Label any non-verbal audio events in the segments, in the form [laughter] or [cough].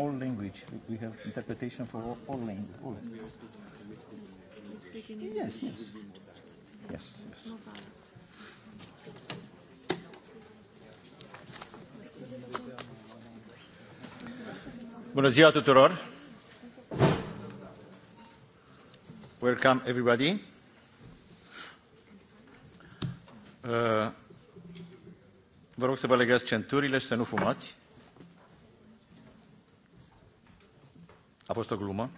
all language. We have interpretation for all, all language. All. Yes, yes. Yes, yes. Bună ziua tuturor! Welcome everybody. Uh, vă rog să vă legați centurile și să nu fumați. fost o glumă.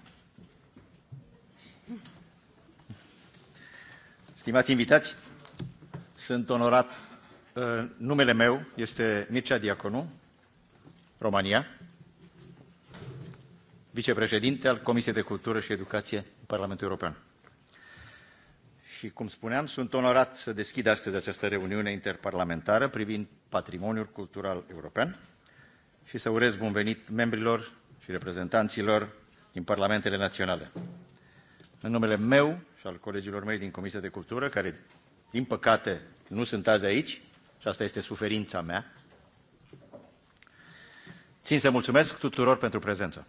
Stimați invitați, sunt onorat. Uh, numele meu este Mircea Diaconu, România, vicepreședinte al Comisiei de Cultură și Educație în Parlamentul European. Și, cum spuneam, sunt onorat să deschid astăzi această reuniune interparlamentară privind patrimoniul cultural european și să urez bun venit membrilor și reprezentanților din parlamentele naționale. În numele meu și al colegilor mei din Comisia de Cultură, care, din păcate, nu sunt azi aici, și asta este suferința mea, țin să mulțumesc tuturor pentru prezență.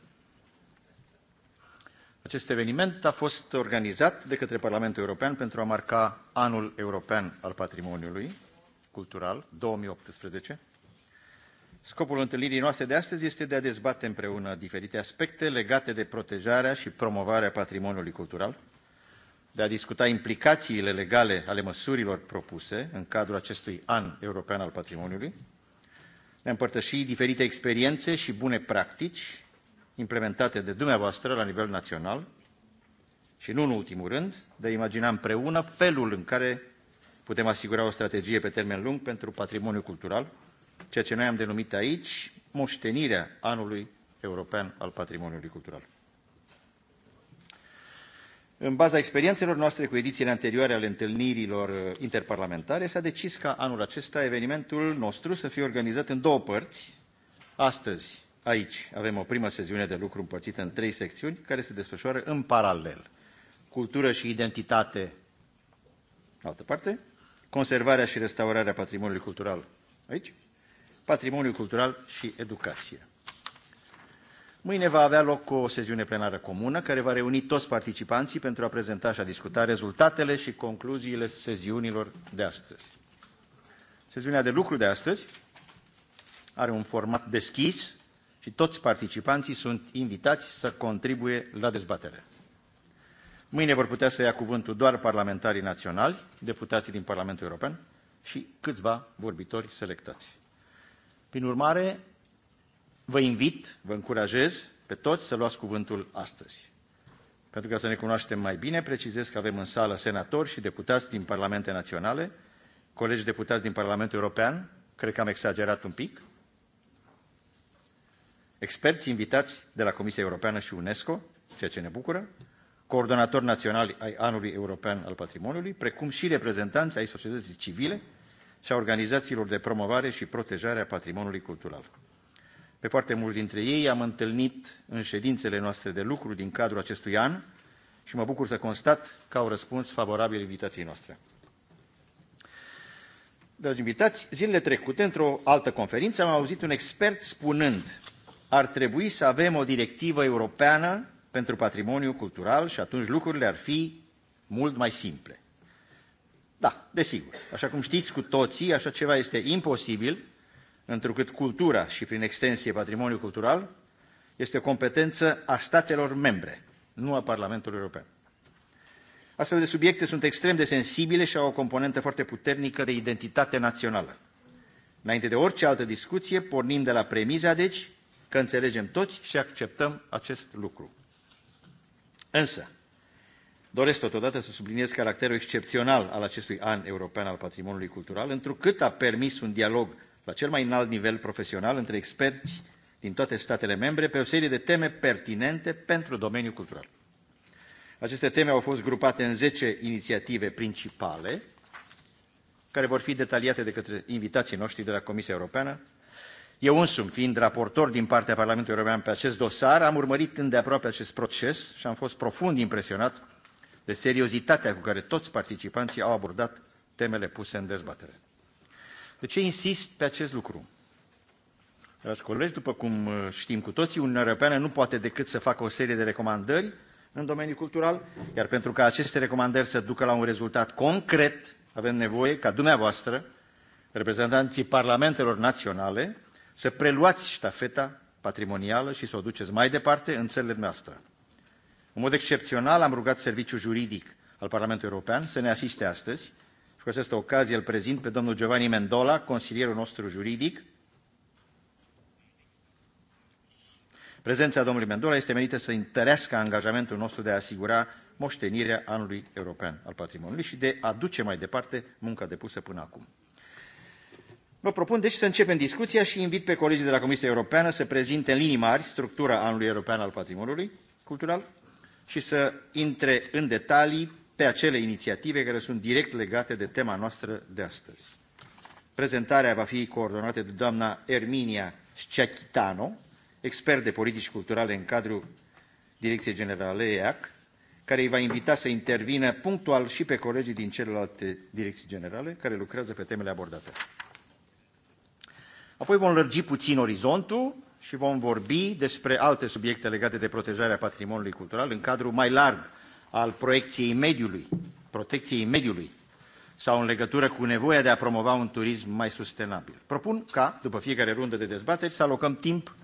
Acest eveniment a fost organizat de către Parlamentul European pentru a marca Anul European al Patrimoniului Cultural 2018, Scopul întâlnirii noastre de astăzi este de a dezbate împreună diferite aspecte legate de protejarea și promovarea patrimoniului cultural, de a discuta implicațiile legale ale măsurilor propuse în cadrul acestui an european al patrimoniului, de a împărtăși diferite experiențe și bune practici implementate de dumneavoastră la nivel național și, nu în ultimul rând, de a imagina împreună felul în care putem asigura o strategie pe termen lung pentru patrimoniul cultural, ceea ce noi am denumit aici moștenirea anului european al patrimoniului cultural. În baza experiențelor noastre cu edițiile anterioare ale întâlnirilor uh, interparlamentare, s-a decis ca anul acesta evenimentul nostru să fie organizat în două părți. Astăzi, aici, avem o primă sesiune de lucru împărțită în trei secțiuni, care se desfășoară în paralel. Cultură și identitate, altă parte, conservarea și restaurarea patrimoniului cultural, aici, patrimoniu cultural și educație. Mâine va avea loc o sesiune plenară comună care va reuni toți participanții pentru a prezenta și a discuta rezultatele și concluziile sesiunilor de astăzi. Sesiunea de lucru de astăzi are un format deschis și toți participanții sunt invitați să contribuie la dezbatere. Mâine vor putea să ia cuvântul doar parlamentarii naționali, deputații din Parlamentul European și câțiva vorbitori selectați. Prin urmare, vă invit, vă încurajez pe toți să luați cuvântul astăzi. Pentru ca să ne cunoaștem mai bine, precizez că avem în sală senatori și deputați din Parlamente Naționale, colegi deputați din Parlamentul European, cred că am exagerat un pic, experți invitați de la Comisia Europeană și UNESCO, ceea ce ne bucură, coordonatori naționali ai Anului European al Patrimoniului, precum și reprezentanți ai societății civile, și a organizațiilor de promovare și protejare a patrimoniului cultural. Pe foarte mulți dintre ei am întâlnit în ședințele noastre de lucru din cadrul acestui an și mă bucur să constat că au răspuns favorabil invitației noastre. Dragi invitați, zilele trecute, într-o altă conferință, am auzit un expert spunând ar trebui să avem o directivă europeană pentru patrimoniu cultural și atunci lucrurile ar fi mult mai simple. Da, desigur. Așa cum știți cu toții, așa ceva este imposibil, întrucât cultura și prin extensie patrimoniul cultural este o competență a statelor membre, nu a Parlamentului European. Astfel de subiecte sunt extrem de sensibile și au o componentă foarte puternică de identitate națională. Înainte de orice altă discuție, pornim de la premiza, deci, că înțelegem toți și acceptăm acest lucru. Însă, Doresc totodată să subliniez caracterul excepțional al acestui an european al patrimoniului cultural, întrucât a permis un dialog la cel mai înalt nivel profesional între experți din toate statele membre pe o serie de teme pertinente pentru domeniul cultural. Aceste teme au fost grupate în 10 inițiative principale, care vor fi detaliate de către invitații noștri de la Comisia Europeană. Eu însumi, fiind raportor din partea Parlamentului European pe acest dosar, am urmărit îndeaproape acest proces și am fost profund impresionat de seriozitatea cu care toți participanții au abordat temele puse în dezbatere. De ce insist pe acest lucru? Dragi colegi, după cum uh, știm cu toții, Uniunea Europeană nu poate decât să facă o serie de recomandări în domeniul cultural, iar pentru ca aceste recomandări să ducă la un rezultat concret, avem nevoie ca dumneavoastră, reprezentanții parlamentelor naționale, să preluați ștafeta patrimonială și să o duceți mai departe în țările noastre. În mod excepțional am rugat serviciul juridic al Parlamentului European să ne asiste astăzi și cu această ocazie îl prezint pe domnul Giovanni Mendola, consilierul nostru juridic. Prezența domnului Mendola este menită să întărească angajamentul nostru de a asigura moștenirea anului european al patrimoniului și de a duce mai departe munca depusă până acum. Vă propun deci să începem discuția și invit pe colegii de la Comisia Europeană să prezinte în linii mari structura anului european al patrimoniului cultural, și să intre în detalii pe acele inițiative care sunt direct legate de tema noastră de astăzi. Prezentarea va fi coordonată de doamna Erminia Sciachitano, expert de politici culturale în cadrul Direcției Generale EAC, care îi va invita să intervină punctual și pe colegii din celelalte direcții generale care lucrează pe temele abordate. Apoi vom lărgi puțin orizontul și vom vorbi despre alte subiecte legate de protejarea patrimoniului cultural în cadrul mai larg al proiecției mediului, protecției mediului sau în legătură cu nevoia de a promova un turism mai sustenabil. Propun ca, după fiecare rundă de dezbateri, să alocăm timp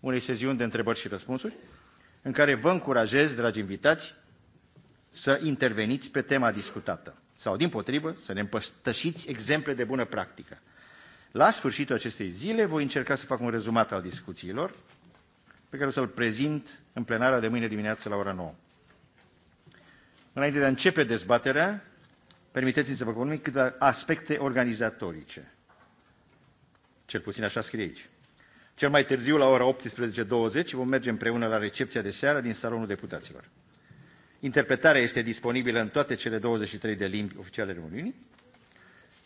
unei sesiuni de întrebări și răspunsuri, în care vă încurajez, dragi invitați, să interveniți pe tema discutată sau, din potrivă, să ne împăstășiți exemple de bună practică. La sfârșitul acestei zile voi încerca să fac un rezumat al discuțiilor pe care o să-l prezint în plenarea de mâine dimineață la ora 9. Înainte de a începe dezbaterea, permiteți-mi să vă comunic câteva aspecte organizatorice. Cel puțin așa scrie aici. Cel mai târziu, la ora 18.20, vom merge împreună la recepția de seară din Salonul Deputaților. Interpretarea este disponibilă în toate cele 23 de limbi oficiale ale Uniunii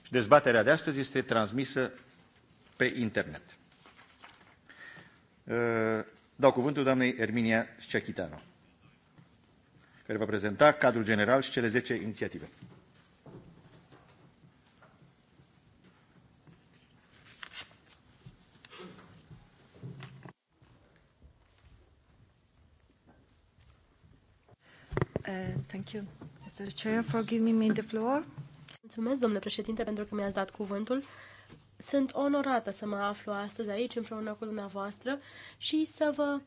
și dezbaterea de astăzi este transmisă pe internet. Ă, dau cuvântul doamnei Erminia Sciachitano, care va prezenta cadrul general și cele 10 inițiative. Uh, thank you, Mr. Chair, for giving me the floor. Mulțumesc, domnule președinte, pentru că mi-ați dat cuvântul. Sunt onorată să mă aflu astăzi aici împreună cu dumneavoastră și să vă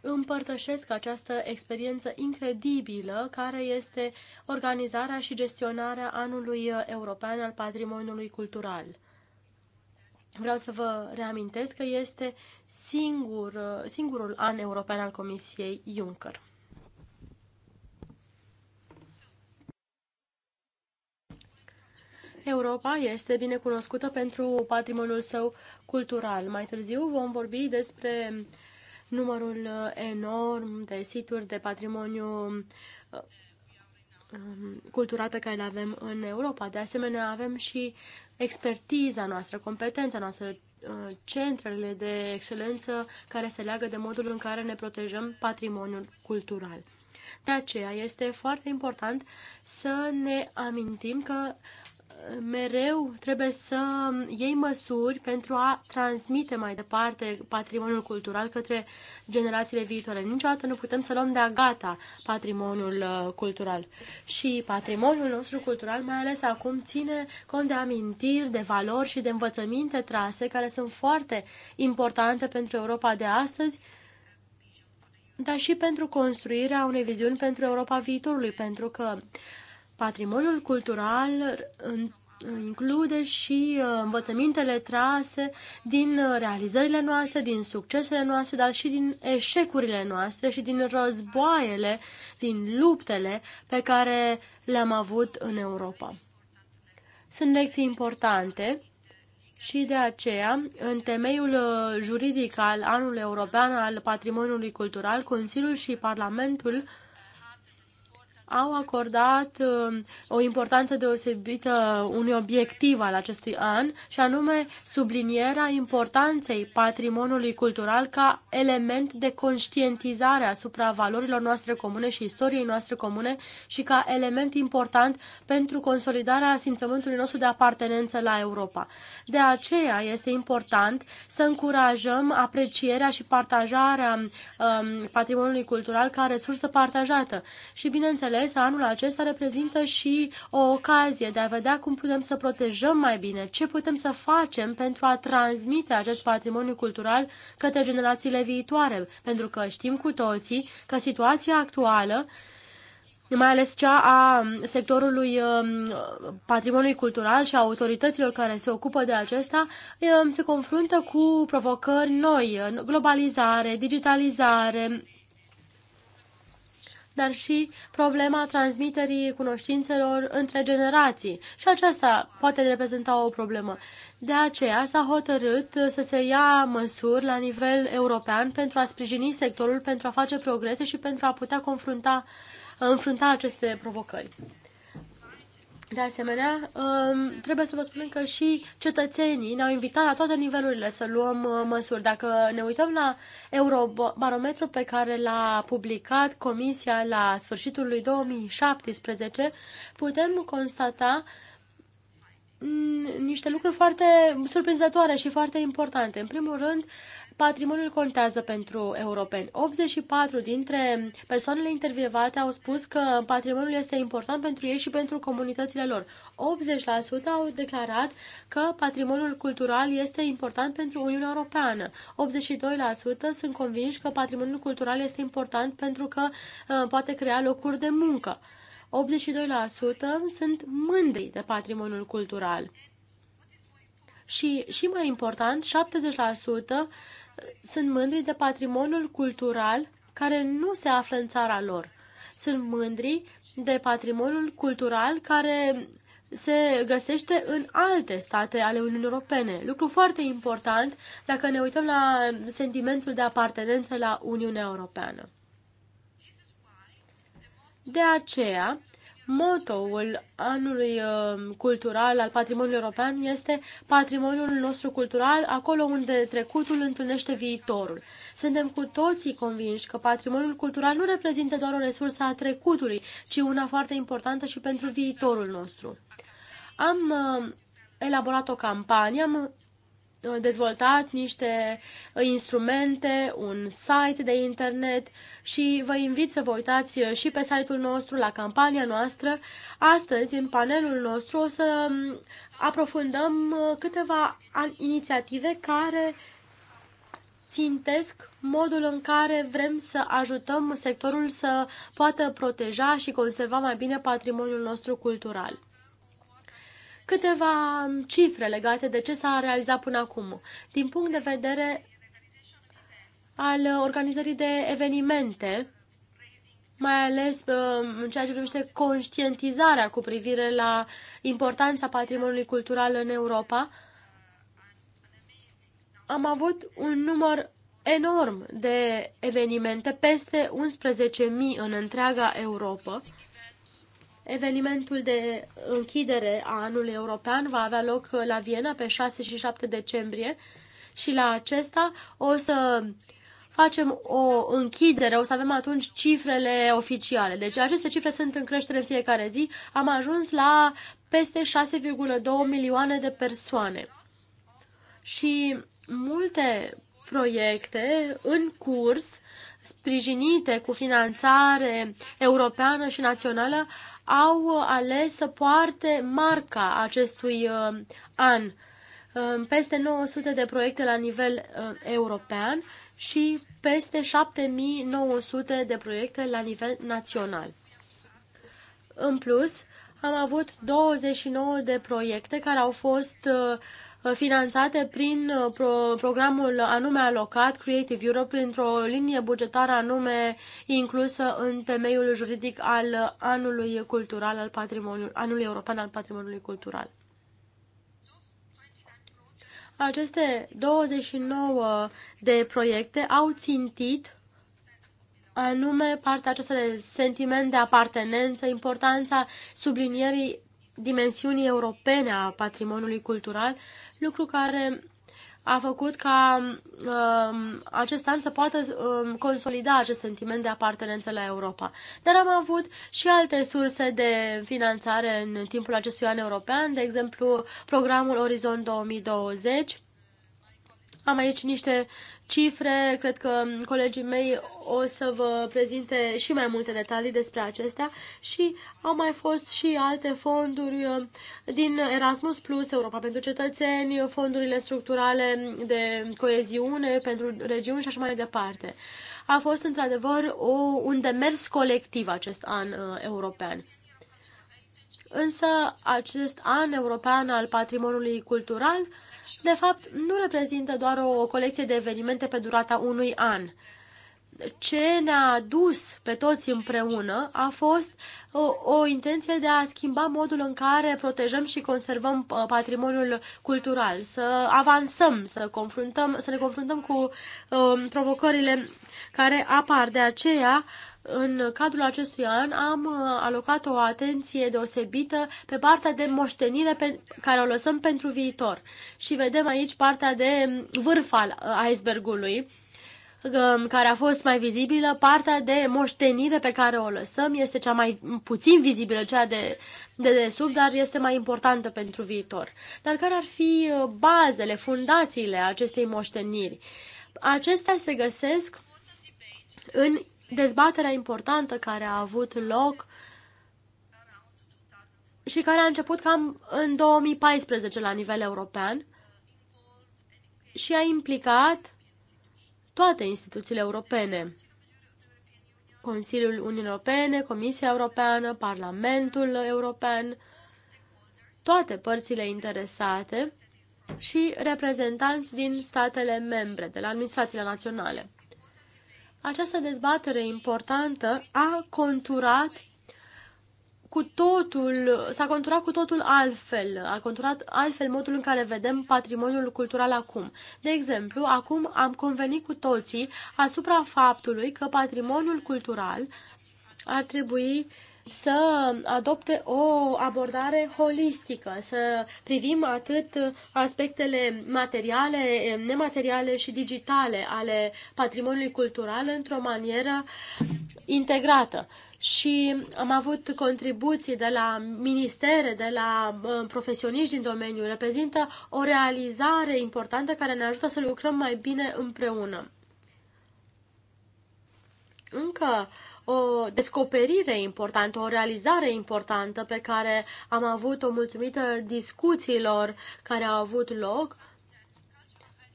împărtășesc această experiență incredibilă care este organizarea și gestionarea anului european al patrimoniului cultural. Vreau să vă reamintesc că este singur, singurul an european al Comisiei Juncker. Europa este bine cunoscută pentru patrimoniul său cultural. Mai târziu vom vorbi despre numărul enorm de situri de patrimoniu uh, cultural pe care le avem în Europa. De asemenea, avem și expertiza noastră, competența noastră, uh, centrele de excelență care se leagă de modul în care ne protejăm patrimoniul cultural. De aceea este foarte important să ne amintim că mereu trebuie să iei măsuri pentru a transmite mai departe patrimoniul cultural către generațiile viitoare. Niciodată nu putem să luăm de-a gata patrimoniul uh, cultural. Și patrimoniul nostru cultural, mai ales acum, ține cont de amintiri, de valori și de învățăminte trase care sunt foarte importante pentru Europa de astăzi, dar și pentru construirea unei viziuni pentru Europa viitorului, pentru că Patrimoniul cultural include și uh, învățămintele trase din uh, realizările noastre, din succesele noastre, dar și din eșecurile noastre și din războaiele, din luptele pe care le-am avut în Europa. Sunt lecții importante și de aceea, în temeiul uh, juridic al anului european al patrimoniului cultural, Consiliul și Parlamentul au acordat um, o importanță deosebită unui obiectiv al acestui an, și anume sublinierea importanței patrimoniului cultural ca element de conștientizare asupra valorilor noastre comune și istoriei noastre comune și ca element important pentru consolidarea simțământului nostru de apartenență la Europa. De aceea este important să încurajăm aprecierea și partajarea um, patrimoniului cultural ca resursă partajată și, bineînțeles, ales anul acesta reprezintă și o ocazie de a vedea cum putem să protejăm mai bine, ce putem să facem pentru a transmite acest patrimoniu cultural către generațiile viitoare, pentru că știm cu toții că situația actuală mai ales cea a sectorului um, patrimoniului cultural și a autorităților care se ocupă de acesta, um, se confruntă cu provocări noi, globalizare, digitalizare, dar și problema transmiterii cunoștințelor între generații. Și aceasta poate reprezenta o problemă. De aceea s-a hotărât să se ia măsuri la nivel european pentru a sprijini sectorul, pentru a face progrese și pentru a putea confrunta, înfrunta aceste provocări. De asemenea, um, trebuie să vă spun că și cetățenii ne-au invitat la toate nivelurile să luăm uh, măsuri. Dacă ne uităm la Eurobarometru pe care l-a publicat Comisia la sfârșitul lui 2017, putem constata mm, niște lucruri foarte surprinzătoare și foarte importante. În primul rând, Patrimoniul contează pentru europeni. 84 dintre persoanele intervievate au spus că patrimoniul este important pentru ei și pentru comunitățile lor. 80% au declarat că patrimoniul cultural este important pentru Uniunea Europeană. 82% sunt convinși că patrimoniul cultural este important pentru că uh, poate crea locuri de muncă. 82% sunt mândri de patrimoniul cultural și, și mai important, 70% sunt mândri de patrimoniul cultural care nu se află în țara lor. Sunt mândri de patrimoniul cultural care se găsește în alte state ale Uniunii Europene. Lucru foarte important dacă ne uităm la sentimentul de apartenență la Uniunea Europeană. De aceea, Motoul anului uh, cultural al patrimoniului european este patrimoniul nostru cultural, acolo unde trecutul întâlnește viitorul. Suntem cu toții convinși că patrimoniul cultural nu reprezintă doar o resursă a trecutului, ci una foarte importantă și pentru viitorul nostru. Am uh, elaborat o campanie, am Uh, dezvoltat niște uh, instrumente, un site de internet și vă invit să vă uitați uh, și pe site-ul nostru, la campania noastră. Astăzi, în panelul nostru, o să um, aprofundăm câteva inițiative care țintesc modul în care vrem să ajutăm sectorul să poată proteja și conserva mai bine patrimoniul nostru cultural. Câteva cifre legate de ce s-a realizat până acum. Din punct de vedere al organizării de evenimente, mai ales uh, în ceea ce privește conștientizarea cu privire la importanța patrimoniului cultural în Europa, am avut un număr enorm de evenimente, peste 11.000 în întreaga Europa. Evenimentul de închidere a anului european va avea loc la Viena pe 6 și 7 decembrie și la acesta o să facem o închidere, o să avem atunci cifrele oficiale. Deci aceste cifre sunt în creștere în fiecare zi. Am ajuns la peste 6,2 milioane de persoane. Și multe proiecte în curs, sprijinite cu finanțare europeană și națională, au ales să poarte marca acestui uh, an. Um, peste 900 de proiecte la nivel uh, european și peste 7900 de proiecte la nivel național. În plus, am avut 29 de proiecte care au fost uh, finanțate prin uh, pro programul anume alocat Creative Europe printr-o linie bugetară anume inclusă în temeiul juridic al anului cultural al patrimoniului, anului european al patrimoniului cultural. Aceste 29 de proiecte au țintit anume partea aceasta de sentiment de apartenență, importanța sublinierii dimensiunii europene a patrimoniului cultural, lucru care a făcut ca um, acest an să poată um, consolida acest sentiment de apartenență la Europa. Dar am avut și alte surse de finanțare în timpul acestui an european, de exemplu programul Orizont 2020, am aici niște cifre, cred că colegii mei o să vă prezinte și mai multe detalii despre acestea și au mai fost și alte fonduri uh, din Erasmus Plus, Europa pentru cetățeni, fondurile structurale de coeziune pentru regiuni și așa mai departe. A fost într-adevăr un demers colectiv acest an uh, european. Însă acest an european al patrimoniului cultural de fapt nu reprezintă doar o colecție de evenimente pe durata unui an. Ce ne-a dus pe toți împreună a fost o, o intenție de a schimba modul în care protejăm și conservăm uh, patrimoniul cultural, să avansăm, să, confruntăm, să ne confruntăm cu um, provocările care apar. De aceea, în cadrul acestui an am uh, alocat o atenție deosebită pe partea de moștenire pe care o lăsăm pentru viitor. Și vedem aici partea de vârf al uh, icebergului um, care a fost mai vizibilă, partea de moștenire pe care o lăsăm este cea mai puțin vizibilă, cea de de desubt, dar este mai importantă pentru viitor. Dar care ar fi uh, bazele, fundațiile acestei moșteniri? Acestea se găsesc în dezbaterea importantă care a avut loc și care a început cam în 2014 la nivel european și a implicat toate instituțiile europene. Consiliul Uniunii Europene, Comisia Europeană, Parlamentul European, toate părțile interesate și reprezentanți din statele membre, de la administrațiile naționale. Această dezbatere importantă a conturat cu totul, s-a conturat cu totul altfel, a conturat altfel modul în care vedem patrimoniul cultural acum. De exemplu, acum am convenit cu toții asupra faptului că patrimoniul cultural ar trebui să adopte o abordare holistică, să privim atât aspectele materiale, nemateriale și digitale ale patrimoniului cultural într-o manieră integrată și am avut contribuții de la ministere, de la uh, profesioniști din domeniu. Reprezintă o realizare importantă care ne ajută să lucrăm mai bine împreună. Încă o descoperire importantă, o realizare importantă pe care am avut-o mulțumită discuțiilor care au avut loc,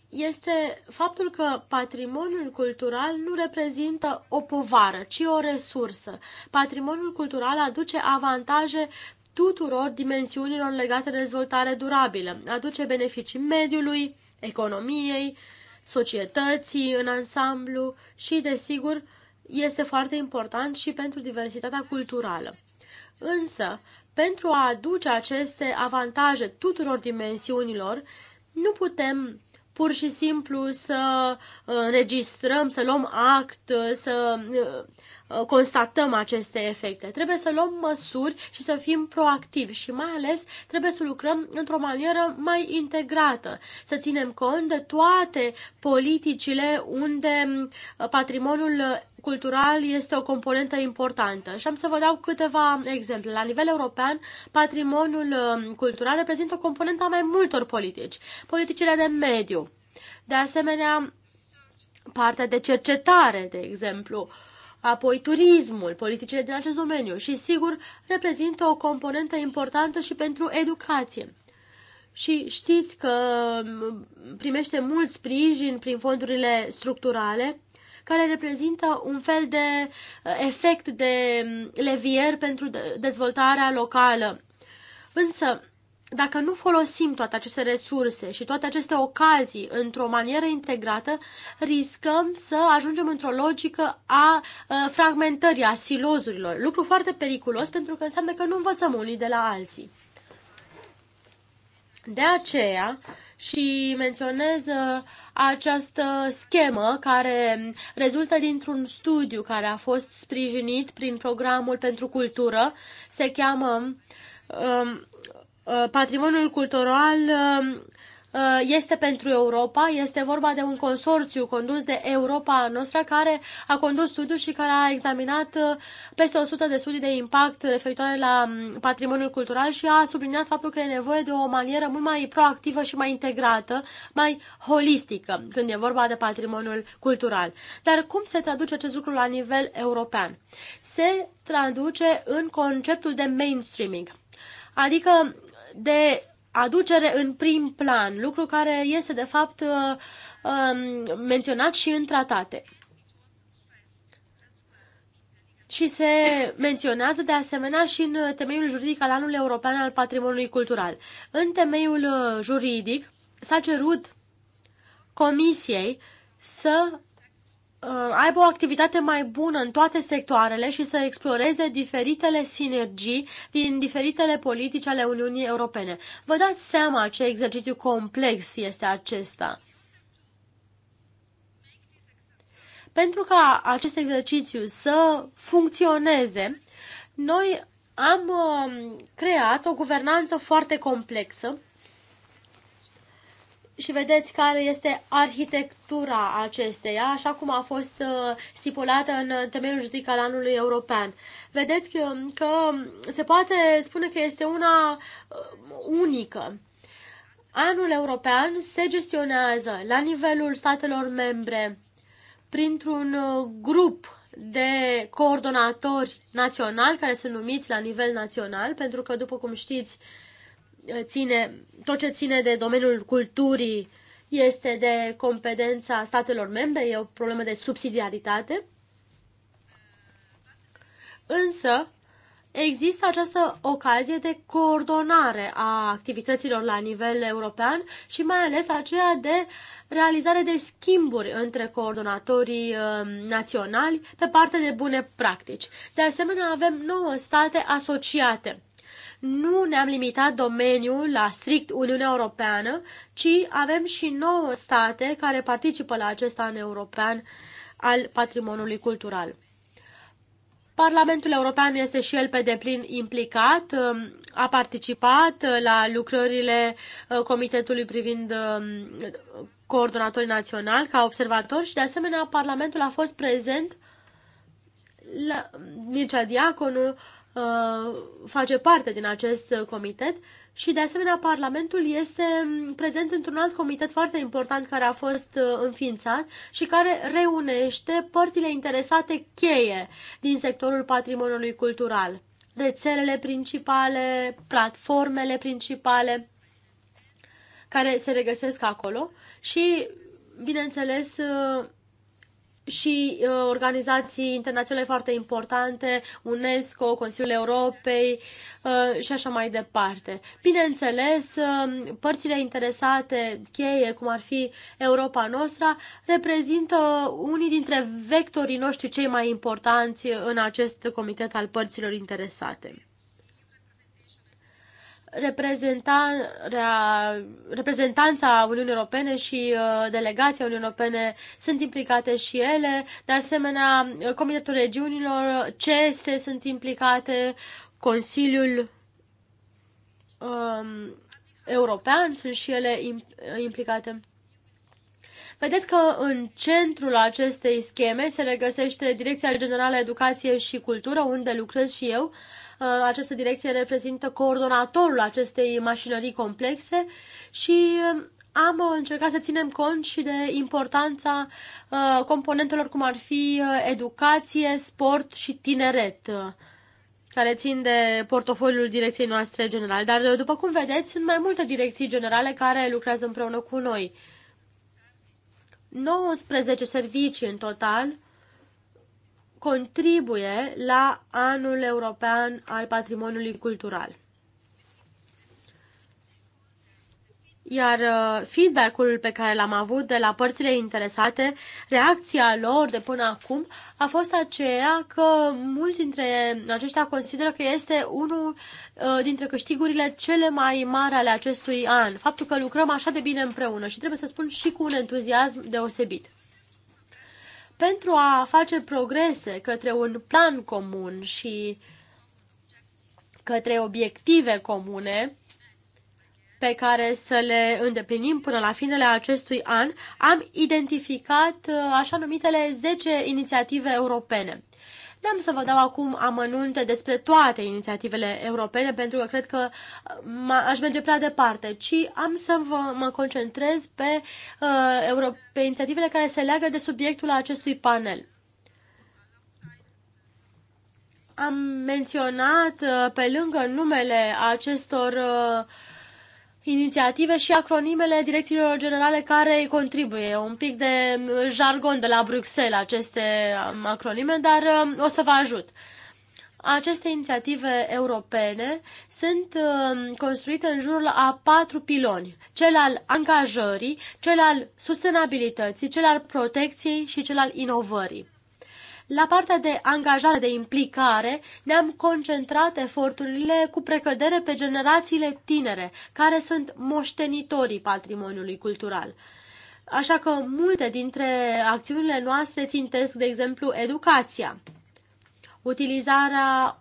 este faptul că patrimoniul cultural nu reprezintă o povară, ci o resursă. Patrimoniul cultural aduce avantaje tuturor dimensiunilor legate de dezvoltare durabilă, aduce beneficii mediului, economiei, societății în ansamblu și, desigur, este foarte important și pentru diversitatea culturală. Însă, pentru a aduce aceste avantaje tuturor dimensiunilor, nu putem pur și simplu să uh, înregistrăm, să luăm act, uh, să uh, constatăm aceste efecte. Trebuie să luăm măsuri și să fim proactivi și mai ales trebuie să lucrăm într-o manieră mai integrată, să ținem cont de toate politicile unde patrimoniul cultural este o componentă importantă. Și am să vă dau câteva exemple. La nivel european, patrimoniul um, cultural reprezintă o componentă a mai multor politici. Politicile de mediu, de asemenea, partea de cercetare, de exemplu, apoi turismul, politicile din acest domeniu și, sigur, reprezintă o componentă importantă și pentru educație. Și știți că um, primește mult sprijin prin fondurile structurale, care reprezintă un fel de uh, efect de um, levier pentru dezvoltarea locală. Însă, dacă nu folosim toate aceste resurse și toate aceste ocazii într-o manieră integrată, riscăm să ajungem într-o logică a uh, fragmentării, a silozurilor. Lucru foarte periculos pentru că înseamnă că nu învățăm unii de la alții. De aceea, și menționez această schemă care rezultă dintr-un studiu care a fost sprijinit prin programul pentru cultură. Se cheamă um, uh, Patrimoniul cultural um, Uh, este pentru Europa. Este vorba de un consorțiu condus de Europa noastră care a condus studiul și care a examinat uh, peste 100 de studii de impact referitoare la um, patrimoniul cultural și a subliniat faptul că e nevoie de o manieră mult mai proactivă și mai integrată, mai holistică când e vorba de patrimoniul cultural. Dar cum se traduce acest lucru la nivel european? Se traduce în conceptul de mainstreaming, adică de aducere în prim plan, lucru care este de fapt uh, um, menționat și în tratate. Și se menționează de asemenea și în temeiul juridic al anului european al patrimoniului cultural. În temeiul uh, juridic s-a cerut comisiei să Uh, aibă o activitate mai bună în toate sectoarele și să exploreze diferitele sinergii din diferitele politici ale Uniunii Europene. Vă dați seama ce exercițiu complex este acesta. Pentru ca acest exercițiu să funcționeze, noi am um, creat o guvernanță foarte complexă și vedeți care este arhitectura acesteia, așa cum a fost uh, stipulată în uh, temeiul juridic al anului european. Vedeți că, uh, că se poate spune că este una unică. Anul european se gestionează la nivelul statelor membre printr-un grup de coordonatori naționali care sunt numiți la nivel național, pentru că, după cum știți, ține, tot ce ține de domeniul culturii este de competența statelor membre, e o problemă de subsidiaritate. Însă, există această ocazie de coordonare a activităților la nivel european și mai ales aceea de realizare de schimburi între coordonatorii uh, naționali pe parte de bune practici. De asemenea, avem nouă state asociate nu ne-am limitat domeniul la strict Uniunea Europeană, ci avem și nouă state care participă la acest an european al patrimoniului cultural. Parlamentul European este și el pe deplin implicat, um, a participat uh, la lucrările uh, Comitetului privind um, coordonatorii naționali ca observator și, de asemenea, Parlamentul a fost prezent la Mircea Diaconu Uh, face parte din acest uh, comitet și, de asemenea, Parlamentul este um, prezent într-un alt comitet foarte important care a fost uh, înființat și care reunește părțile interesate cheie din sectorul patrimoniului cultural. Rețelele principale, platformele principale care se regăsesc acolo și, bineînțeles, și uh, organizații internaționale foarte importante, UNESCO, Consiliul Europei uh, și așa mai departe. Bineînțeles, uh, părțile interesate cheie, cum ar fi Europa noastră, reprezintă unii dintre vectorii noștri cei mai importanți în acest comitet al părților interesate reprezentanța Uniunii Europene și uh, delegația Uniunii Europene sunt implicate și ele, de asemenea Comitetul Regiunilor, CS sunt implicate, Consiliul um, European sunt și ele implicate. Vedeți că în centrul acestei scheme se regăsește Direcția Generală Educație și Cultură, unde lucrez și eu, uh, Uh, această direcție reprezintă coordonatorul acestei mașinării complexe și uh, am încercat să ținem cont și de importanța uh, componentelor cum ar fi educație, sport și tineret care țin de portofoliul direcției noastre generale. Dar, după cum vedeți, sunt mai multe direcții generale care lucrează împreună cu noi. 19 servicii în total contribuie la anul european al patrimoniului cultural. Iar uh, feedback-ul pe care l-am avut de la părțile interesate, reacția lor de până acum a fost aceea că mulți dintre aceștia consideră că este unul uh, dintre câștigurile cele mai mari ale acestui an. Faptul că lucrăm așa de bine împreună și trebuie să spun și cu un entuziasm deosebit pentru a face progrese către un plan comun și către obiective comune pe care să le îndeplinim până la finele acestui an, am identificat uh, așa numitele 10 inițiative europene. Dar am să vă dau acum amănunte despre toate inițiativele europene, pentru că cred că uh, aș merge prea departe, ci am să vă, mă concentrez pe, uh, euro, pe inițiativele care se leagă de subiectul acestui panel am menționat uh, pe lângă numele acestor uh, inițiative și acronimele direcțiilor generale care contribuie. Un pic de jargon de la Bruxelles aceste um, acronime, dar um, o să vă ajut. Aceste inițiative europene sunt um, construite în jurul a patru piloni, cel al angajării, cel al sustenabilității, cel al protecției și cel al inovării. La partea de angajare, de implicare, ne-am concentrat eforturile cu precădere pe generațiile tinere, care sunt moștenitorii patrimoniului cultural. Așa că multe dintre acțiunile noastre țintesc, de exemplu, educația, utilizarea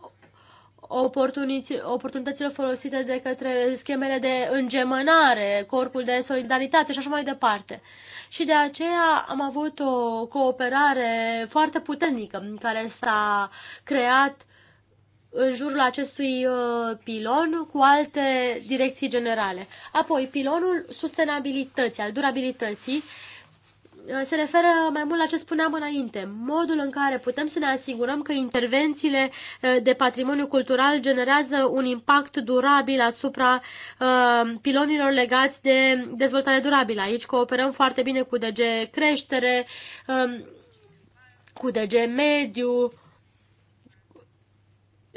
oportunitățile folosite de către schemele de îngemânare, corpul de solidaritate și așa mai departe. Și de aceea am avut o cooperare foarte puternică care s-a creat în jurul acestui uh, pilon cu alte direcții generale. Apoi, pilonul sustenabilității, al durabilității, Uh, se referă mai mult la ce spuneam înainte, modul în care putem să ne asigurăm că intervențiile uh, de patrimoniu cultural generează un impact durabil asupra uh, pilonilor legați de dezvoltare durabilă. Aici cooperăm foarte bine cu DG Creștere, um, cu DG Mediu,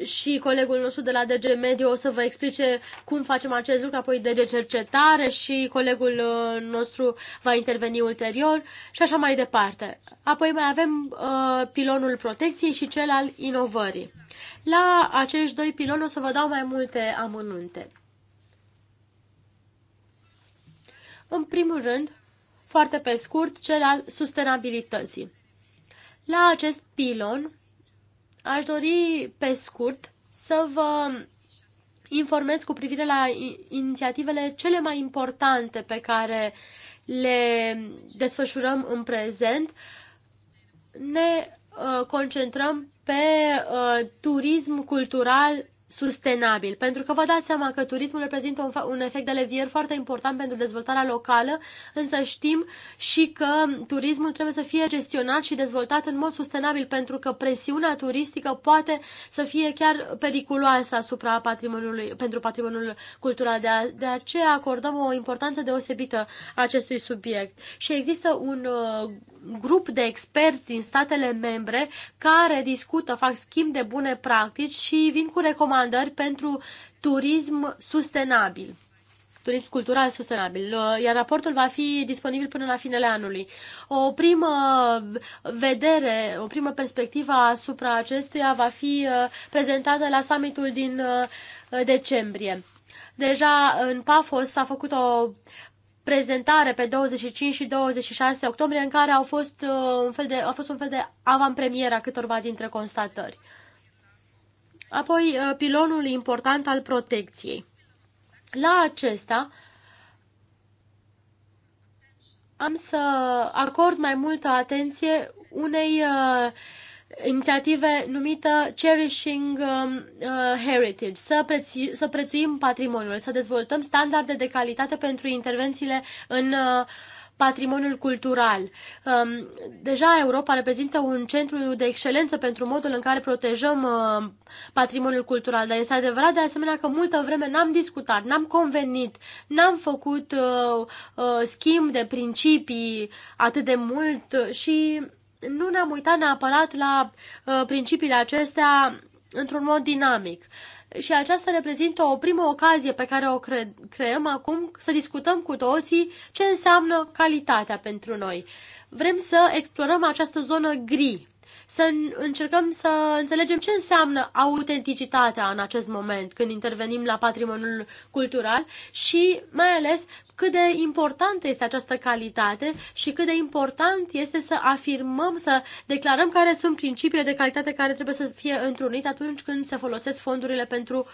și colegul nostru de la DG Mediu o să vă explice cum facem acest lucru, apoi DG Cercetare și colegul uh, nostru va interveni ulterior și așa mai departe. Apoi mai avem uh, pilonul protecției și cel al inovării. La acești doi piloni o să vă dau mai multe amănunte. În primul rând, foarte pe scurt, cel al sustenabilității. La acest pilon Aș dori, pe scurt, să vă informez cu privire la inițiativele cele mai importante pe care le desfășurăm în prezent. Ne uh, concentrăm pe uh, turism cultural sustenabil, pentru că vă dați seama că turismul reprezintă un, un efect de levier foarte important pentru dezvoltarea locală, însă știm și că turismul trebuie să fie gestionat și dezvoltat în mod sustenabil, pentru că presiunea turistică poate să fie chiar periculoasă asupra patrimoniului, pentru patrimoniul cultural. De, a, de aceea acordăm o importanță deosebită acestui subiect. Și există un uh, grup de experți din statele membre care discută, fac schimb de bune practici și vin cu recomandări recomandări pentru turism sustenabil turism cultural sustenabil, uh, iar raportul va fi disponibil până la finele anului. O primă vedere, o primă perspectivă asupra acestuia va fi uh, prezentată la summitul din uh, decembrie. Deja în Pafos s-a făcut o prezentare pe 25 și 26 octombrie în care au fost un fel de, a fost un fel de avantpremiera câtorva dintre constatări. Apoi, uh, pilonul important al protecției. La acesta am să acord mai multă atenție unei uh, inițiative numită Cherishing um, uh, Heritage, să, prețu- să prețuim patrimoniul, să dezvoltăm standarde de calitate pentru intervențiile în uh, patrimoniul cultural. Um, deja Europa reprezintă un centru de excelență pentru modul în care protejăm uh, patrimoniul cultural, dar este adevărat de asemenea că multă vreme n-am discutat, n-am convenit, n-am făcut uh, uh, schimb de principii atât de mult și nu ne-am uitat neapărat la principiile acestea într-un mod dinamic și aceasta reprezintă o primă ocazie pe care o cre creăm acum să discutăm cu toții ce înseamnă calitatea pentru noi. Vrem să explorăm această zonă gri să încercăm să înțelegem ce înseamnă autenticitatea în acest moment când intervenim la patrimoniul cultural și mai ales cât de importantă este această calitate și cât de important este să afirmăm, să declarăm care sunt principiile de calitate care trebuie să fie întrunite atunci când se folosesc fondurile pentru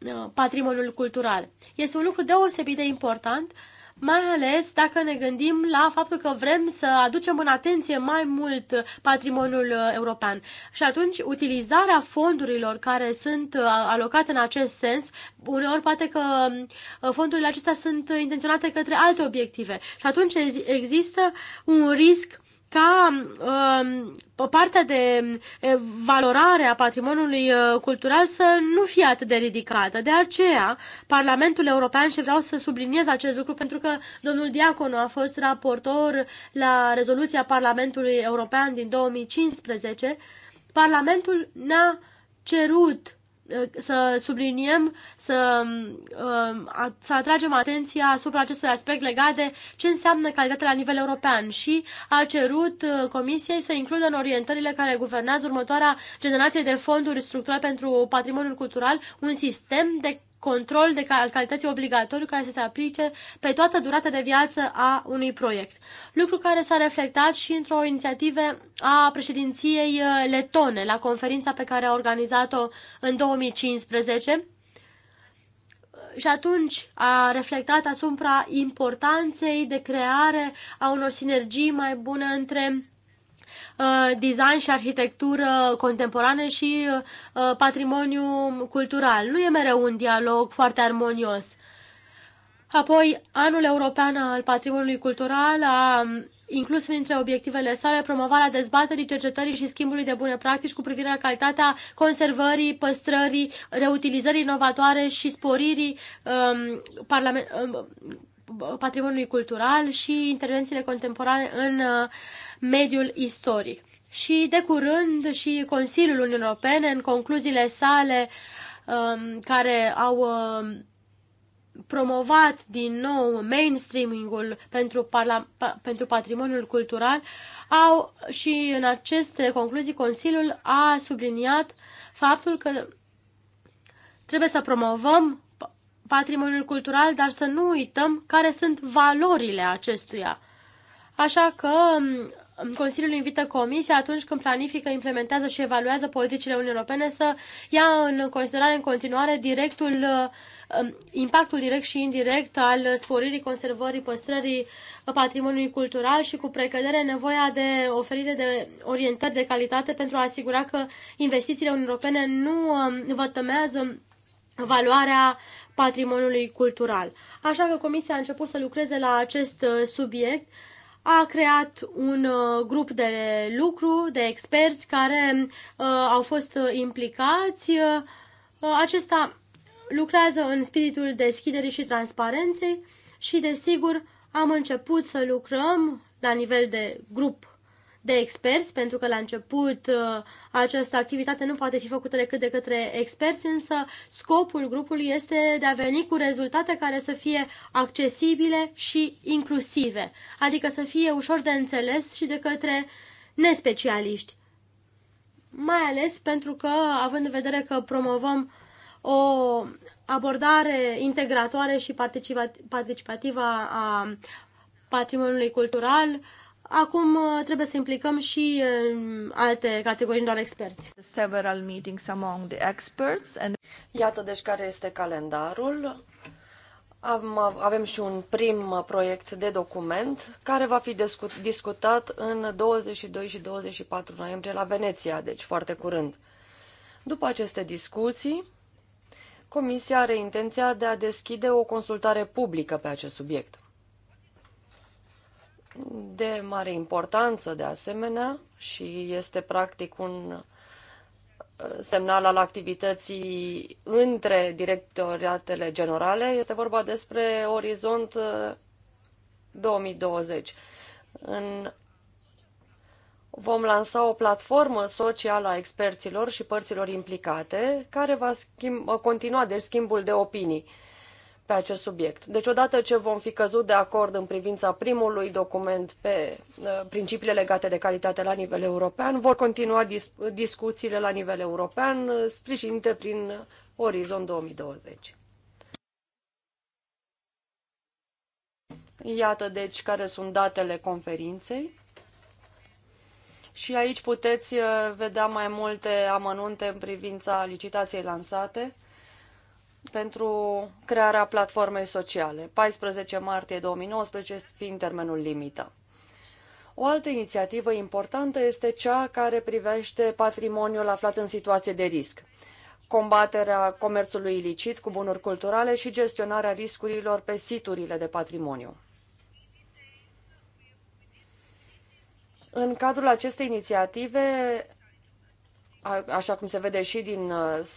uh, patrimoniul cultural. Este un lucru deosebit de important uh, mai ales dacă ne gândim la faptul că vrem să aducem în atenție mai mult patrimoniul uh, european. Și atunci, utilizarea fondurilor care sunt uh, alocate în acest sens, uneori poate că uh, fondurile acestea sunt intenționate către alte obiective. Și atunci există un risc ca uh, um, partea de valorare a patrimoniului cultural să nu fie atât de ridicată. De aceea, Parlamentul European, și vreau să subliniez acest lucru, pentru că domnul Diaconu a fost raportor la rezoluția Parlamentului European din 2015, Parlamentul n a cerut să subliniem, să, um, să atragem atenția asupra acestui aspect legat de ce înseamnă calitatea la nivel european și a cerut uh, Comisiei să includă în orientările care guvernează următoarea generație de fonduri structurale pentru patrimoniul cultural un sistem de control de cal calității obligatoriu care să se aplice pe toată durata de viață a unui proiect. Lucru care s-a reflectat și într-o inițiativă a președinției uh, letone la conferința pe care a organizat-o în 2015 și atunci a reflectat asupra importanței de creare a unor sinergii mai bune între Uh, design și arhitectură contemporane și uh, patrimoniu cultural. Nu e mereu un dialog foarte armonios. Apoi, anul european al patrimoniului cultural a um, inclus printre obiectivele sale promovarea dezbaterii, cercetării și schimbului de bune practici cu privire la calitatea conservării, păstrării, reutilizării inovatoare și sporirii um, parlament, um, patrimoniului cultural și intervențiile contemporane în uh, mediul istoric. Și de curând și Consiliul Uniunii Europene, în concluziile sale um, care au um, promovat din nou mainstreaming-ul pentru, pentru patrimoniul cultural, au și în aceste concluzii Consiliul a subliniat faptul că trebuie să promovăm patrimoniul cultural, dar să nu uităm care sunt valorile acestuia. Așa că Consiliul invită Comisia atunci când planifică, implementează și evaluează politicile Uniunii Europene să ia în considerare în continuare directul, uh, um, impactul direct și indirect al sporirii, conservării, păstrării patrimoniului cultural și cu precădere nevoia de oferire de orientări de calitate pentru a asigura că investițiile Uniunii Europene nu um, vătămează valoarea patrimoniului cultural. Așa că Comisia a început să lucreze la acest uh, subiect, a creat un uh, grup de lucru, de experți care uh, au fost uh, implicați. Acesta lucrează în spiritul deschiderii și transparenței și, desigur, am început să lucrăm la nivel de grup de experți, pentru că la început uh, această activitate nu poate fi făcută decât de către experți, însă scopul grupului este de a veni cu rezultate care să fie accesibile și inclusive, adică să fie ușor de înțeles și de către nespecialiști. Mai ales pentru că, având în vedere că promovăm o abordare integratoare și participativă a patrimoniului cultural, Acum uh, trebuie să implicăm și uh, alte categorii, doar experți. Several meetings among the experts and... Iată deci care este calendarul. Am, avem și un prim proiect de document care va fi discut, discutat în 22 și 24 noiembrie la Veneția, deci foarte curând. După aceste discuții, Comisia are intenția de a deschide o consultare publică pe acest subiect de mare importanță de asemenea și este practic un uh, semnal al activității între directoratele generale. Este vorba despre Orizont 2020. Uh, În vom lansa o platformă socială a experților și părților implicate care va schimb, continua deci schimbul de opinii pe acest subiect. Deci, odată ce vom fi căzut de acord în privința primului document pe uh, principiile legate de calitate la nivel european, vor continua dis discuțiile la nivel european, uh, sprijinite prin Orizont 2020. Iată, deci, care sunt datele conferinței. Și aici puteți uh, vedea mai multe amănunte în privința licitației lansate pentru crearea platformei sociale, 14 martie 2019 fiind termenul limită. O altă inițiativă importantă este cea care privește patrimoniul aflat în situație de risc, combaterea comerțului ilicit cu bunuri culturale și gestionarea riscurilor pe siturile de patrimoniu. În cadrul acestei inițiative așa cum se vede și din uh,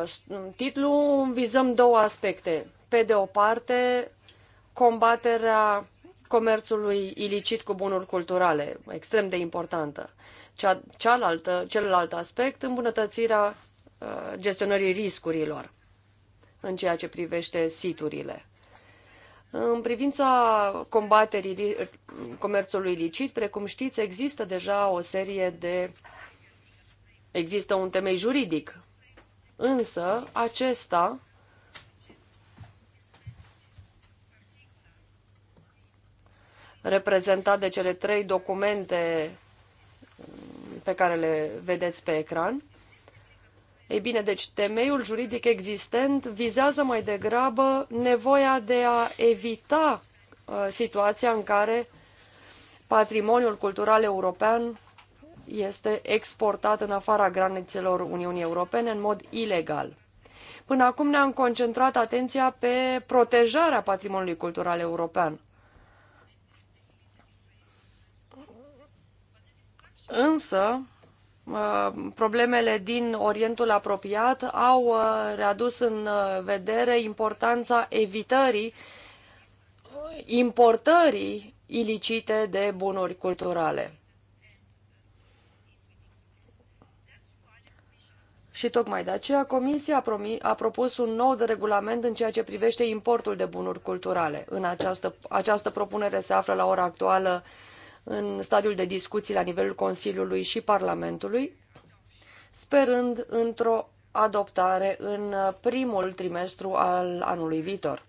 uh, titlu, vizăm două aspecte. Pe de o parte, combaterea comerțului ilicit cu bunuri culturale, extrem de importantă. cealaltă, celălalt aspect, îmbunătățirea uh, gestionării riscurilor în ceea ce privește siturile. În privința combaterii comerțului ilicit, precum știți, există deja o serie de uh, Există un temei juridic, însă acesta reprezentat de cele trei documente pe care le vedeți pe ecran. Ei bine, deci temeiul juridic existent vizează mai degrabă nevoia de a evita uh, situația în care patrimoniul cultural european este exportat în afara granițelor Uniunii Europene în mod ilegal. Până acum ne-am concentrat atenția pe protejarea patrimoniului cultural european. Însă, problemele din Orientul apropiat au uh, readus în uh, vedere importanța evitării uh, importării ilicite de bunuri culturale. Și tocmai de aceea Comisia a, a propus un nou de regulament în ceea ce privește importul de bunuri culturale. În această, această propunere se află la ora actuală în stadiul de discuții la nivelul Consiliului și Parlamentului, sperând într-o adoptare în primul trimestru al anului viitor.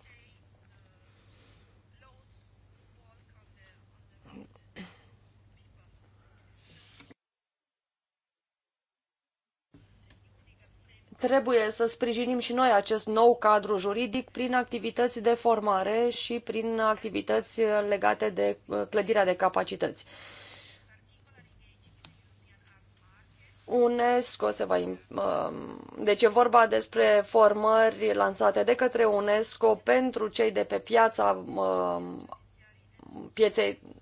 trebuie să sprijinim și noi acest nou cadru juridic prin activități de formare și prin activități legate de uh, clădirea de capacități. UNESCO se va... Um, deci e vorba despre formări lansate de către UNESCO pentru cei de pe piața, um,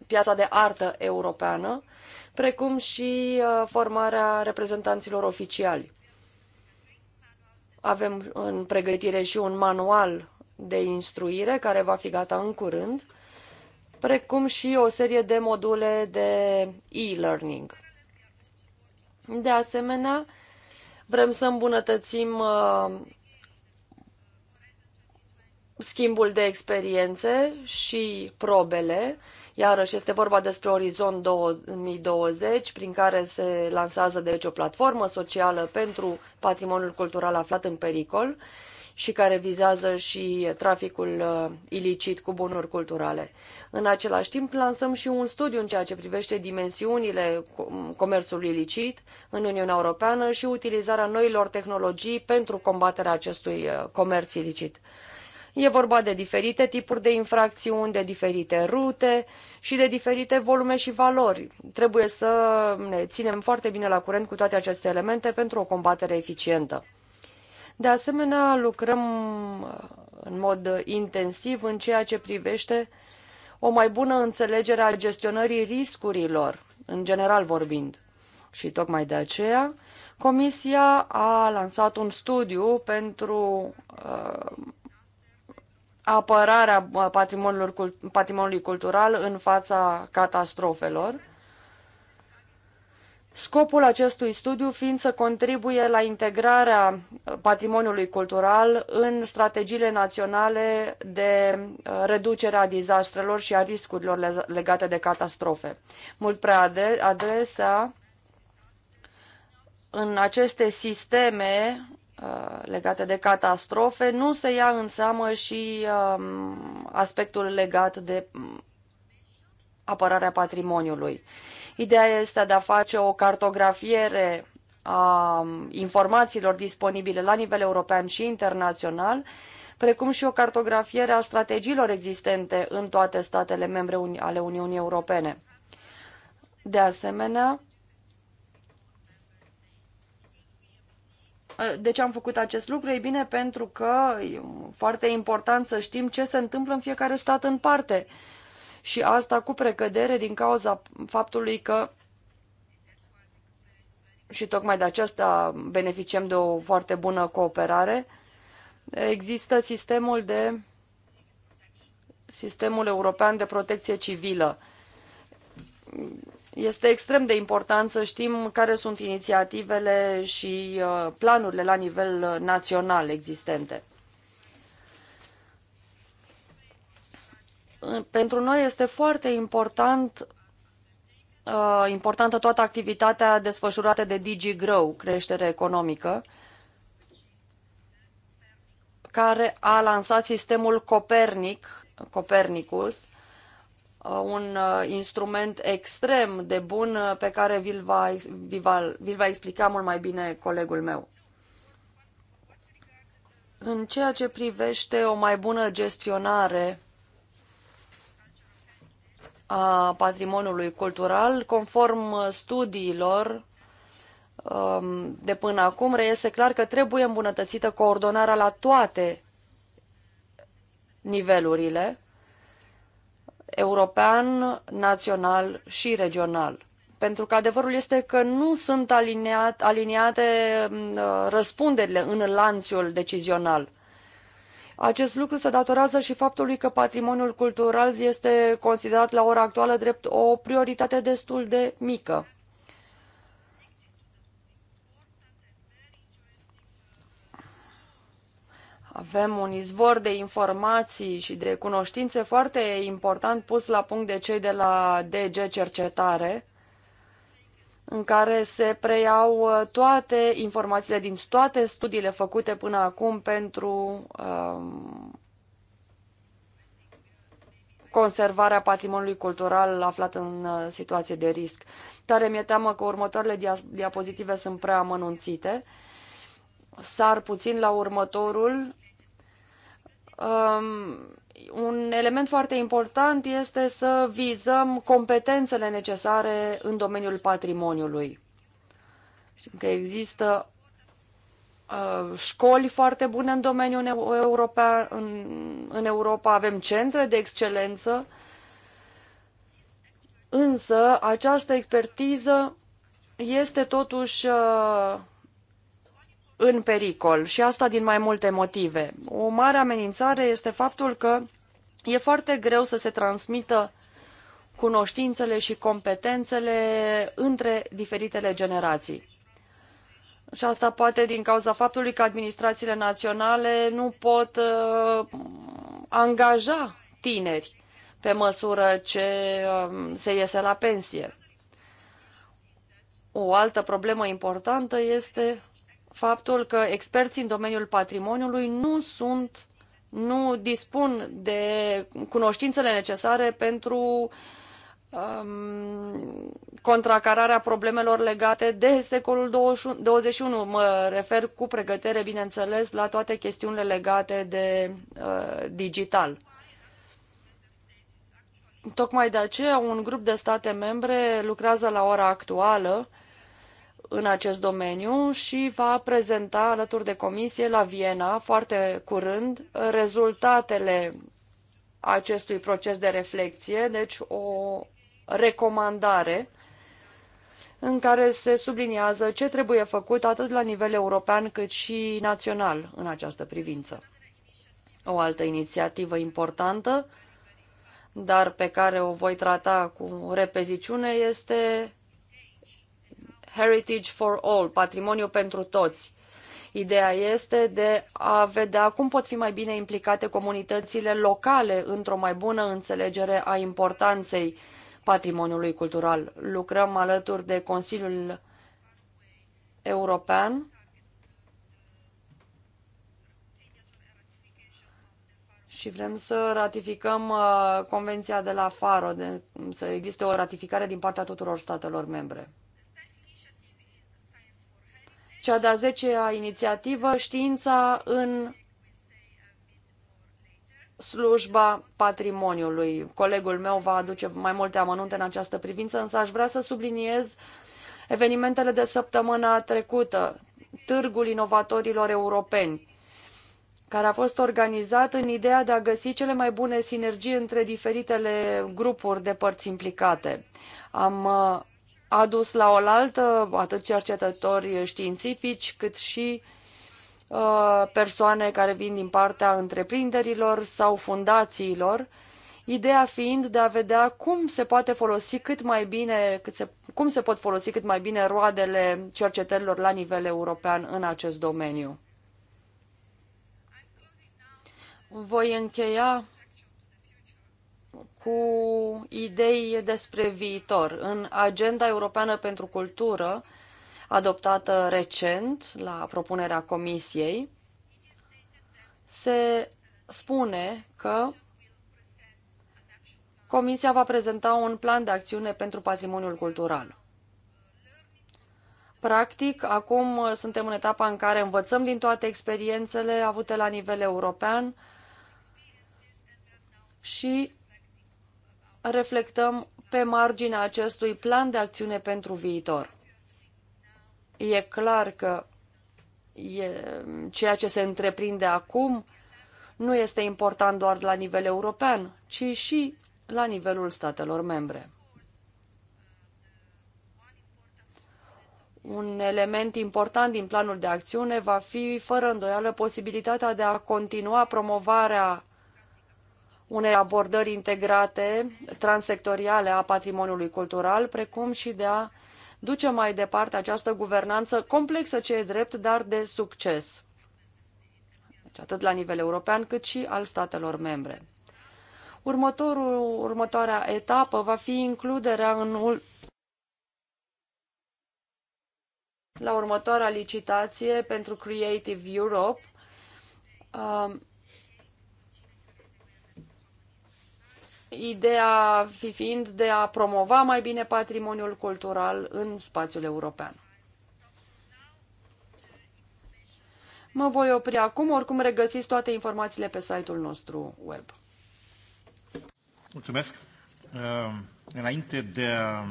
piața de artă europeană, precum și uh, formarea reprezentanților oficiali. Avem în pregătire și un manual de instruire care va fi gata în curând, precum și o serie de module de e-learning. De asemenea, vrem să îmbunătățim uh, schimbul de experiențe și probele Iarăși este vorba despre Orizont 2020, prin care se lansează deci o platformă socială pentru patrimoniul cultural aflat în pericol și care vizează și traficul uh, ilicit cu bunuri culturale. În același timp, lansăm și un studiu în ceea ce privește dimensiunile comerțului ilicit în Uniunea Europeană și utilizarea noilor tehnologii pentru combaterea acestui uh, comerț ilicit. E vorba de diferite tipuri de infracțiuni, de diferite rute și de diferite volume și valori. Trebuie să ne ținem foarte bine la curent cu toate aceste elemente pentru o combatere eficientă. De asemenea, lucrăm uh, în mod intensiv în ceea ce privește o mai bună înțelegere a gestionării riscurilor, în general vorbind. Și tocmai de aceea, Comisia a lansat un studiu pentru uh, apărarea uh, patrimoniului cultural în fața catastrofelor, scopul acestui studiu fiind să contribuie la integrarea patrimoniului cultural în strategiile naționale de uh, reducere a dizastrelor și a riscurilor legate de catastrofe. Mult prea adesea, în aceste sisteme Uh, legate de catastrofe, nu se ia în seamă și um, aspectul legat de mm, apărarea patrimoniului. Ideea este de a face o cartografiere a um, informațiilor disponibile la nivel european și internațional, precum și o cartografiere a strategiilor existente în toate statele membre ale Uniunii Europene. De asemenea, Uh, de ce am făcut acest lucru? Ei bine, pentru că e foarte important să știm ce se întâmplă în fiecare stat în parte. Și asta cu precădere din cauza faptului că și tocmai de aceasta beneficiem de o foarte bună cooperare. Există sistemul de sistemul european de protecție civilă este extrem de important să știm care sunt inițiativele și uh, planurile la nivel uh, național existente. Pentru noi este foarte important uh, importantă toată activitatea desfășurată de DigiGrow, creștere economică, care a lansat sistemul Copernic, Copernicus, Uh, un uh, instrument extrem de bun uh, pe care vi-l va, vi va, vi va explica mult mai bine colegul meu. În ceea ce privește o mai bună gestionare a patrimoniului cultural, conform studiilor um, de până acum, reiese clar că trebuie îmbunătățită coordonarea la toate nivelurile, european, național și regional. Pentru că adevărul este că nu sunt aliniat, aliniate mm, răspunderile în lanțul decizional. Acest lucru se datorează și faptului că patrimoniul cultural este considerat la ora actuală drept o prioritate destul de mică. Avem un izvor de informații și de cunoștințe foarte important pus la punct de cei de la DG Cercetare, în care se preiau uh, toate informațiile din toate studiile făcute până acum pentru um, conservarea patrimoniului cultural aflat în uh, situație de risc. Tare mi-e teamă că următoarele dia diapozitive sunt prea amănunțite. Sar puțin la următorul Um, un element foarte important este să vizăm competențele necesare în domeniul patrimoniului. Știm că există uh, școli foarte bune în domeniul european, în, în Europa avem centre de excelență, însă această expertiză este totuși uh, în pericol și asta din mai multe motive. O mare amenințare este faptul că e foarte greu să se transmită cunoștințele și competențele între diferitele generații. Și asta poate din cauza faptului că administrațiile naționale nu pot uh, angaja tineri pe măsură ce uh, se iese la pensie. O altă problemă importantă este faptul că experții în domeniul patrimoniului nu sunt, nu dispun de cunoștințele necesare pentru um, contracararea problemelor legate de secolul 21. Mă refer cu pregătere, bineînțeles, la toate chestiunile legate de uh, digital. Tocmai de aceea, un grup de state membre lucrează la ora actuală uh, în acest domeniu și va prezenta alături de comisie la Viena foarte curând rezultatele acestui proces de reflexie, deci o recomandare în care se subliniază ce trebuie făcut atât la nivel european cât și național în această privință. O altă inițiativă importantă, dar pe care o voi trata cu repeziciune, este Heritage for All, patrimoniu pentru toți. Ideea este de a vedea cum pot fi mai bine implicate comunitățile locale într-o mai bună înțelegere a importanței patrimoniului cultural. Lucrăm alături de Consiliul European și vrem să ratificăm uh, convenția de la FARO, de, să existe o ratificare din partea tuturor statelor membre cea de-a 10-a inițiativă Știința în slujba patrimoniului. Colegul meu va aduce mai multe amănunte în această privință, însă aș vrea să subliniez evenimentele de săptămâna trecută, Târgul Inovatorilor Europeni, care a fost organizat în ideea de a găsi cele mai bune sinergii între diferitele grupuri de părți implicate. Am uh, adus la oaltă atât cercetători științifici cât și uh, persoane care vin din partea întreprinderilor sau fundațiilor, ideea fiind de a vedea cum se poate folosi cât mai bine, cât se, cum se pot folosi cât mai bine roadele cercetărilor la nivel european în acest domeniu. Voi încheia cu idei despre viitor. În Agenda Europeană pentru Cultură, adoptată recent la propunerea Comisiei, se spune că Comisia va prezenta un plan de acțiune pentru patrimoniul cultural. Practic, acum suntem în etapa în care învățăm din toate experiențele avute la nivel european și reflectăm pe marginea acestui plan de acțiune pentru viitor. E clar că e, ceea ce se întreprinde acum nu este important doar la nivel european, ci și la nivelul statelor membre. Un element important din planul de acțiune va fi, fără îndoială, posibilitatea de a continua promovarea unei abordări integrate, transectoriale a patrimoniului cultural, precum și de a duce mai departe această guvernanță complexă ce e drept, dar de succes, deci atât la nivel european cât și al statelor membre. Următorul, următoarea etapă va fi includerea în la următoarea licitație pentru Creative Europe, um, ideea fi fiind de a promova mai bine patrimoniul cultural în spațiul european. Mă voi opri acum, oricum regăsiți toate informațiile pe site-ul nostru web. Mulțumesc. Uh, înainte de a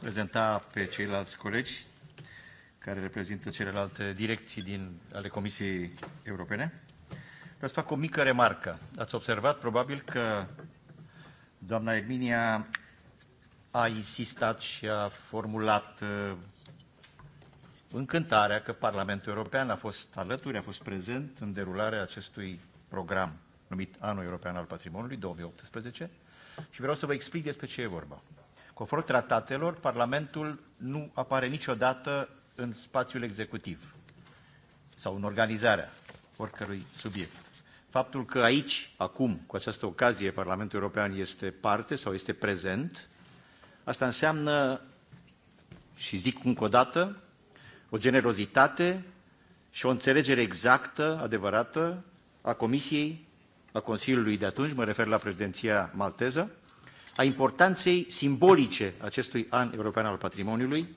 prezenta pe ceilalți colegi care reprezintă celelalte direcții din, ale Comisiei Europene, vreau să fac o mică remarcă. Ați observat probabil că Doamna Erminia a insistat și a formulat uh, încântarea că Parlamentul European a fost alături, a fost prezent în derularea acestui program numit Anul European al Patrimoniului 2018 și vreau să vă explic despre ce e vorba. Conform tratatelor, Parlamentul nu apare niciodată în spațiul executiv sau în organizarea oricărui subiect faptul că aici, acum, cu această ocazie, Parlamentul European este parte sau este prezent, asta înseamnă, și zic încă o dată, o generozitate și o înțelegere exactă, adevărată, a Comisiei, a Consiliului de atunci, mă refer la președinția malteză, a importanței simbolice acestui an european al patrimoniului,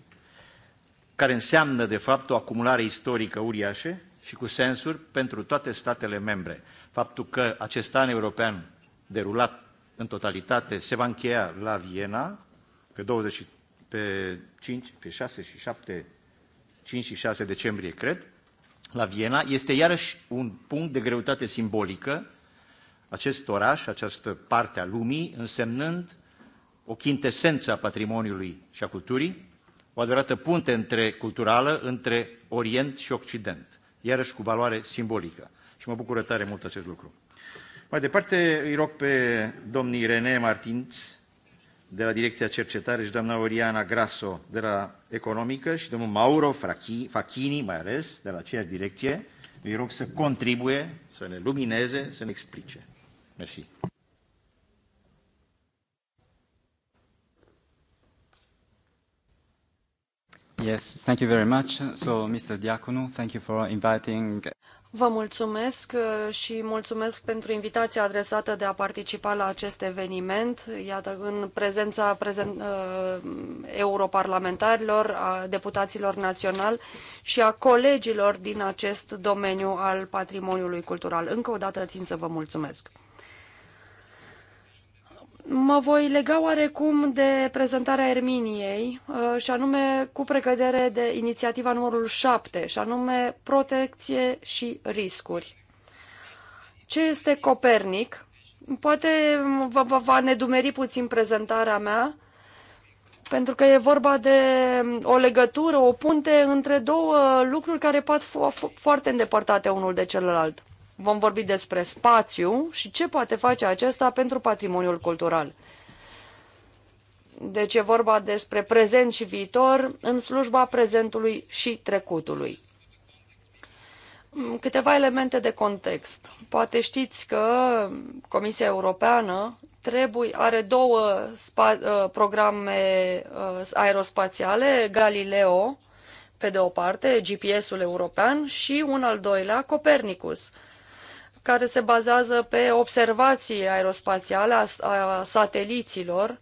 care înseamnă, de fapt, o acumulare istorică uriașă, și cu sensuri pentru toate statele membre. Faptul că acest an european derulat în totalitate se va încheia la Viena pe, 20, pe 5, pe 6 și 7, 5 și 6 decembrie, cred, la Viena, este iarăși un punct de greutate simbolică acest oraș, această parte a lumii, însemnând o chintesență a patrimoniului și a culturii, o adevărată punte între culturală între Orient și Occident iarăși cu valoare simbolică. Și mă bucură tare mult acest lucru. Mai departe, îi rog pe domnii René Martins, de la Direcția Cercetare și doamna Oriana Grasso de la Economică și domnul Mauro Facchini, mai ales, de la aceeași direcție, îi rog să contribuie, să ne lumineze, să ne explice. Mersi. Yes, thank you very much. So, Mr. Diaconu, thank you for inviting. Vă mulțumesc uh, și mulțumesc pentru invitația adresată de a participa la acest eveniment. Iată, în prezența prezen, uh, europarlamentarilor, a deputaților naționali și a colegilor din acest domeniu al patrimoniului cultural. Încă o dată țin să vă mulțumesc. Mă voi lega oarecum de prezentarea Erminiei, uh, și anume cu precădere de inițiativa numărul 7, și anume protecție și riscuri. Ce este Copernic? Poate vă va nedumeri puțin prezentarea mea, pentru că e vorba de um, o legătură, o punte între două lucruri care pot fi foarte îndepărtate unul de celălalt. Vom vorbi despre spațiu și ce poate face acesta pentru patrimoniul cultural. Deci e vorba despre prezent și viitor în slujba prezentului și trecutului. Câteva elemente de context. Poate știți că Comisia Europeană trebuie, are două uh, programe uh, aerospațiale, Galileo, pe de o parte, GPS-ul european și un al doilea, Copernicus care se bazează pe observații aerospațiale a, a sateliților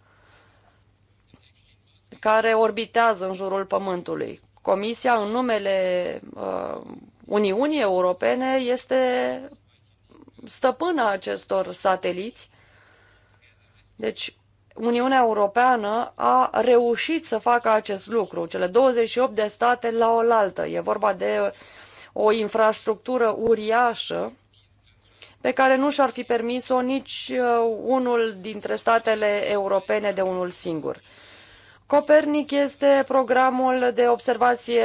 care orbitează în jurul Pământului. Comisia, în numele uh, Uniunii Europene, este stăpâna acestor sateliți. Deci, Uniunea Europeană a reușit să facă acest lucru, cele 28 de state la oaltă. E vorba de o infrastructură uriașă pe care nu și-ar fi permis-o nici uh, unul dintre statele europene de unul singur. Copernic este programul de observație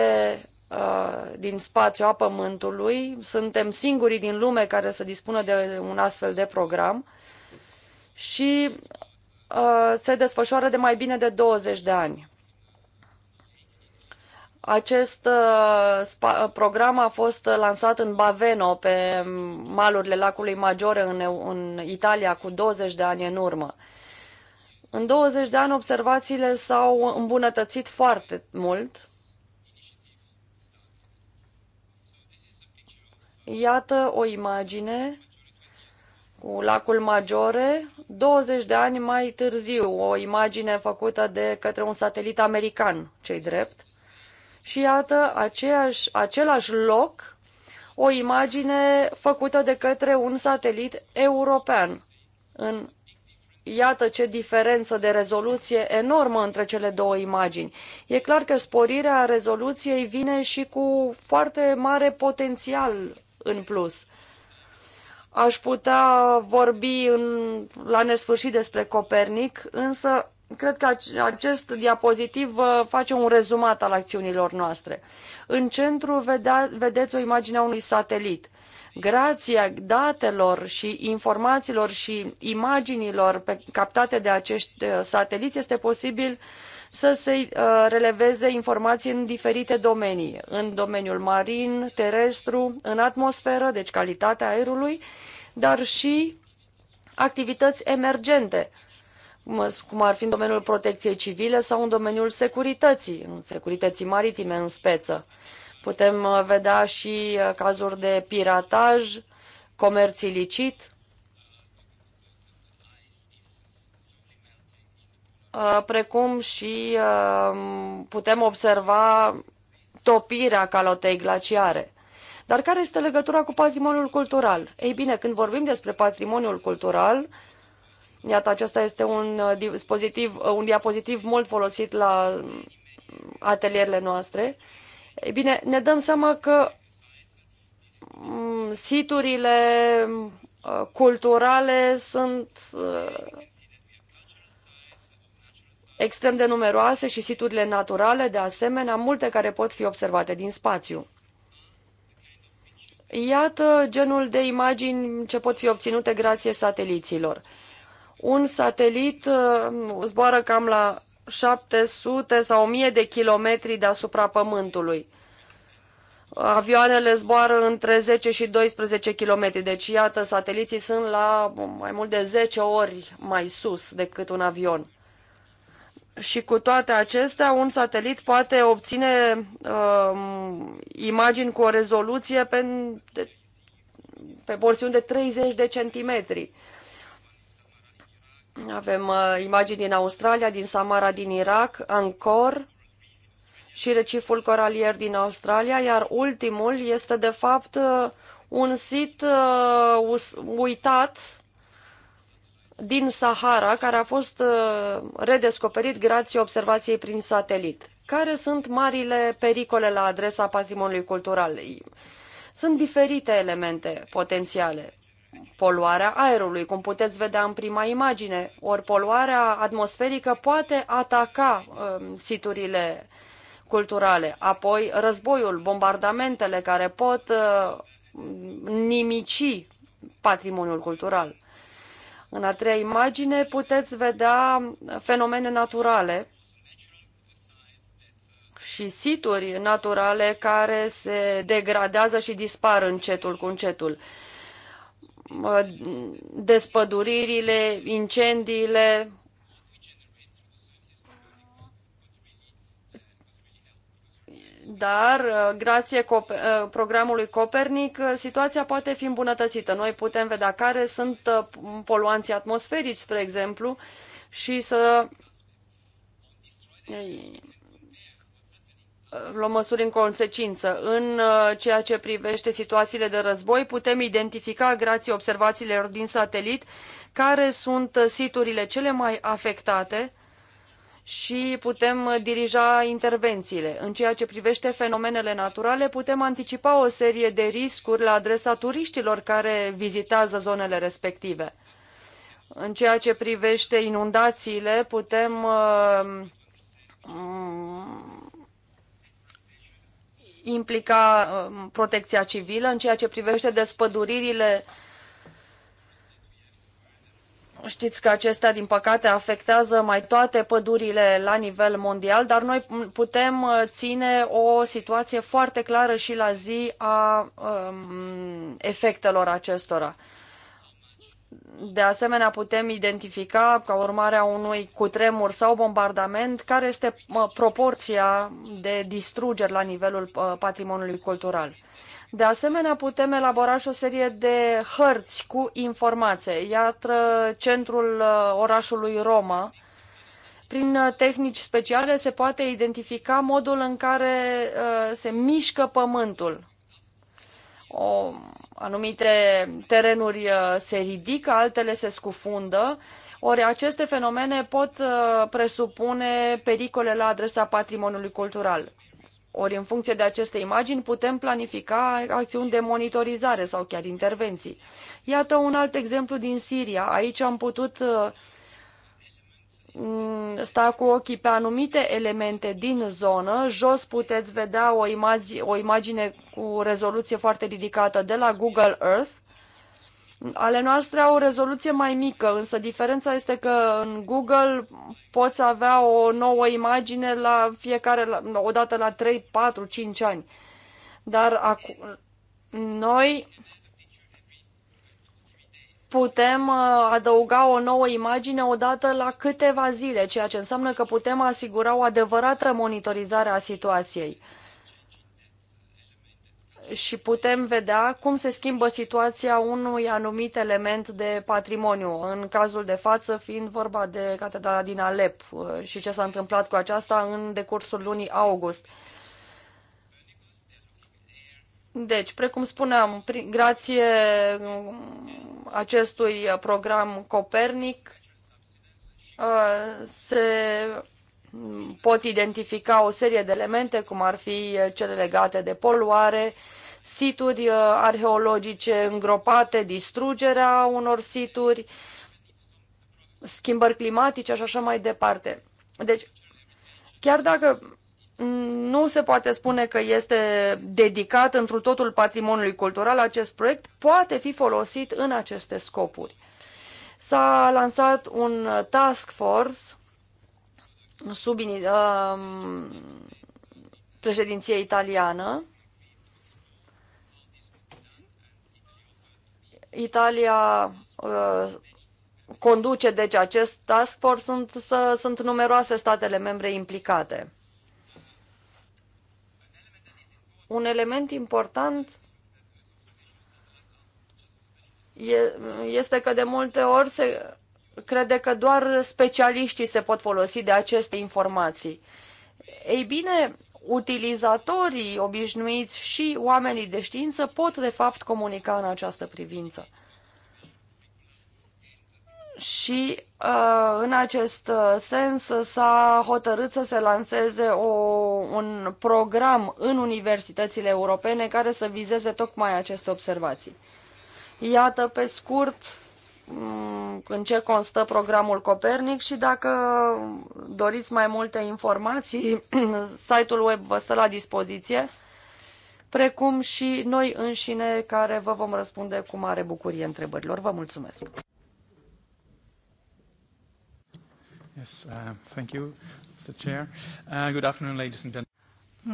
uh, din spațiu a Pământului. Suntem singurii din lume care să dispună de un astfel de program și uh, se desfășoară de mai bine de 20 de ani. Acest uh, uh, program a fost lansat în Baveno, pe malurile lacului Maggiore, în, în Italia, cu 20 de ani în urmă. În 20 de ani, observațiile s-au îmbunătățit foarte mult. Iată o imagine cu lacul Maggiore, 20 de ani mai târziu, o imagine făcută de către un satelit american, cei drept și iată aceeași, același loc, o imagine făcută de către un satelit european. În, iată ce diferență de rezoluție enormă între cele două imagini. E clar că sporirea rezoluției vine și cu foarte mare potențial în plus aș putea vorbi în, la nesfârșit despre Copernic, însă cred că acest diapozitiv face un rezumat al acțiunilor noastre. În centru vedea, vedeți o imagine a unui satelit. Grația datelor și informațiilor și imaginilor pe, captate de acești sateliți este posibil să se uh, releveze informații în diferite domenii, în domeniul marin, terestru, în atmosferă, deci calitatea aerului, dar și activități emergente, cum ar fi în domeniul protecției civile sau în domeniul securității, în securității maritime în speță. Putem uh, vedea și uh, cazuri de pirataj, comerț ilicit. Uh, precum și putem observa topirea calotei glaciare. Dar care este legătura cu patrimoniul cultural? Ei bine, când vorbim despre patrimoniul cultural, Iată, acesta este un, uh, dispozitiv, uh, un diapozitiv mult folosit la atelierele noastre. E bine, ne dăm seama că mm, siturile uh, culturale sunt extrem de numeroase și siturile naturale, de asemenea, multe care pot fi observate din spațiu. Iată genul de imagini ce pot fi obținute grație sateliților. Un satelit uh, zboară cam la 700 sau 1000 de kilometri deasupra Pământului. Avioanele zboară între 10 și 12 km, deci iată, sateliții sunt la mai mult de 10 ori mai sus decât un avion. Și cu toate acestea, un satelit poate obține uh, imagini cu o rezoluție pe, de, pe porțiuni de 30 de centimetri. Uh, avem uh, imagini din Australia, din Samara, din Irak, Angkor și reciful coralier din Australia, iar ultimul este de fapt uh, un sit uh, uitat din Sahara, care a fost uh, redescoperit grație observației prin satelit. Care sunt marile pericole la adresa patrimoniului cultural? Sunt diferite elemente potențiale poluarea aerului, cum puteți vedea în prima imagine. Ori poluarea atmosferică poate ataca um, siturile culturale. Apoi războiul, bombardamentele care pot uh, nimici patrimoniul cultural. În a treia imagine puteți vedea fenomene naturale și situri naturale care se degradează și dispar încetul cu încetul. Uh, despăduririle, incendiile. Dar, uh, grație uh, programului Copernic, uh, situația poate fi îmbunătățită. Noi putem vedea care sunt poluanții atmosferici, spre exemplu, și să Uh, luăm măsuri în consecință. În uh, ceea ce privește situațiile de război, putem identifica, grație observațiilor din satelit, care sunt siturile cele mai afectate și putem dirija intervențiile. În ceea ce privește fenomenele naturale, putem anticipa o serie de riscuri la adresa turiștilor care vizitează zonele respective. În ceea ce privește inundațiile, putem uh, implica um, protecția civilă în ceea ce privește despăduririle. Știți că acestea, din păcate, afectează mai toate pădurile la nivel mondial, dar noi putem uh, ține o situație foarte clară și la zi a um, efectelor acestora. De asemenea, putem identifica, ca urmare a unui cutremur sau bombardament, care este proporția de distrugeri la nivelul ă, patrimoniului cultural. De asemenea, putem elabora și o serie de hărți cu informație. Iată centrul ă, orașului Roma. Prin ă, tehnici speciale se poate identifica modul în care se mișcă pământul o, anumite terenuri uh, se ridică, altele se scufundă. Ori aceste fenomene pot uh, presupune pericole la adresa patrimoniului cultural. Ori în funcție de aceste imagini putem planifica acțiuni de monitorizare sau chiar intervenții. Iată un alt exemplu din Siria. Aici am putut uh, Mm, sta cu ochii pe anumite elemente din zonă. Jos puteți vedea o, imagi, o imagine cu rezoluție foarte ridicată de la Google Earth. Ale noastre au o rezoluție mai mică, însă diferența este că în Google poți avea o nouă imagine la fiecare, o dată la 3, 4, 5 ani. Dar acu- noi putem uh, adăuga o nouă imagine odată la câteva zile, ceea ce înseamnă că putem asigura o adevărată monitorizare a situației și putem vedea cum se schimbă situația unui anumit element de patrimoniu, în cazul de față fiind vorba de catedrala din Alep uh, și ce s-a întâmplat cu aceasta în decursul lunii august. Deci, precum spuneam, grație acestui uh, program Copernic uh, se pot identifica o serie de elemente, cum ar fi uh, cele legate de poluare, situri arheologice îngropate, distrugerea unor situri, schimbări climatice și așa mai departe. Deci, chiar dacă nu se poate spune că este dedicat întru totul patrimoniului cultural. Acest proiect poate fi folosit în aceste scopuri. S-a lansat un task force sub uh, președinție italiană. Italia uh, conduce deci acest task force, sunt, să, sunt numeroase statele membre implicate. Un element important este că de multe ori se crede că doar specialiștii se pot folosi de aceste informații. Ei bine, utilizatorii obișnuiți și oamenii de știință pot de fapt comunica în această privință și uh, în acest uh, sens s-a hotărât să se lanseze o, un program în universitățile europene care să vizeze tocmai aceste observații. Iată pe scurt mm, în ce constă programul Copernic și dacă doriți mai multe informații, [clears throat] site-ul web vă stă la dispoziție, precum și noi înșine care vă vom răspunde cu mare bucurie întrebărilor. Vă mulțumesc! Yes, uh, thank you, Mr. Chair. Uh, good afternoon, ladies and gentlemen.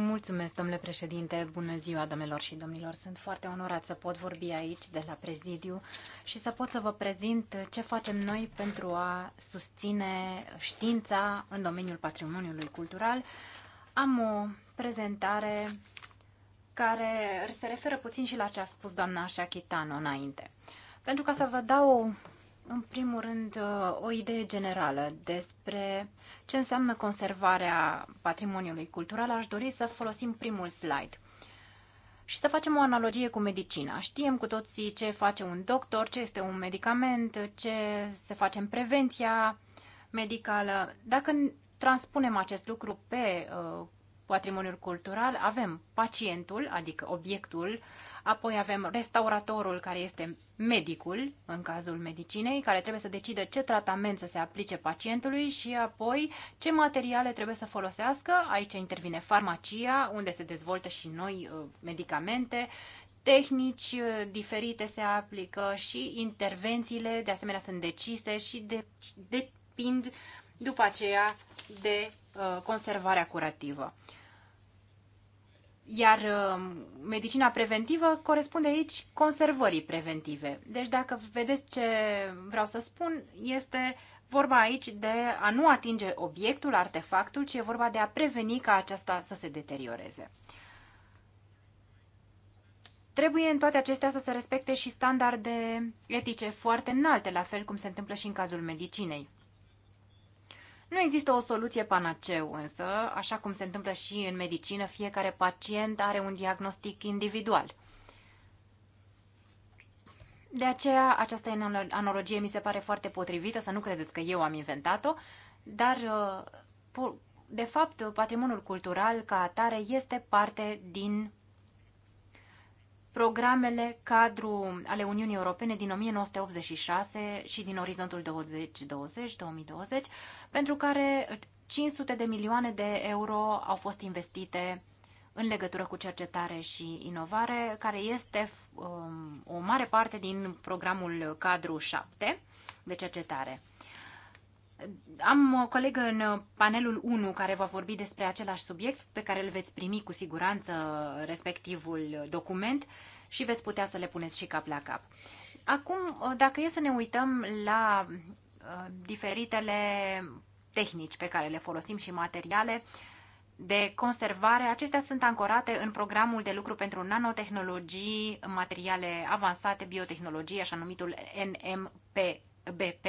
Mulțumesc, domnule președinte. Bună ziua, domnilor și domnilor. Sunt foarte onorat să pot vorbi aici de la prezidiu și să pot să vă prezint ce facem noi pentru a susține știința în domeniul patrimoniului cultural. Am o prezentare care se referă puțin și la ce a spus doamna Shachitano înainte. Pentru ca să vă dau în primul rând, uh, o idee generală despre ce înseamnă conservarea patrimoniului cultural. Aș dori să folosim primul slide și să facem o analogie cu medicina. Știm cu toții ce face un doctor, ce este un medicament, ce se face în prevenția medicală. Dacă transpunem acest lucru pe uh, patrimoniul cultural, avem pacientul, adică obiectul Apoi avem restauratorul care este medicul, în cazul medicinei, care trebuie să decidă ce tratament să se aplice pacientului și apoi ce materiale trebuie să folosească. Aici intervine farmacia, unde se dezvoltă și noi uh, medicamente, tehnici uh, diferite se aplică și intervențiile, de asemenea, sunt decise și de, deci, depind după aceea de uh, conservarea curativă. Uh, iar um, medicina preventivă corespunde aici conservării preventive. Deci dacă vedeți ce vreau să spun, este vorba aici de a nu atinge obiectul, artefactul, ci e vorba de a preveni ca aceasta să se deterioreze. Trebuie în toate acestea să se respecte și standarde etice foarte înalte, la fel cum se întâmplă și în cazul medicinei. Nu există o soluție panaceu însă, așa cum se întâmplă și în medicină, fiecare pacient are un diagnostic individual. De aceea, această analogie mi se pare foarte potrivită, să nu credeți că eu am inventat-o, dar, uh, de fapt, patrimoniul cultural ca atare este parte din programele cadru ale Uniunii Europene din 1986 și din orizontul 2020-2020, pentru care 500 de milioane de euro au fost investite în legătură cu cercetare și inovare, care este um, o mare parte din programul cadru 7 de cercetare. Am o colegă în uh, panelul 1 care va vorbi despre același subiect pe care îl veți primi cu siguranță uh, respectivul document și veți putea să le puneți și cap la cap. Acum, uh, dacă e să ne uităm la diferitele tehnici pe care le folosim și materiale de conservare, acestea sunt ancorate în programul de lucru pentru nanotehnologii, materiale avansate, biotehnologie, așa numitul NMPBP,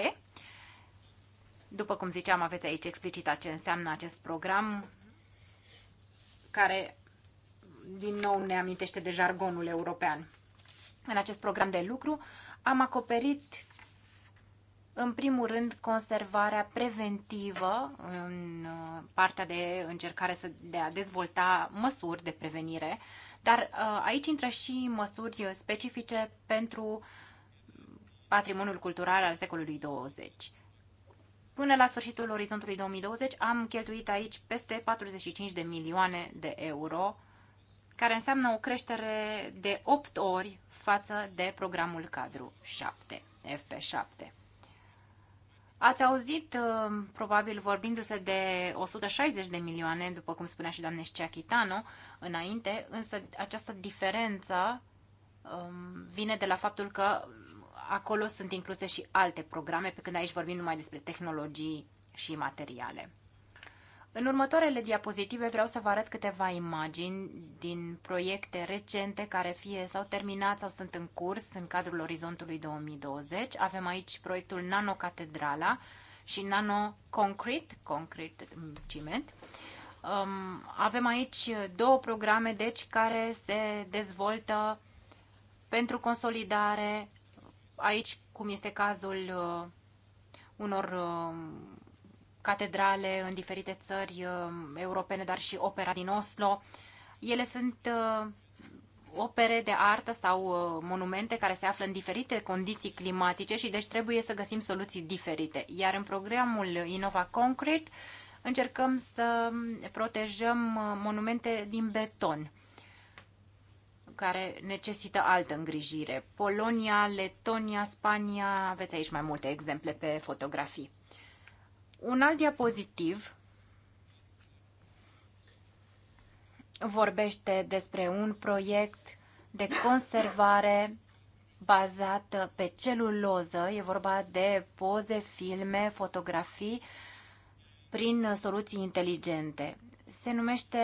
după cum ziceam, aveți aici explicita ce înseamnă acest program, care din nou ne amintește de jargonul european. În acest program de lucru am acoperit în primul rând, conservarea preventivă în uh, partea de încercare de a dezvolta măsuri de prevenire, dar uh, aici intră și măsuri specifice pentru patrimoniul cultural al secolului 20. Până la sfârșitul orizontului 2020 am cheltuit aici peste 45 de milioane de euro, care înseamnă o creștere de 8 ori față de programul cadru 7, FP7. Ați auzit, uh, probabil vorbindu-se de 160 de milioane, după cum spunea și doamne Ceachitano înainte, însă această diferență um, vine de la faptul că acolo sunt incluse și alte programe, pe când aici vorbim numai despre tehnologii și materiale. În următoarele diapozitive vreau să vă arăt câteva imagini din proiecte recente care fie s-au terminat sau sunt în curs în cadrul Orizontului 2020. Avem aici proiectul Nano Catedrala și Nano Concrete, Concrete mm, ciment. Um, avem aici două programe deci care se dezvoltă pentru consolidare aici, cum este cazul uh, unor uh, catedrale în diferite țări uh, europene, dar și opera din Oslo. Ele sunt opere de artă sau monumente care se află în diferite condiții climatice și deci trebuie să găsim soluții diferite. Iar în programul Innova Concrete încercăm să protejăm monumente din beton care necesită altă îngrijire. Polonia, Letonia, Spania, aveți aici mai multe exemple pe fotografii. Un alt diapozitiv vorbește despre un proiect de conservare bazată pe celuloză. E vorba de poze, filme, fotografii prin soluții inteligente. Se numește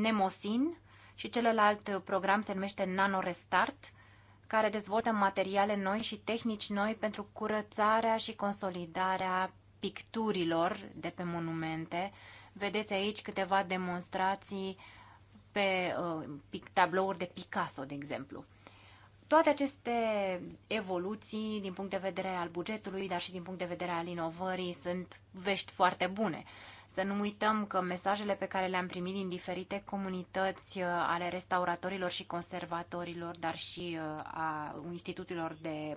Nemosin și celălalt program se numește Nano Restart, care dezvoltă materiale noi și tehnici noi pentru curățarea și consolidarea picturilor de pe monumente. Vedeți aici câteva demonstrații pe uh, tablouri de Picasso, de exemplu. Toate aceste evoluții din punct de vedere al bugetului, dar și din punct de vedere al inovării, sunt vești foarte bune. Să nu uităm că mesajele pe care le-am primit din diferite comunități uh, ale restauratorilor și conservatorilor, dar și uh, a instituțiilor de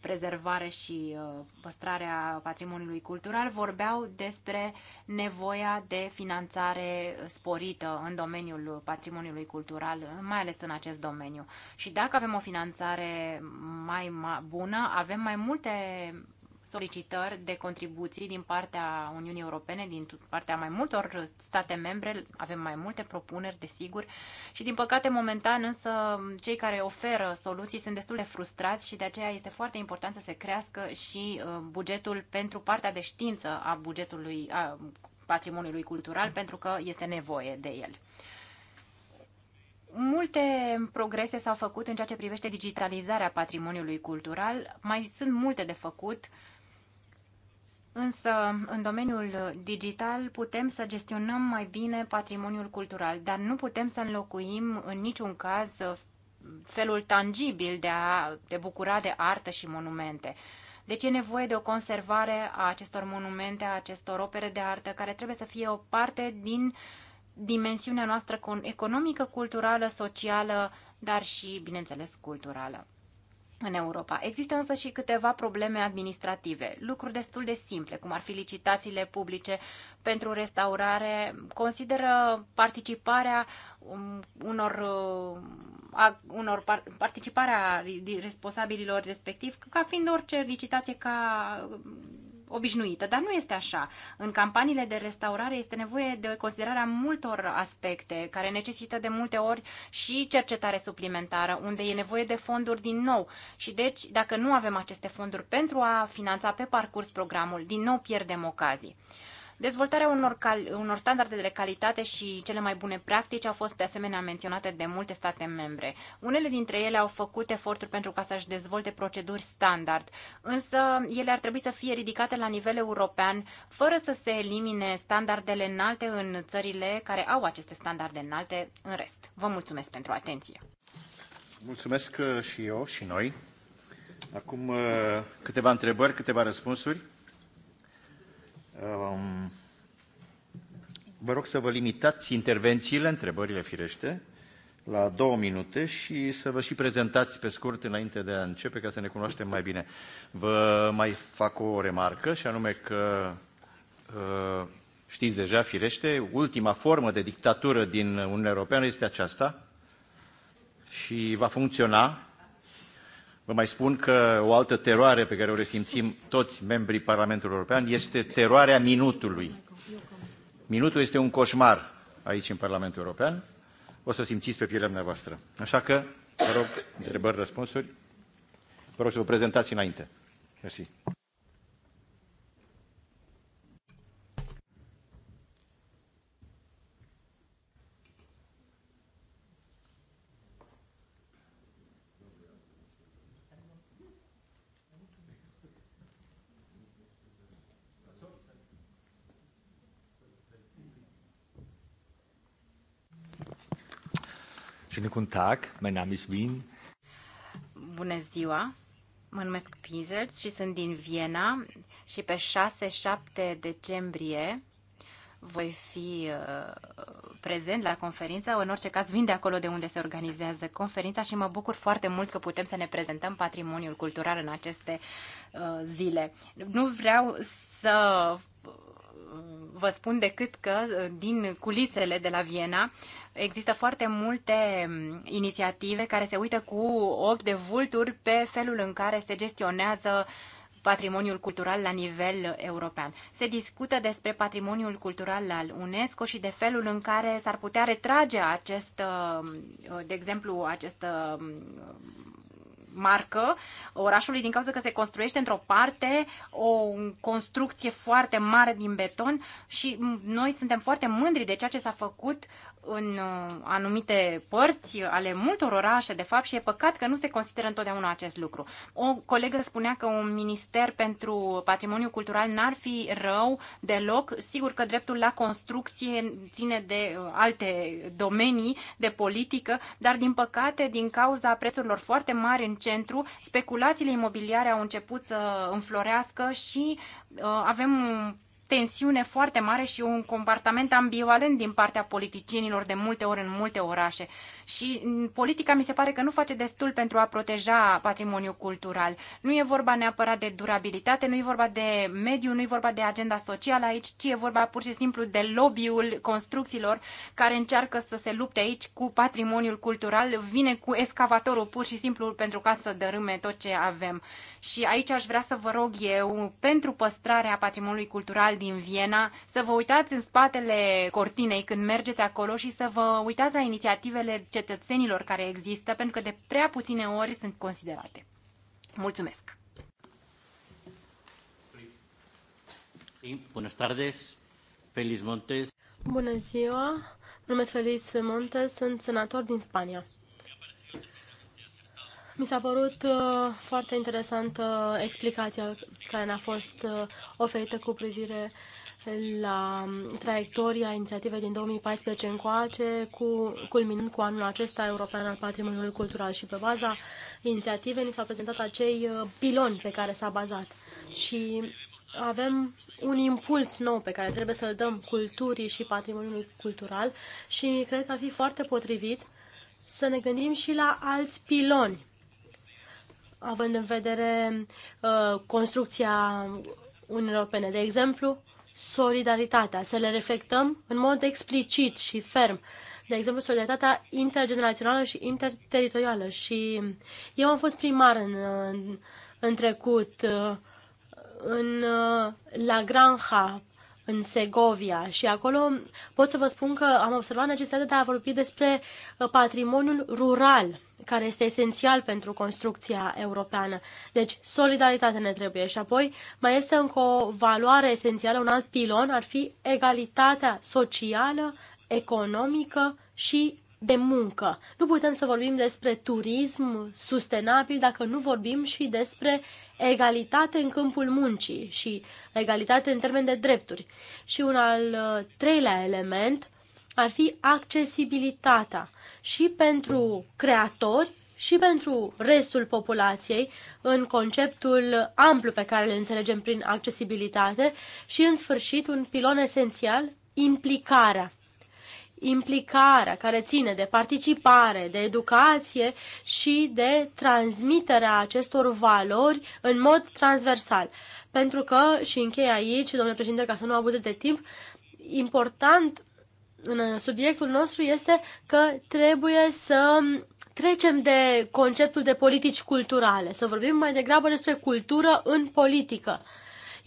prezervare și uh, păstrarea patrimoniului cultural vorbeau despre nevoia de finanțare sporită în domeniul patrimoniului cultural, mai ales în acest domeniu. Și dacă avem o finanțare mai bună, avem mai multe solicitări de contribuții din partea Uniunii Europene, din partea mai multor state membre. Avem mai multe propuneri, desigur, și din păcate momentan însă cei care oferă soluții sunt destul de frustrați și de aceea este foarte important să se crească și uh, bugetul pentru partea de știință a bugetului, a patrimoniului cultural, pentru că este nevoie de el multe progrese s-au făcut în ceea ce privește digitalizarea patrimoniului cultural. Mai sunt multe de făcut Însă, în domeniul digital putem să gestionăm mai bine patrimoniul cultural, dar nu putem să înlocuim în niciun caz felul tangibil de a te bucura de artă și monumente. Deci e nevoie de o conservare a acestor monumente, a acestor opere de artă, care trebuie să fie o parte din dimensiunea noastră economică, culturală, socială, dar și, bineînțeles, culturală în Europa. Există însă și câteva probleme administrative, lucruri destul de simple, cum ar fi licitațiile publice pentru restaurare. Consideră participarea um, unor, uh, a, unor par, participarea responsabililor respectiv ca fiind orice licitație ca obișnuită, dar nu este așa. În campaniile de restaurare este nevoie de considerarea multor aspecte care necesită de multe ori și cercetare suplimentară, unde e nevoie de fonduri din nou. Și deci, dacă nu avem aceste fonduri pentru a finanța pe parcurs programul, din nou pierdem ocazii. Dezvoltarea unor, cal- unor standarde de calitate și cele mai bune practici au fost de asemenea menționate de multe state membre. Unele dintre ele au făcut eforturi pentru ca să-și dezvolte proceduri standard, însă ele ar trebui să fie ridicate la nivel european, fără să se elimine standardele înalte în țările care au aceste standarde înalte în rest. Vă mulțumesc pentru atenție! Mulțumesc uh, și eu și noi. Acum uh, câteva întrebări, câteva răspunsuri. Um, vă rog să vă limitați intervențiile, întrebările firește, la două minute și să vă și prezentați pe scurt înainte de a începe ca să ne cunoaștem mai bine. Vă mai fac o remarcă și anume că uh, știți deja firește, ultima formă de dictatură din Uniunea Europeană este aceasta și va funcționa Vă mai spun că o altă teroare pe care o resimțim toți membrii Parlamentului European este teroarea minutului. Minutul este un coșmar aici în Parlamentul European. O să simțiți pe pielea dumneavoastră. Așa că, vă rog, întrebări, răspunsuri. Vă rog să vă prezentați înainte. Mersi. Schönen guten Tag, mein Name ist Wien. Bună ziua, mă numesc Pizels și sunt din Viena și pe 6-7 decembrie voi fi uh, prezent la conferință. În orice caz, vin de acolo de unde se organizează conferința și mă bucur foarte mult că putem să ne prezentăm patrimoniul cultural în aceste uh, zile. Nu vreau să vă spun decât că din culisele de la Viena există foarte multe mm, inițiative care se uită cu ochi de vulturi pe felul în care se gestionează patrimoniul cultural la nivel european. Se discută despre patrimoniul cultural al UNESCO și de felul în care s-ar putea retrage acest, mm, de exemplu, acest mm, marcă orașului din cauza că se construiește într-o parte o construcție foarte mare din beton și noi suntem foarte mândri de ceea ce s-a făcut în uh, anumite părți ale multor orașe, de fapt, și e păcat că nu se consideră întotdeauna acest lucru. O colegă spunea că un minister pentru patrimoniu cultural n-ar fi rău deloc. Sigur că dreptul la construcție ține de uh, alte domenii de politică, dar, din păcate, din cauza prețurilor foarte mari în centru, speculațiile imobiliare au început să înflorească și uh, avem tensiune foarte mare și un comportament ambivalent din partea politicienilor de multe ori în multe orașe. Și politica mi se pare că nu face destul pentru a proteja patrimoniul cultural. Nu e vorba neapărat de durabilitate, nu e vorba de mediu, nu e vorba de agenda socială aici, ci e vorba pur și simplu de lobby-ul construcțiilor care încearcă să se lupte aici cu patrimoniul cultural, vine cu escavatorul pur și simplu pentru ca să dărâme tot ce avem. Și aici aș vrea să vă rog eu, pentru păstrarea patrimoniului cultural din Viena, să vă uitați în spatele cortinei când mergeți acolo și să vă uitați la inițiativele cetățenilor care există, pentru că de prea puține ori sunt considerate. Mulțumesc! Bună tardes, Feliz Montes. Bună ziua, numesc Feliz Montes, sunt senator din Spania. Mi s-a părut uh, foarte interesantă uh, explicația care ne-a fost uh, oferită cu privire la um, traiectoria inițiativei din 2014 încoace, cu, culminând cu anul acesta european al patrimoniului cultural și pe baza inițiativei ni s-au prezentat acei uh, piloni pe care s-a bazat și avem un impuls nou pe care trebuie să-l dăm culturii și patrimoniului cultural și cred că ar fi foarte potrivit să ne gândim și la alți piloni având în vedere uh, construcția Uniunii Europene. De exemplu, solidaritatea, să le reflectăm în mod explicit și ferm. De exemplu, solidaritatea intergenerațională și interteritorială. Și eu am fost primar în, în, în trecut, uh, în uh, La Granja, în Segovia și acolo pot să vă spun că am observat necesitatea de a vorbi despre uh, patrimoniul rural care este esențial pentru construcția europeană. Deci, solidaritate ne trebuie. Și apoi, mai este încă o valoare esențială, un alt pilon, ar fi egalitatea socială, economică și de muncă. Nu putem să vorbim despre turism sustenabil dacă nu vorbim și despre egalitate în câmpul muncii și egalitate în termen de drepturi. Și un al uh, treilea element ar fi accesibilitatea și pentru creatori și pentru restul populației în conceptul amplu pe care le înțelegem prin accesibilitate și, în sfârșit, un pilon esențial, implicarea implicarea care ține de participare, de educație și de transmiterea acestor valori în mod transversal. Pentru că, și închei aici, domnule președinte, ca să nu abuzez de timp, important în subiectul nostru este că trebuie să trecem de conceptul de politici culturale, să vorbim mai degrabă despre cultură în politică.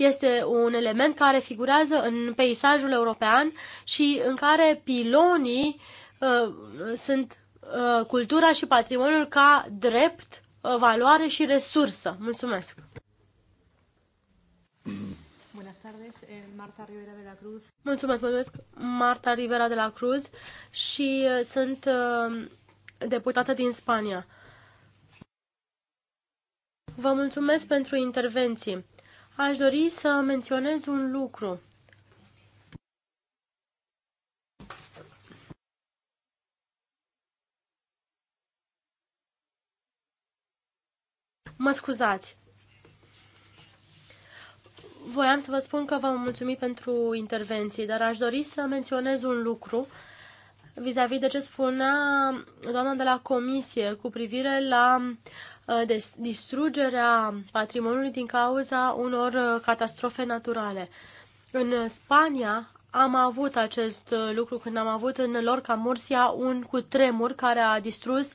Este un element care figurează în peisajul european și în care pilonii uh, sunt uh, cultura și patrimoniul ca drept, uh, valoare și resursă. Mulțumesc! Eh, Marta Rivera de la Cruz. Mulțumesc, mulțumesc, Marta Rivera de la Cruz și uh, sunt uh, deputată din Spania. Vă mulțumesc pentru intervenții. Aș dori să menționez un lucru. Mă scuzați. Voiam să vă spun că v-am mulțumit pentru intervenții, dar aș dori să menționez un lucru uh, vis-a-vis -vis de ce spunea doamna de la comisie cu privire la uh, distrugerea patrimoniului din cauza unor uh, catastrofe naturale. În Spania am avut acest uh, lucru când am avut în Lorca Mursia un cutremur care a distrus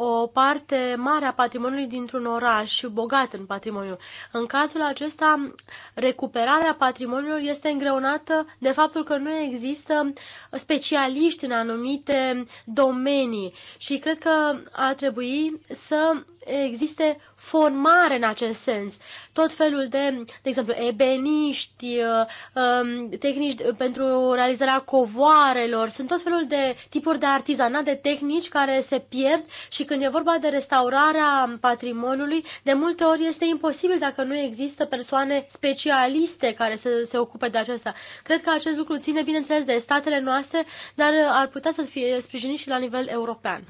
o parte mare a patrimoniului dintr-un oraș bogat în patrimoniu. În cazul acesta, recuperarea patrimoniului este îngreunată de faptul că nu există specialiști în anumite domenii și cred că ar trebui să existe formare în acest sens. Tot felul de, de exemplu, ebeniști, uh, um, tehnici pentru realizarea covoarelor, sunt tot felul de tipuri de artizanat, de tehnici care se pierd și când e vorba de restaurarea patrimoniului, de multe ori este imposibil dacă nu există persoane specialiste care să se ocupe de acesta. Cred că acest lucru ține, bineînțeles, de statele noastre, dar uh, ar putea să fie sprijinit și la nivel european.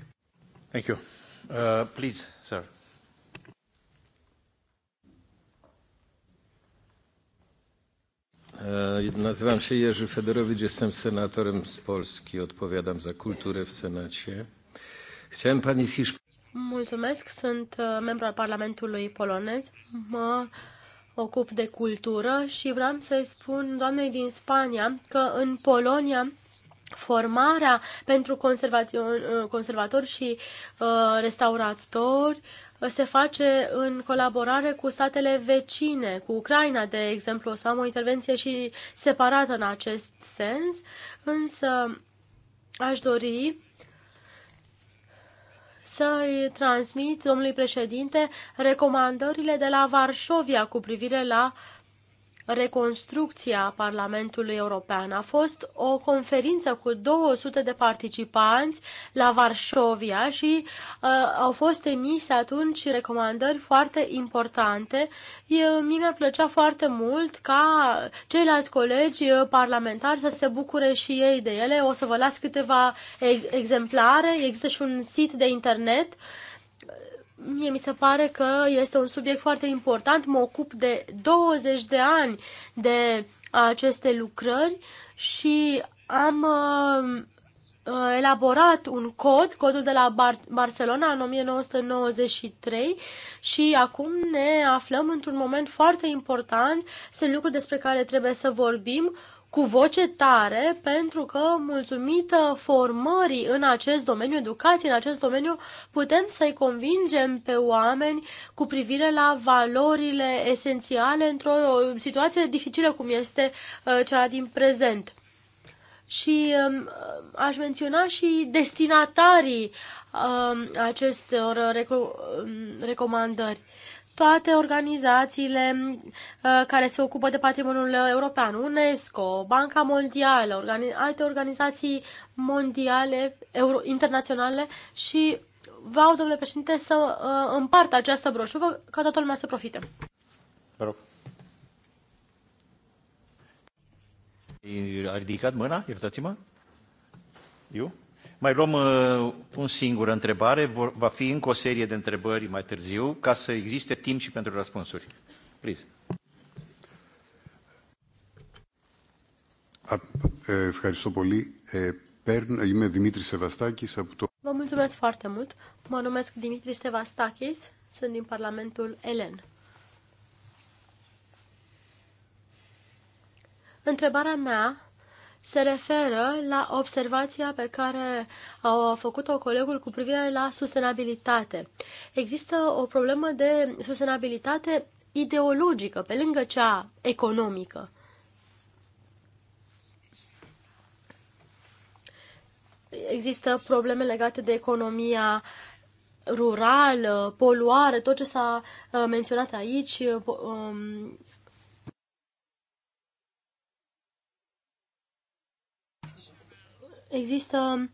Thank you. Uh, please. Nazywam się Jerzy Federowicz, jestem senatorem z Polski, odpowiadam za kulturę w Senacie. Chciałem pani z Hiszpanii. Mulțumesc, sunt membru al Parlamentului polonez. Mă ocup de cultură și vreau să-i spun doamnei din Spania că în Polonia formarea pentru conservatori și restauratori se face în colaborare cu statele vecine, cu Ucraina, de exemplu. O să am o intervenție și separată în acest sens, însă aș dori să-i transmit domnului președinte recomandările de la Varșovia cu privire la uh, reconstrucția Parlamentului European. A fost o conferință cu 200 de participanți la Varșovia și uh, au fost emise atunci recomandări foarte importante. mie mi-ar plăcea foarte mult ca ceilalți colegi parlamentari să se bucure și ei de ele. O să vă las câteva exemplare. Există și un sit de internet uh, Mie mi se pare că este un subiect foarte important. Mă ocup de 20 de ani de aceste lucrări și am uh, elaborat un cod, codul de la Bar- Barcelona în 1993 și acum ne aflăm într-un moment foarte important. Sunt lucruri despre care trebuie să vorbim cu voce tare pentru că, mulțumită formării în acest domeniu, educației în acest domeniu, putem să-i convingem pe oameni cu privire la valorile esențiale într-o situație dificilă cum este uh, cea din prezent. Și um, aș menționa și destinatarii um, acestor um, recomandări toate organizațiile uh, care se ocupă de patrimoniul european, UNESCO, Banca Mondială, organi- alte organizații mondiale, euro- internaționale și vreau, domnule președinte, să uh, împart această broșură ca toată lumea să profite. Vă rog. A ridicat mâna? Iertați-mă. Eu? Mai luăm uh, un singur întrebare, Vor, va fi încă o serie de întrebări mai târziu, ca să existe timp și pentru răspunsuri. Please. Ευχαριστώ πολύ. είμαι από το... Vă mulțumesc foarte mult. Mă numesc Dimitri Sevastakis, sunt din Parlamentul Elen. Întrebarea mea se referă la observația pe care a făcut-o colegul cu privire la sustenabilitate. Există o problemă de sustenabilitate ideologică, pe lângă cea economică. Există probleme legate de economia rurală, poluare, tot ce s-a uh, menționat aici, uh, um, există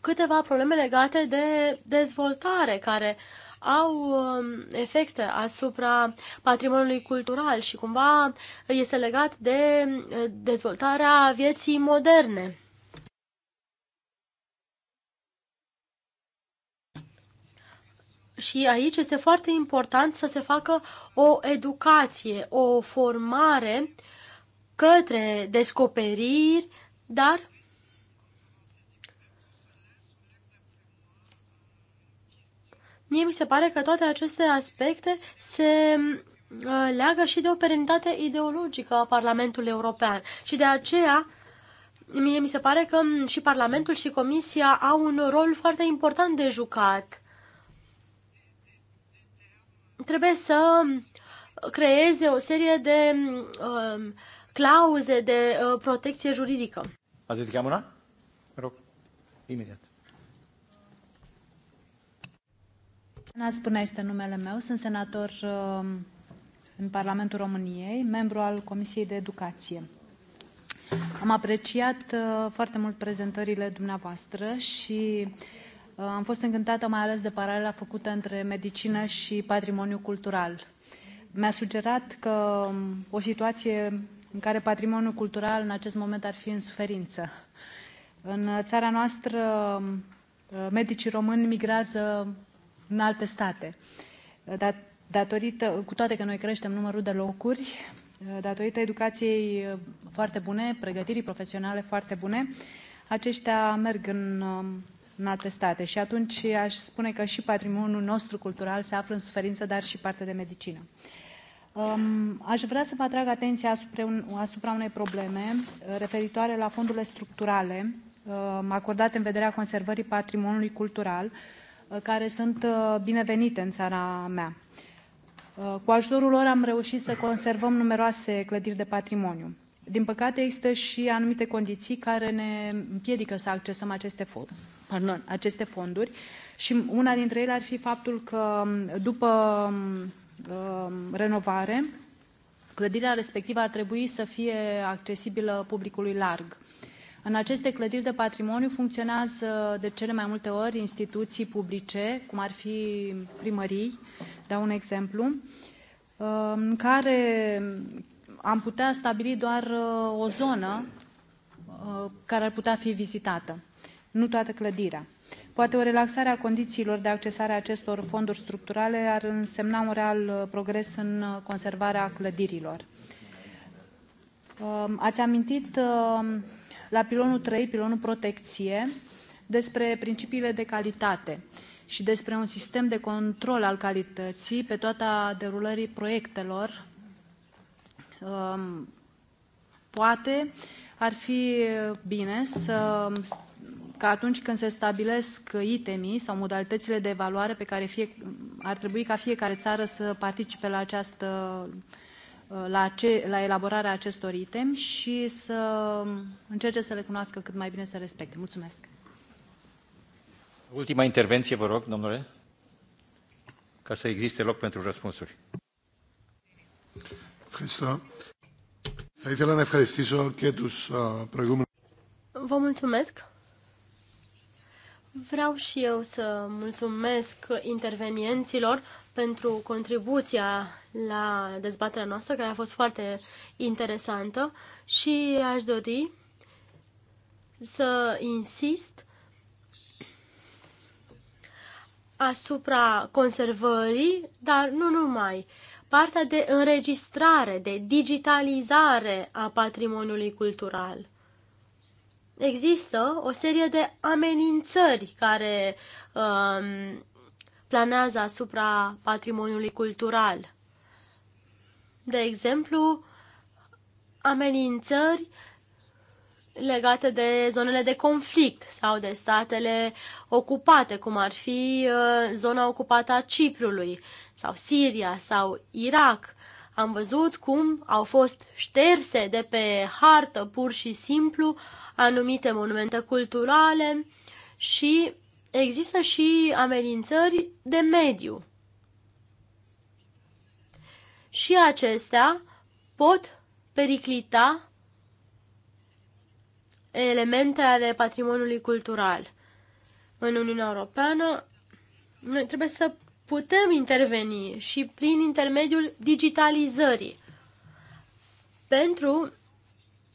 câteva probleme legate de dezvoltare care au um, efecte asupra patrimoniului cultural și cumva este legat de uh, dezvoltarea vieții moderne. Și aici este foarte important să se facă o educație, o formare către descoperiri dar mie mi se pare că toate aceste aspecte se uh, leagă și de o perenitate ideologică a Parlamentului European și de aceea mie mi se pare că și Parlamentul și Comisia au un rol foarte important de jucat. Trebuie să creeze o serie de uh, clauze de uh, protecție juridică. Ați ridicat mâna? Mă rog. Imediat. Ana Spâna este numele meu. Sunt senator um, în Parlamentul României, membru al Comisiei de Educație. Am apreciat uh, foarte mult prezentările dumneavoastră și uh, am fost încântată mai ales de paralela făcută între medicină și patrimoniu cultural. Mi-a sugerat că um, o situație în care patrimoniul cultural în acest moment ar fi în suferință. În țara noastră, uh, medicii români migrează în alte state. Uh, dar datorită, cu toate că noi creștem numărul de locuri, uh, datorită educației foarte bune, pregătirii profesionale foarte bune, aceștia merg în, în alte state. Și atunci aș spune că și patrimoniul nostru cultural se află în suferință, dar și partea de medicină. Um, aș vrea să vă atrag atenția asupra, un, asupra unei probleme uh, referitoare la fondurile structurale um, acordate în vederea conservării patrimoniului cultural, uh, care sunt uh, binevenite în țara mea. Cu ajutorul lor am reușit să conservăm numeroase clădiri de patrimoniu. Din păcate, există și anumite condiții care ne împiedică să accesăm aceste, fo- pardon, aceste fonduri și una dintre ele ar fi faptul că um, după um, Um, renovare, clădirea respectivă ar trebui să fie accesibilă publicului larg. În aceste clădiri de patrimoniu funcționează de cele mai multe ori instituții publice, cum ar fi primării, dau un exemplu, um, în care am putea stabili doar uh, o zonă uh, care ar putea fi vizitată, nu toată clădirea poate o relaxare a condițiilor de accesare a acestor fonduri structurale ar însemna un real uh, progres în uh, conservarea clădirilor. Um, ați amintit um, la pilonul 3, pilonul protecție, despre principiile de calitate și despre un sistem de control al calității pe toată derulării proiectelor. Um, poate ar fi bine să că atunci când se stabilesc itemii sau modalitățile de evaluare pe care fie, ar trebui ca fiecare țară să participe la, această, la, ce, la elaborarea acestor item și să încerce să le cunoască cât mai bine să respecte. Mulțumesc. Ultima intervenție, vă rog, domnule, ca să existe loc pentru răspunsuri. Vă mulțumesc. Vreau și eu să mulțumesc intervenienților pentru contribuția la dezbaterea noastră, care a fost foarte interesantă și aș dori să insist asupra conservării, dar nu numai. Partea de înregistrare, de digitalizare a patrimoniului cultural există o serie de amenințări care um, planează asupra patrimoniului cultural. De exemplu, amenințări legate de zonele de conflict sau de statele ocupate, cum ar fi uh, zona ocupată a Ciprului sau Siria sau Irak am văzut cum au fost șterse de pe hartă pur și simplu anumite monumente culturale și există și amenințări de mediu. Și acestea pot periclita elemente ale patrimoniului cultural. În Uniunea Europeană, noi trebuie să putem interveni și prin intermediul digitalizării pentru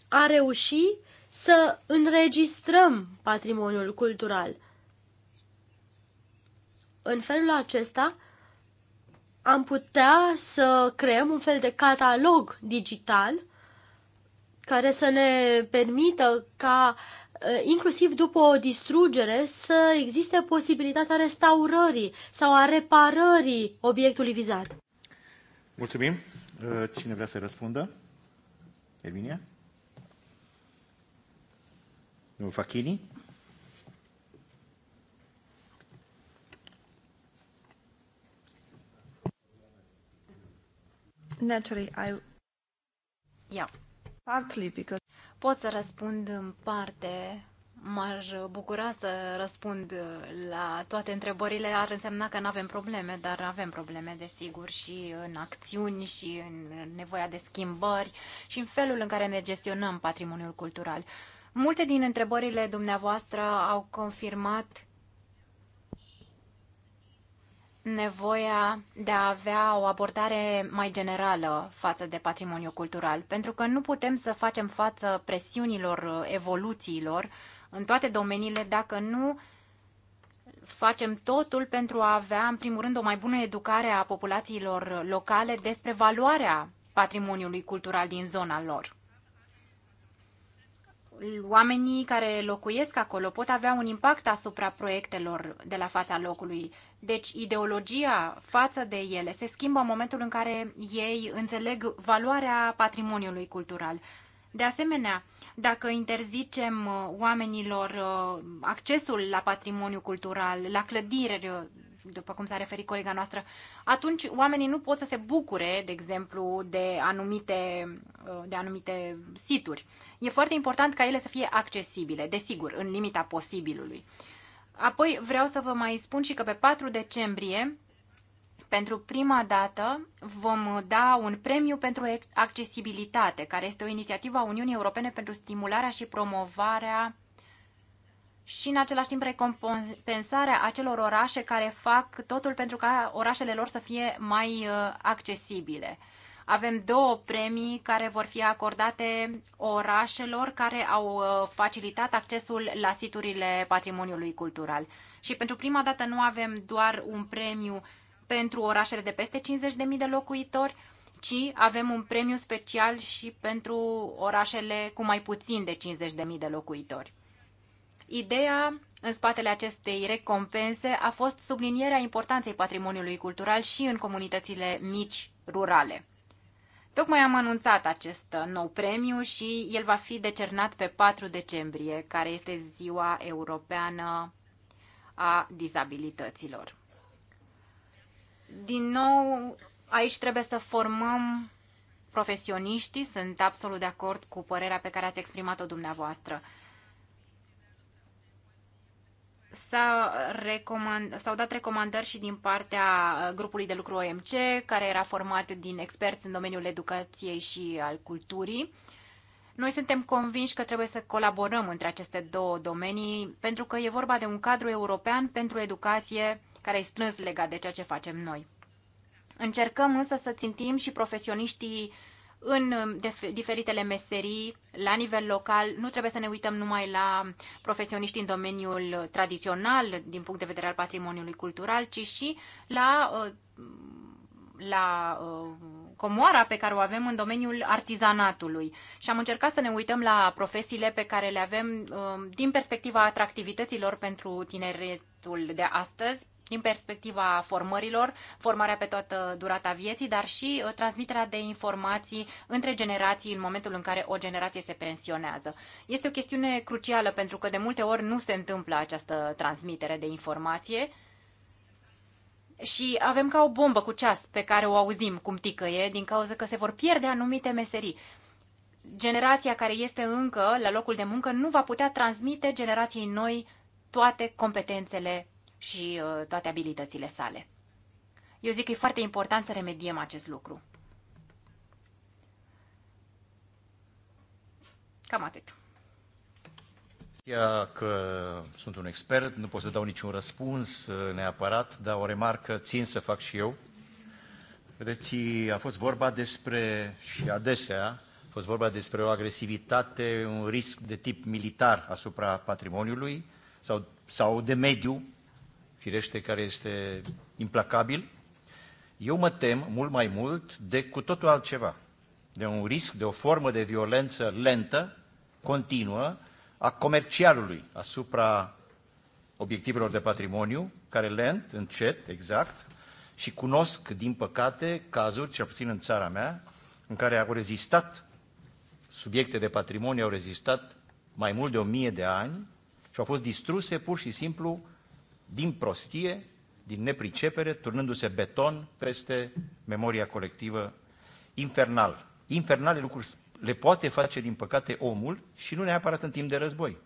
a reuși să înregistrăm patrimoniul cultural. În felul acesta am putea să creăm un fel de catalog digital care să ne permită ca uh, Uh, inclusiv după o distrugere, să existe posibilitatea restaurării sau a reparării obiectului vizat. Mulțumim. Uh, cine vrea să răspundă? Elvinia? Nu, Fachini? Naturally, I... Yeah. Partly because pot să răspund în parte. M-aș bucura să răspund la toate întrebările, ar însemna că nu avem probleme, dar avem probleme, desigur, și în acțiuni, și în nevoia de schimbări, și în felul în care ne gestionăm patrimoniul cultural. Multe din întrebările dumneavoastră au confirmat nevoia de a avea o abordare mai generală față de patrimoniul cultural, pentru că nu putem să facem față presiunilor evoluțiilor în toate domeniile dacă nu facem totul pentru a avea, în primul rând, o mai bună educare a populațiilor locale despre valoarea patrimoniului cultural din zona lor oamenii care locuiesc acolo pot avea un impact asupra proiectelor de la fața locului. Deci ideologia față de ele se schimbă în momentul în care ei înțeleg valoarea patrimoniului cultural. De asemenea, dacă interzicem uh, oamenilor uh, accesul la patrimoniu cultural, la clădiri uh, după cum s-a referit colega noastră, atunci oamenii nu pot să se bucure, de exemplu, de anumite, uh, de anumite situri. E foarte important ca ele să fie accesibile, desigur, în limita posibilului. Apoi vreau să vă mai spun și că pe 4 decembrie, pentru prima dată, vom da un premiu pentru accesibilitate, care este o inițiativă a Uniunii Europene pentru stimularea și promovarea și în același timp recompensarea acelor orașe care fac totul pentru ca orașele lor să fie mai uh, accesibile. Avem două premii care vor fi acordate orașelor care au uh, facilitat accesul la siturile patrimoniului cultural. Și pentru prima dată nu avem doar un premiu pentru orașele de peste 50.000 de locuitori, ci avem un premiu special și pentru orașele cu mai puțin de 50.000 de locuitori. Ideea în spatele acestei recompense a fost sublinierea importanței patrimoniului cultural și în comunitățile mici rurale. Tocmai am anunțat acest nou premiu și el va fi decernat pe 4 decembrie, care este ziua europeană a dizabilităților. Din nou, aici trebuie să formăm profesioniștii, sunt absolut de acord cu părerea pe care ați exprimat-o dumneavoastră. S-au, recomand, s-au dat recomandări și din partea uh, grupului de lucru OMC, care era format din experți în domeniul educației și al culturii. Noi suntem convinși că trebuie să colaborăm între aceste două domenii, pentru că e vorba de un cadru european pentru educație care e strâns legat de ceea ce facem noi. Încercăm însă să țintim și profesioniștii uh, în um, diferitele meserii, la nivel local. Nu trebuie să ne uităm numai la profesioniști în domeniul tradițional, din punct de vedere al patrimoniului cultural, ci și la, uh, la uh, comoara pe care o avem în domeniul artizanatului. Și am încercat să ne uităm la profesiile pe care le avem um, din perspectiva atractivităților pentru tineretul de astăzi, din perspectiva formărilor, formarea pe toată durata vieții, dar și uh, transmiterea de informații între generații în momentul în care o generație se pensionează. Este o chestiune crucială pentru că de multe ori nu se întâmplă această transmitere de informație și avem ca o bombă cu ceas pe care o auzim cum ticăie din cauza că se vor pierde anumite meserii generația care este încă la locul de muncă nu va putea transmite generației noi toate competențele și uh, toate abilitățile sale. Eu zic că e foarte important să remediem acest lucru. Cam atât. Ia că sunt un expert, nu pot să dau niciun răspuns uh, neapărat, dar o remarcă țin să fac și eu. Vedeți, a fost vorba despre, și adesea, a fost vorba despre o agresivitate, un risc de tip militar asupra patrimoniului sau, sau de mediu, firește, care este implacabil, eu mă tem mult mai mult de cu totul altceva, de un risc, de o formă de violență lentă, continuă, a comercialului asupra obiectivelor de patrimoniu, care lent, încet, exact, și cunosc, din păcate, cazuri, cel puțin în țara mea, în care au rezistat subiecte de patrimoniu, au rezistat mai mult de o mie de ani și au fost distruse pur și simplu din prostie, din nepricepere, turnându-se beton peste memoria colectivă infernal. Infernale lucruri le poate face, din păcate, omul și nu neapărat în timp de război,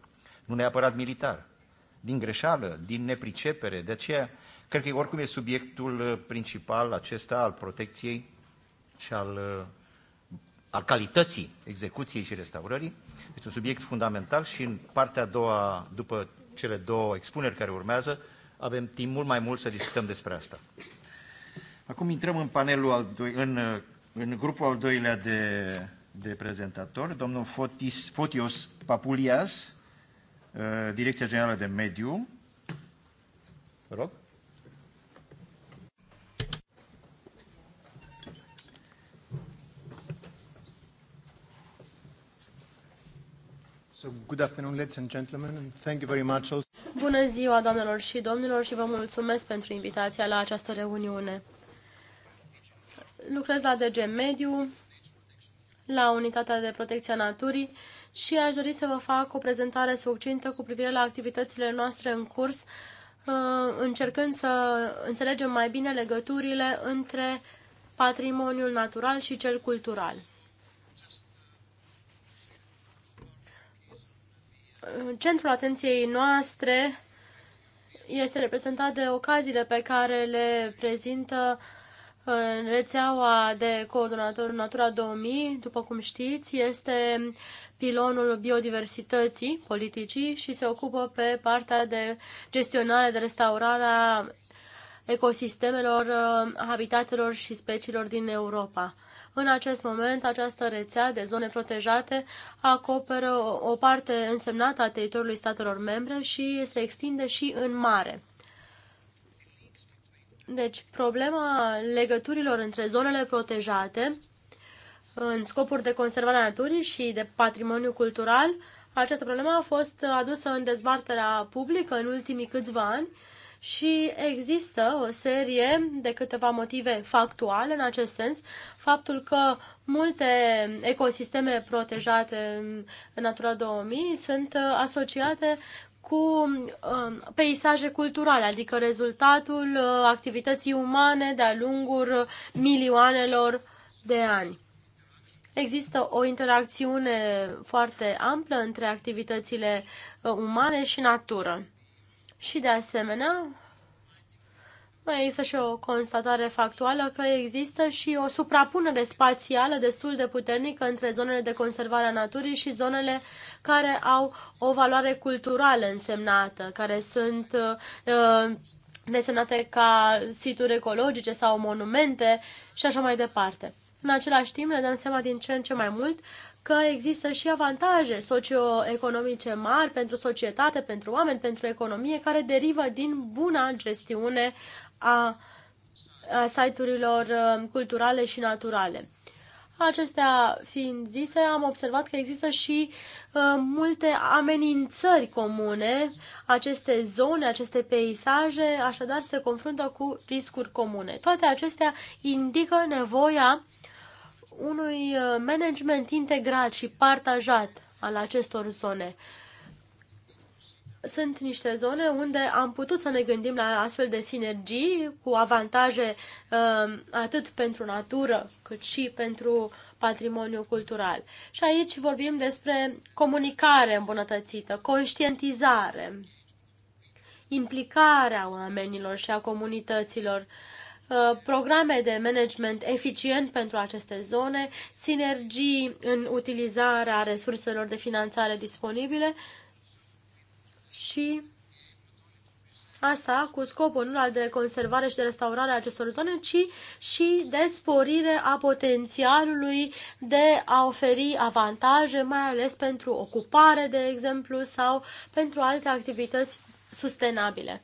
nu neapărat militar, din greșeală, din nepricepere. De aceea, cred că oricum e subiectul uh, principal acesta al protecției și al, uh, al calității execuției și restaurării. Este un subiect fundamental și în partea a doua, după cele două expuneri care urmează, avem timp mult mai mult să discutăm despre asta. Acum intrăm în panelul al doi, în, în grupul al doilea de, de prezentatori, domnul Fotis, Fotios Papulias, uh, Direcția Generală de Mediu. Vă rog. So, good afternoon, ladies and gentlemen, and thank you very much. Bună ziua, doamnelor și domnilor, și vă mulțumesc pentru invitația la această reuniune. Lucrez la DG Mediu, la Unitatea de Protecție a Naturii și aș dori să vă fac o prezentare succintă cu privire la activitățile noastre în curs, uh, încercând să înțelegem mai bine legăturile între patrimoniul natural și cel cultural. centrul atenției noastre este reprezentat de ocaziile pe care le prezintă în uh, rețeaua de coordonator Natura 2000, după cum știți, este pilonul biodiversității politicii și se ocupă pe partea de gestionare, de restaurare a ecosistemelor, uh, habitatelor și speciilor din Europa. În acest moment, această rețea de zone protejate acoperă o parte însemnată a teritoriului statelor membre și se extinde și în mare. Deci, problema legăturilor între zonele protejate în scopuri de conservare a naturii și de patrimoniu cultural, această problemă a fost adusă în dezbaterea publică în ultimii câțiva ani și există o serie de câteva motive factuale în acest sens. Faptul că multe ecosisteme protejate în Natura 2000 sunt uh, asociate cu um, peisaje culturale, adică rezultatul uh, activității umane de-a lungul milioanelor de ani. Există o interacțiune foarte amplă între activitățile uh, umane și natură. Și de asemenea, mai există și o constatare factuală că există și o suprapunere spațială destul de puternică între zonele de conservare a naturii și zonele care au o valoare culturală însemnată, care sunt uh, desemnate ca situri ecologice sau monumente și așa mai departe. În același timp, ne dăm seama din ce în ce mai mult că există și avantaje socioeconomice mari pentru societate, pentru oameni, pentru economie, care derivă din buna gestiune a, site-urilor uh, culturale și naturale. Acestea fiind zise, am observat că există și uh, multe amenințări comune. Aceste zone, aceste peisaje, așadar, se confruntă cu riscuri comune. Toate acestea indică nevoia unui uh, management integrat și partajat al acestor zone. Sunt niște zone unde am putut să ne gândim la astfel de sinergii cu avantaje uh, atât pentru natură cât și pentru patrimoniu cultural. Și aici vorbim despre comunicare îmbunătățită, conștientizare, implicarea oamenilor și a comunităților Uh, programe de management eficient pentru aceste zone, sinergii în utilizarea resurselor de finanțare disponibile și Asta cu scopul nu al de conservare și de restaurare a acestor zone, ci și de sporire a potențialului de a oferi avantaje, mai ales pentru ocupare, de exemplu, sau pentru alte activități sustenabile.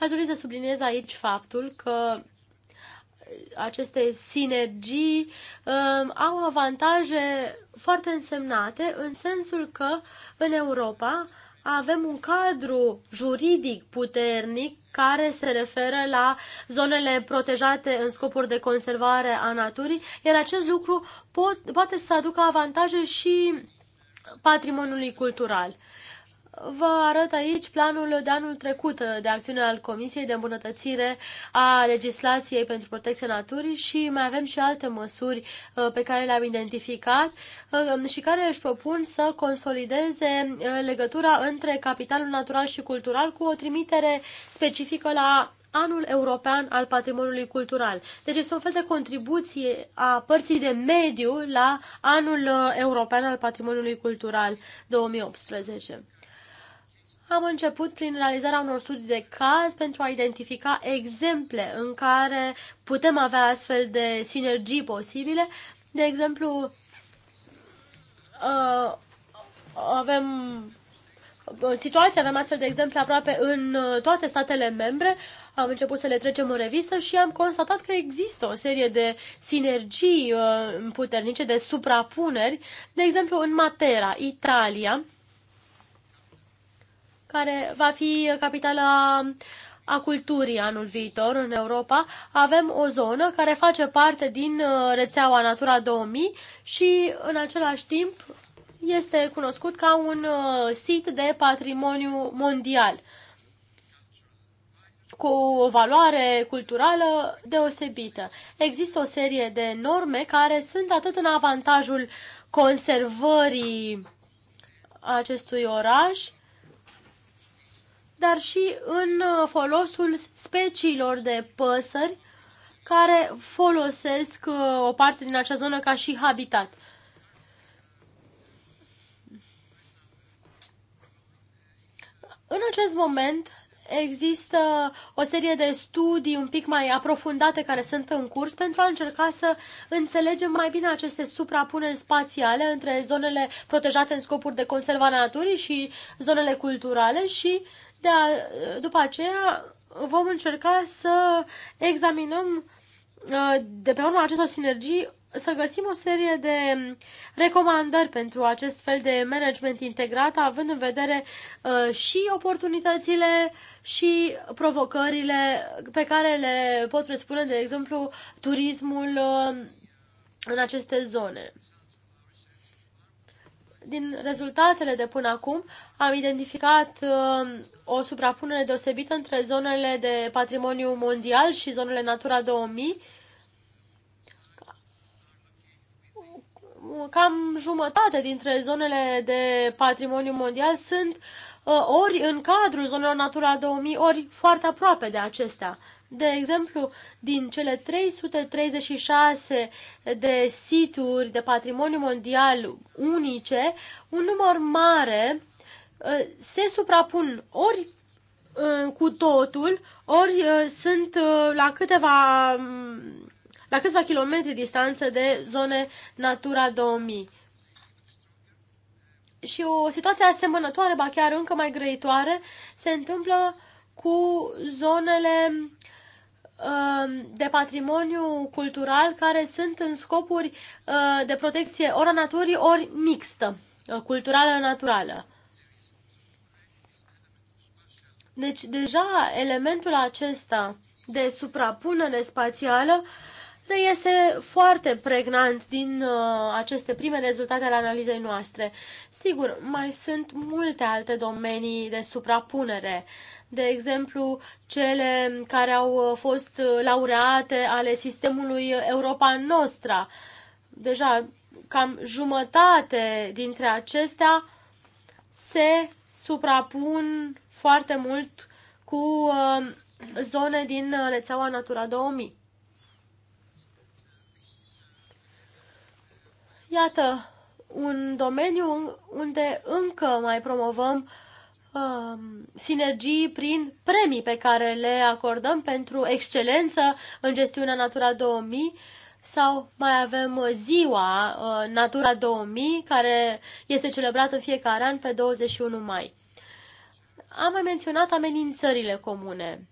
Aș dori să subliniez aici faptul că aceste sinergii um, au avantaje foarte însemnate în sensul că în Europa avem un cadru juridic puternic care se referă la zonele protejate în scopuri de conservare a naturii, iar acest lucru pot, poate să aducă avantaje și patrimoniului cultural. Vă arăt aici planul de anul trecut uh, de acțiune al Comisiei de îmbunătățire a legislației pentru protecția naturii și mai avem și alte măsuri uh, pe care le-am identificat uh, și care își propun să consolideze legătura între capitalul natural și cultural cu o trimitere specifică la anul european al patrimoniului cultural. Deci este un fel de contribuție a părții de mediu la anul european al patrimoniului cultural 2018 am început prin realizarea unor studii de caz pentru a identifica exemple în care putem avea astfel de sinergii posibile. De exemplu, uh, avem situații, avem astfel de exemple aproape în uh, toate statele membre, am început să le trecem în revistă și am constatat că există o serie de sinergii uh, puternice, de suprapuneri. De exemplu, în Matera, Italia, care va fi capitala a culturii anul viitor în Europa, avem o zonă care face parte din uh, rețeaua Natura 2000 și în același timp este cunoscut ca un uh, sit de patrimoniu mondial cu o valoare culturală deosebită. Există o serie de norme care sunt atât în avantajul conservării acestui oraș, dar și în uh, folosul speciilor de păsări care folosesc uh, o parte din acea zonă ca și habitat. În acest moment există o serie de studii un pic mai aprofundate care sunt în curs pentru a încerca să înțelegem mai bine aceste suprapuneri spațiale între zonele protejate în scopuri de conservare a naturii și zonele culturale și uh, de a, după aceea vom încerca să examinăm uh, de pe urma acestor sinergii să găsim o serie de recomandări pentru acest fel de management integrat, având în vedere uh, și oportunitățile și provocările pe care le pot presupune, de exemplu, turismul uh, în aceste zone din rezultatele de până acum am identificat uh, o suprapunere deosebită între zonele de patrimoniu mondial și zonele Natura 2000. Cam jumătate dintre zonele de patrimoniu mondial sunt uh, ori în cadrul zonelor Natura 2000, ori foarte aproape de acestea. De exemplu, din cele 336 de situri de patrimoniu mondial unice, un număr mare ă, se suprapun ori ă, cu totul, ori ă, sunt la câteva la câțiva kilometri distanță de zone Natura 2000. Și o situație asemănătoare, ba chiar încă mai grăitoare, se întâmplă cu zonele uh, Um, de patrimoniu cultural care sunt în scopuri uh, de protecție ori a naturii, ori mixtă, uh, culturală-naturală. Deci, deja elementul acesta de suprapunere spațială reiese foarte pregnant din uh, aceste prime rezultate ale analizei noastre. Sigur, mai sunt multe alte domenii de suprapunere uh, de exemplu, cele care au uh, fost uh, laureate ale sistemului Europa Nostra. Deja cam jumătate dintre acestea se suprapun foarte mult cu uh, zone din rețeaua Natura 2000. Iată, un domeniu unde încă mai promovăm Um, sinergii prin premii pe care le acordăm pentru excelență în gestiunea Natura 2000 sau mai avem ziua uh, Natura 2000 care este celebrată în fiecare an pe 21 mai. Am mai menționat amenințările comune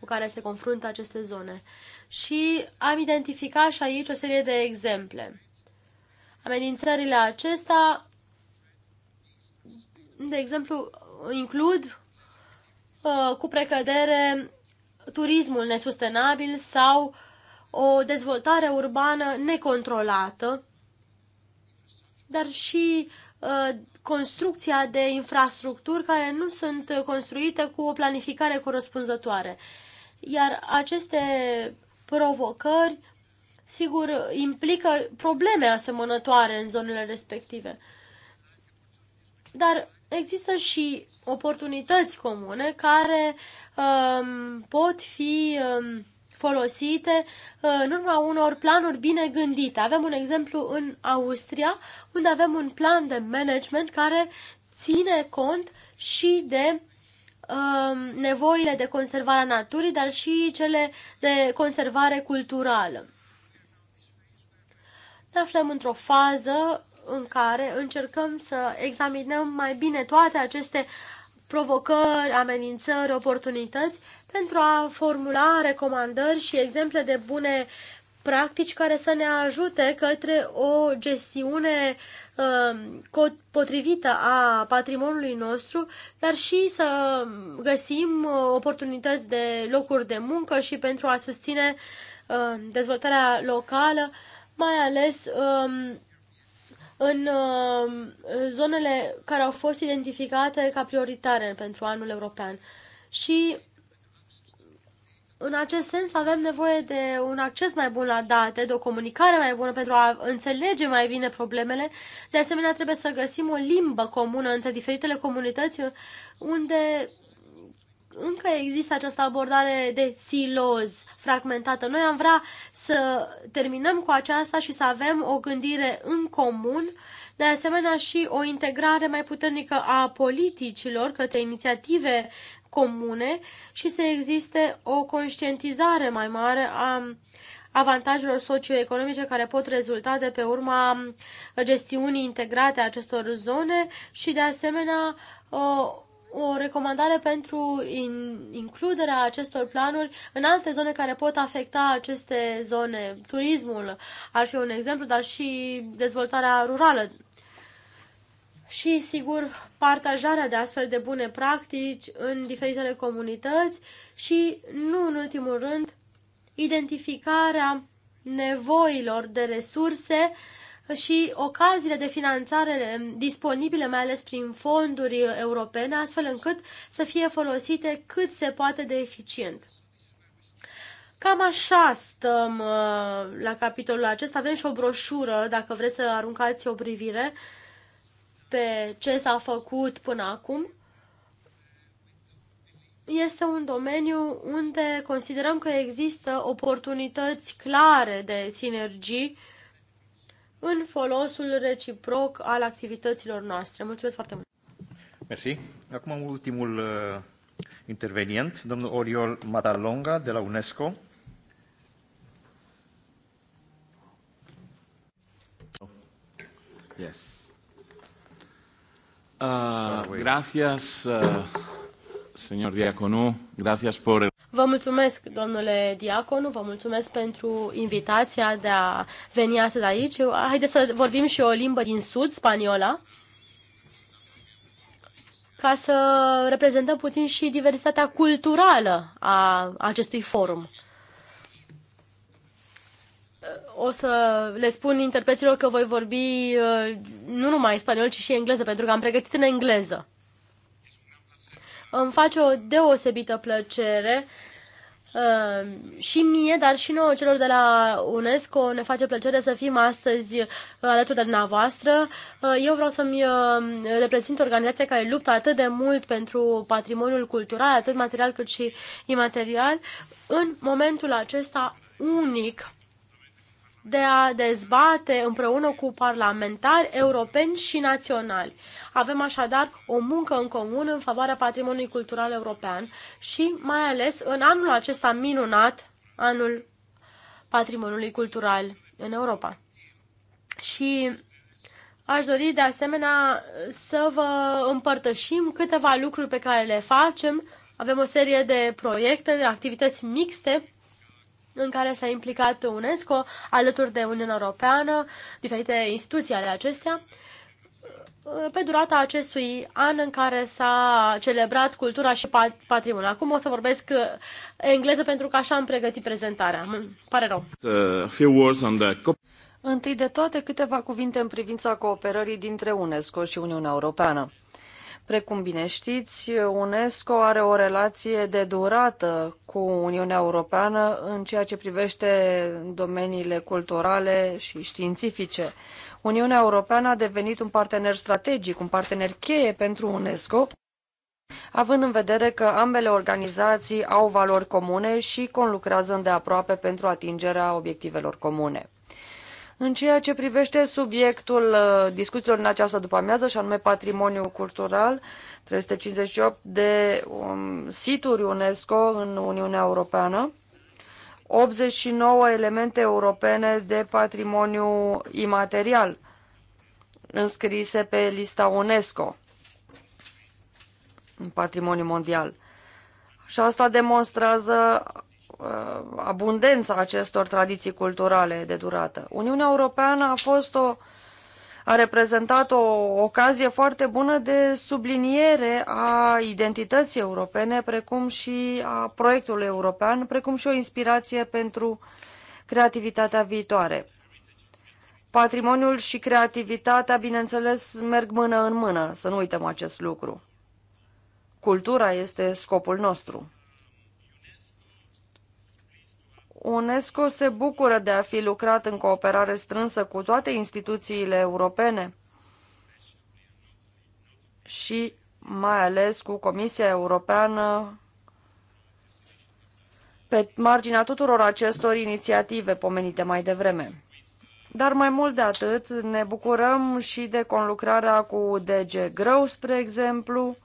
cu care se confruntă aceste zone și am identificat și aici o serie de exemple. Amenințările acestea de exemplu, includ uh, cu precădere turismul nesustenabil sau o dezvoltare urbană necontrolată, dar și uh, construcția de infrastructuri care nu sunt construite cu o planificare corespunzătoare. Iar aceste provocări, sigur, implică probleme asemănătoare în zonele respective. Dar există și oportunități comune care um, pot fi um, folosite uh, în urma unor planuri bine gândite. Avem un exemplu în Austria, unde avem un plan de management care ține cont și de um, nevoile de conservare a naturii, dar și cele de conservare culturală. Ne aflăm într-o fază în care încercăm să examinăm mai bine toate aceste provocări, amenințări, oportunități pentru a formula recomandări și exemple de bune practici care să ne ajute către o gestiune um, potrivită a patrimoniului nostru, dar și să găsim uh, oportunități de locuri de muncă și pentru a susține um, dezvoltarea locală, mai ales um, Uh, în zonele care au fost identificate ca prioritare pentru anul european. Și în acest sens avem nevoie de un acces mai bun la date, de o comunicare mai bună pentru a înțelege mai bine problemele. De asemenea, trebuie să găsim o limbă comună între diferitele comunități unde încă există această abordare de siloz fragmentată. Noi am vrea să terminăm cu aceasta și să avem o gândire în comun, de asemenea și o integrare mai puternică a politicilor către inițiative comune și să existe o conștientizare mai mare a avantajelor socioeconomice care pot rezulta de pe urma gestiunii integrate a acestor zone și, de asemenea, o o recomandare pentru in, includerea acestor planuri în alte zone care pot afecta aceste zone. Turismul ar fi un exemplu, dar și dezvoltarea rurală. Și, sigur, partajarea de astfel de bune practici în diferitele comunități și, nu în ultimul rând, identificarea nevoilor de resurse uh, și ocaziile de finanțare disponibile, mai ales prin fonduri europene, astfel încât să fie folosite cât se poate de eficient. Cam așa stăm uh, la capitolul acesta. Avem și o broșură, dacă vreți să aruncați o privire pe ce s-a făcut până acum. Este un domeniu unde considerăm că există oportunități clare de sinergii în folosul reciproc al activităților noastre. Mulțumesc foarte mult! Mersi. Acum ultimul uh, intervenient, domnul Oriol Matalonga de la UNESCO. Yes. Uh, gracias. Uh señor Diaconu. Gracias por... Vă mulțumesc, domnule Diaconu, vă mulțumesc pentru invitația de a veni astăzi aici. Haideți să vorbim și o limbă din sud, spaniola, ca să reprezentăm puțin și diversitatea culturală a acestui forum o să le spun interpreților că voi vorbi uh, nu numai spaniol, ci și engleză, pentru că am pregătit în engleză. Îmi face o deosebită plăcere Uh, și mie, dar și nouă celor de la UNESCO ne face plăcere să fim astăzi uh, alături de dumneavoastră. Uh, eu vreau să-mi uh, reprezint organizația care luptă atât de mult pentru patrimoniul cultural, atât material cât și imaterial, în momentul acesta unic de a dezbate împreună cu parlamentari europeni și naționali. Avem așadar o muncă în comun în favoarea patrimoniului cultural european și mai ales în anul acesta minunat, anul patrimoniului cultural în Europa. Și aș dori de asemenea să vă împărtășim câteva lucruri pe care le facem. Avem o serie de proiecte, de activități mixte în care s-a implicat UNESCO alături de Uniunea Europeană, diferite instituții ale acestea, pe durata acestui an în care s-a celebrat cultura și patrimoniul. Acum o să vorbesc eh, engleză pentru că așa am pregătit prezentarea. Îmi pare rău. Întâi de toate, câteva cuvinte în privința cooperării dintre UNESCO și Uniunea Europeană. Precum bine știți, UNESCO are o relație de durată cu Uniunea Europeană în ceea ce privește domeniile culturale și științifice. Uniunea Europeană a devenit un partener strategic, un partener cheie pentru UNESCO, având în vedere că ambele organizații au valori comune și conlucrează îndeaproape pentru atingerea obiectivelor comune. În ceea ce privește subiectul uh, discuțiilor în această după-amiază, și anume patrimoniul cultural, 358 de um, situri UNESCO în Uniunea Europeană, 89 elemente europene de patrimoniu imaterial înscrise pe lista UNESCO în patrimoniu mondial. Și asta demonstrează Uh, abundența acestor tradiții culturale de durată. Uniunea Europeană a fost o a reprezentat o ocazie foarte bună de subliniere a identității europene, precum și a proiectului european, precum și o inspirație pentru creativitatea viitoare. Patrimoniul și creativitatea, bineînțeles, merg mână în mână, să nu uităm acest lucru. Cultura este scopul nostru. UNESCO se bucură de a fi lucrat în cooperare strânsă cu toate instituțiile europene și mai ales cu Comisia Europeană pe marginea tuturor acestor inițiative pomenite mai devreme. Dar mai mult de atât, ne bucurăm și de conlucrarea cu DG Grow, spre exemplu,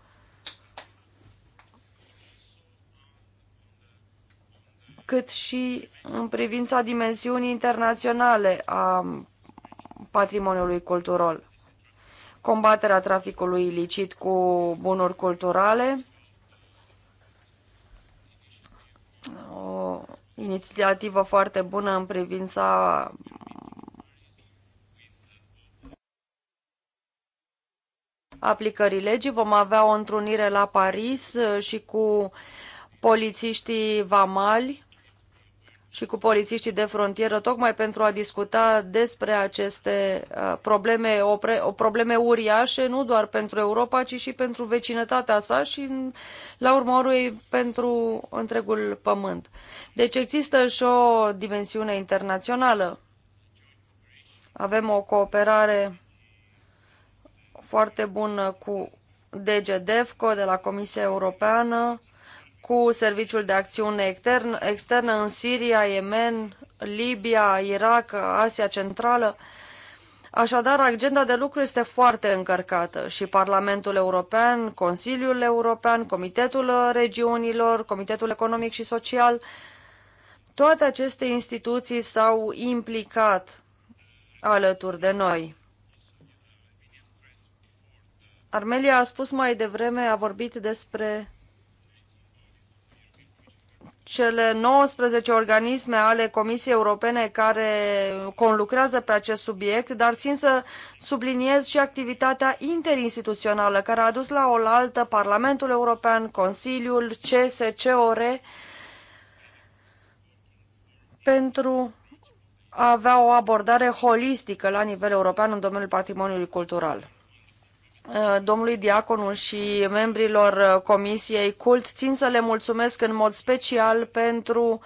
cât și în privința dimensiunii internaționale a patrimoniului cultural. Combaterea traficului ilicit cu bunuri culturale, o inițiativă foarte bună în privința aplicării legii. Vom avea o întrunire la Paris uh, și cu polițiștii vamali și cu polițiștii de frontieră, tocmai pentru a discuta despre aceste uh, probleme, o, probleme uriașe, nu doar pentru Europa, ci și pentru vecinătatea sa și, la urmă pentru întregul pământ. Deci există și o dimensiune internațională. Avem o cooperare foarte bună cu DGDEFCO de la Comisia Europeană, cu Serviciul de Acțiune extern, Externă în Siria, Yemen, Libia, Irak, Asia Centrală. Așadar, agenda de lucru este foarte încărcată și Parlamentul European, Consiliul European, Comitetul Regiunilor, Comitetul Economic și Social, toate aceste instituții s-au implicat alături de noi. Armelia a spus mai devreme, a vorbit despre cele 19 organisme ale Comisiei Europene care conlucrează pe acest subiect, dar țin să subliniez și activitatea interinstituțională care a adus la oaltă Parlamentul European, Consiliul, CSCOR pentru a avea o abordare holistică la nivel european în domeniul patrimoniului cultural. Uh, domnului Diaconu și membrilor uh, Comisiei Cult, țin să le mulțumesc în mod special pentru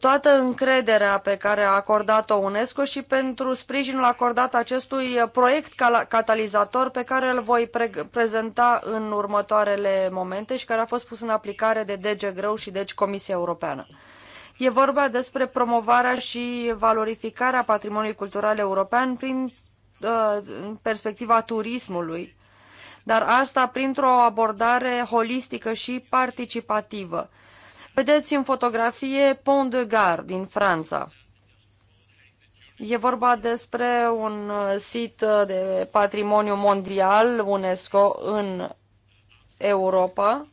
toată încrederea pe care a acordat-o UNESCO și pentru sprijinul acordat acestui uh, proiect catalizator pe care îl voi pre prezenta în următoarele momente și care a fost pus în aplicare de DG Grău și deci Comisia Europeană. E vorba despre promovarea și valorificarea patrimoniului cultural european prin Uh, în perspectiva turismului, dar asta printr-o abordare holistică și participativă. Vedeți în fotografie Pont de Gard din Franța. E vorba despre un sit de patrimoniu mondial UNESCO în Europa,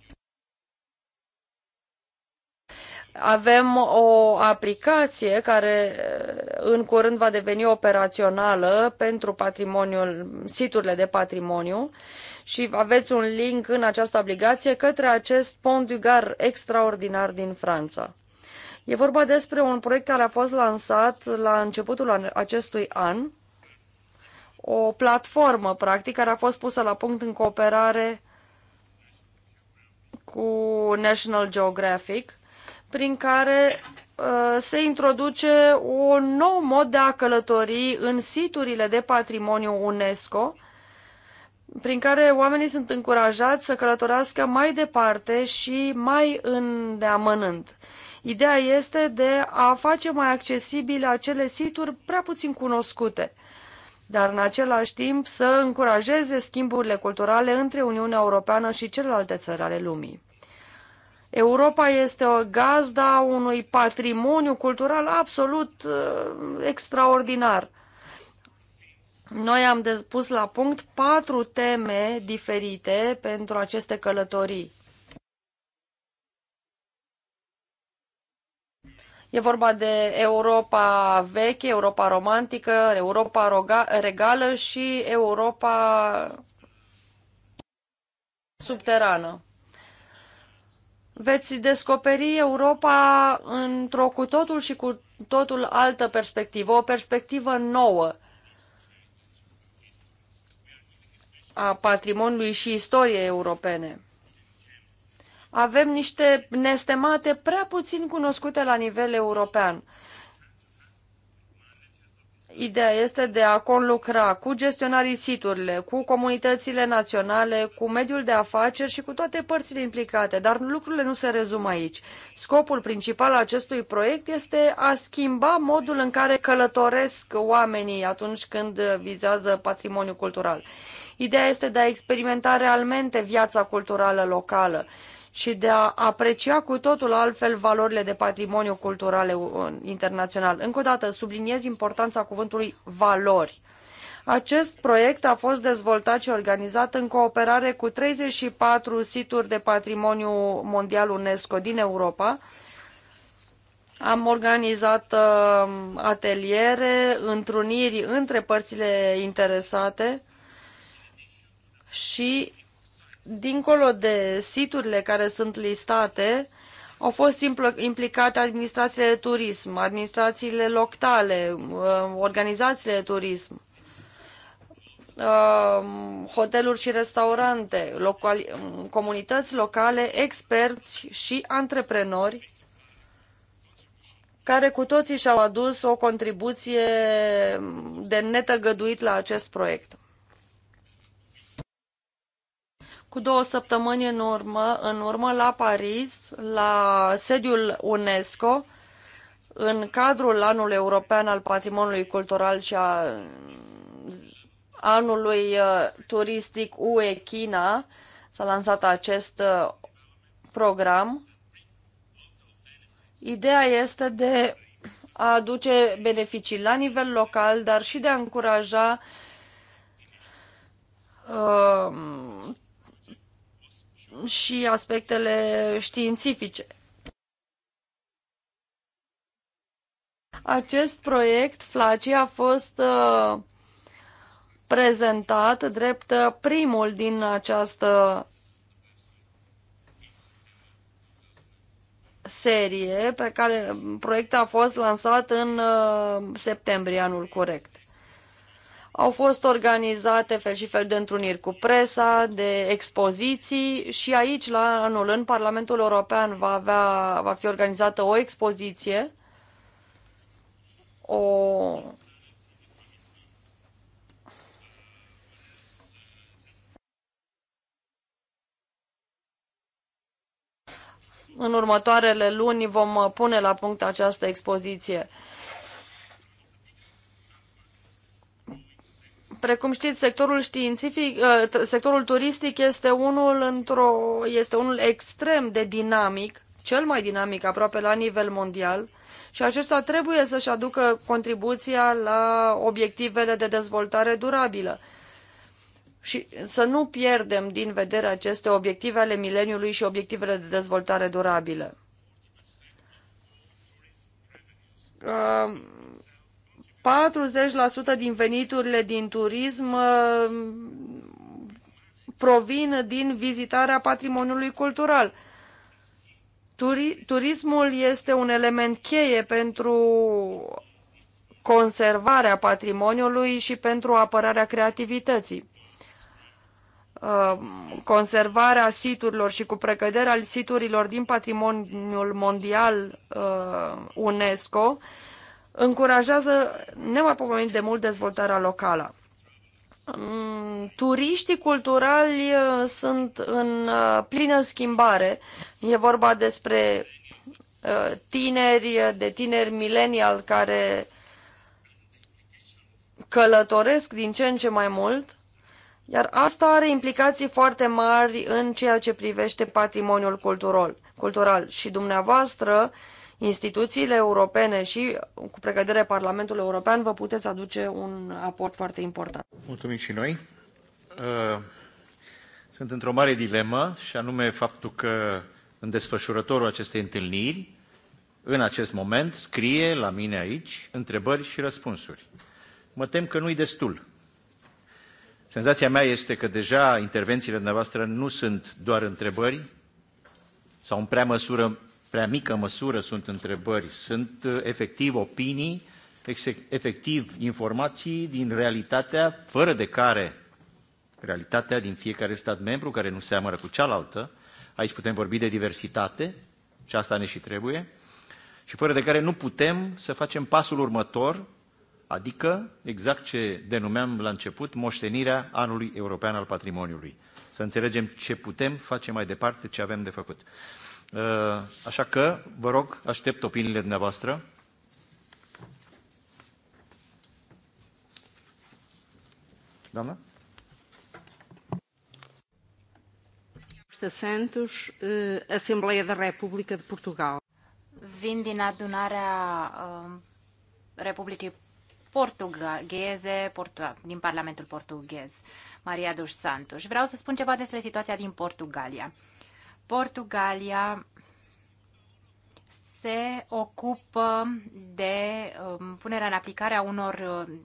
Avem o aplicație care eh, în curând va deveni operațională pentru patrimoniul, siturile de patrimoniu și aveți un link în această aplicație către acest pont du gar extraordinar din Franța. E vorba despre un proiect care a fost lansat la începutul acestui an, o platformă, practic, care a fost pusă la punct în cooperare cu National Geographic prin care uh, se introduce un nou mod de a călători în siturile de patrimoniu UNESCO, prin care oamenii sunt încurajați să călătorească mai departe și mai îndeamănânt. Ideea este de a face mai accesibile acele situri prea puțin cunoscute, dar în același timp să încurajeze schimburile culturale între Uniunea Europeană și celelalte țări ale lumii. Europa este o gazda unui patrimoniu cultural absolut uh, extraordinar. Noi am pus la punct patru teme diferite pentru aceste călătorii. E vorba de Europa veche, Europa romantică, Europa regală și Europa subterană veți descoperi Europa într-o cu totul și cu totul altă perspectivă, o perspectivă nouă a patrimoniului și istoriei europene. Avem niște nestemate prea puțin cunoscute la nivel european. Ideea este de a conlucra cu gestionarii siturile, cu comunitățile naționale, cu mediul de afaceri și cu toate părțile implicate, dar lucrurile nu se rezumă aici. Scopul principal al acestui proiect este a schimba modul în care călătoresc oamenii atunci când vizează patrimoniul cultural. Ideea este de a experimenta realmente viața culturală locală și de a aprecia cu totul altfel valorile de patrimoniu cultural internațional. Încă o dată, subliniez importanța cuvântului valori. Acest proiect a fost dezvoltat și organizat în cooperare cu 34 situri de patrimoniu mondial UNESCO din Europa. Am organizat uh, ateliere, întruniri între părțile interesate și dincolo de siturile care sunt listate, au fost implicate administrațiile de turism, administrațiile locale, uh, organizațiile de turism, uh, hoteluri și restaurante, comunități locale, experți și antreprenori care cu toții și-au adus o contribuție de netăgăduit la acest proiect. Cu două săptămâni în urmă, în urmă la Paris, la sediul UNESCO, în cadrul anului european al patrimoniului cultural și a anului uh, turistic UE China, s-a lansat acest uh, program. Ideea este de a aduce beneficii la nivel local, dar și de a încuraja uh, și aspectele științifice. Acest proiect, Flaci, a fost uh, prezentat drept uh, primul din această serie pe care proiectul a fost lansat în uh, septembrie anul corect. Au fost organizate fel și fel de întruniri cu presa, de expoziții și aici, la anul în Parlamentul European, va, avea, va fi organizată o expoziție, o În următoarele luni vom pune la punct această expoziție. Precum știți, sectorul științific, uh, sectorul turistic este unul într-o este unul extrem de dinamic, cel mai dinamic aproape la nivel mondial și acesta trebuie să-și aducă contribuția la obiectivele de dezvoltare durabilă și să nu pierdem din vedere aceste obiective ale mileniului și obiectivele de dezvoltare durabilă. Uh, 40% din veniturile din turism uh, provin din vizitarea patrimoniului cultural. turismul este un element cheie pentru conservarea patrimoniului și pentru apărarea creativității. Uh, conservarea siturilor și cu precăderea siturilor din patrimoniul mondial uh, UNESCO încurajează nemaipomenit de mult dezvoltarea locală. Mm, turiștii culturali uh, sunt în uh, plină schimbare. E vorba despre uh, tineri, de tineri milenial care călătoresc din ce în ce mai mult, iar asta are implicații foarte mari în ceea ce privește patrimoniul cultural. cultural. Și dumneavoastră uh, instituțiile europene și, cu pregădere Parlamentul European, vă puteți aduce un aport foarte important. Mulțumim și noi. Uh, sunt într-o mare dilemă și anume faptul că în desfășurătorul acestei întâlniri, în acest moment, scrie la mine aici întrebări și răspunsuri. Mă tem că nu-i destul. Senzația mea este că deja intervențiile dumneavoastră nu sunt doar întrebări sau în prea măsură prea mică măsură sunt întrebări, sunt uh, efectiv opinii, efectiv informații din realitatea fără de care realitatea din fiecare stat membru, care nu seamănă cu cealaltă, aici putem vorbi de diversitate și asta ne și trebuie, și fără de care nu putem să facem pasul următor, adică exact ce denumeam la început, moștenirea anului european al patrimoniului. Să înțelegem ce putem face mai departe, ce avem de făcut. Uh, așa că, vă rog, aștept opiniile dumneavoastră. Doamna? Santos, uh, Assembleia da República de Portugal. Vin din adunarea uh, Republicii portugheze, din Parlamentul portughez, Maria dos Santos. Vreau să spun ceva despre situația din Portugalia. Portugalia se ocupă de um, punerea în aplicare a unor uh,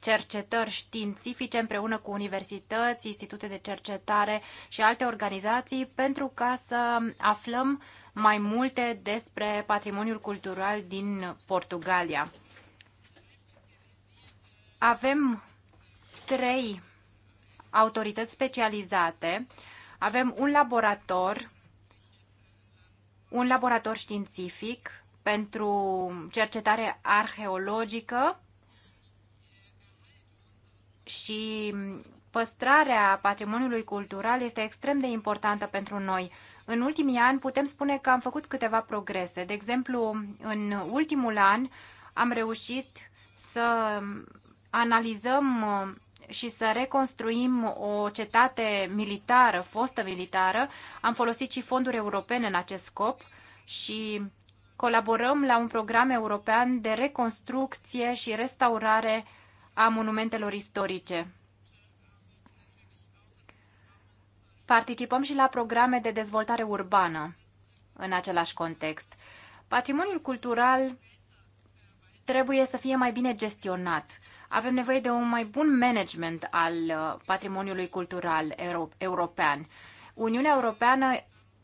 cercetări științifice împreună cu universități, institute de cercetare și alte organizații pentru ca să aflăm mai multe despre patrimoniul cultural din Portugalia. Avem trei autorități specializate, avem un laborator un laborator științific pentru cercetare arheologică și păstrarea patrimoniului cultural este extrem de importantă pentru noi. În ultimii ani putem spune că am făcut câteva progrese. De exemplu, în ultimul an am reușit să analizăm și să reconstruim o cetate militară, fostă militară. Am folosit și fonduri europene în acest scop și colaborăm la un program european de reconstrucție și restaurare a monumentelor istorice. Participăm și la programe de dezvoltare urbană în același context. Patrimoniul cultural trebuie să fie mai bine gestionat avem nevoie de un mai bun management al uh, patrimoniului cultural european. Uniunea Europeană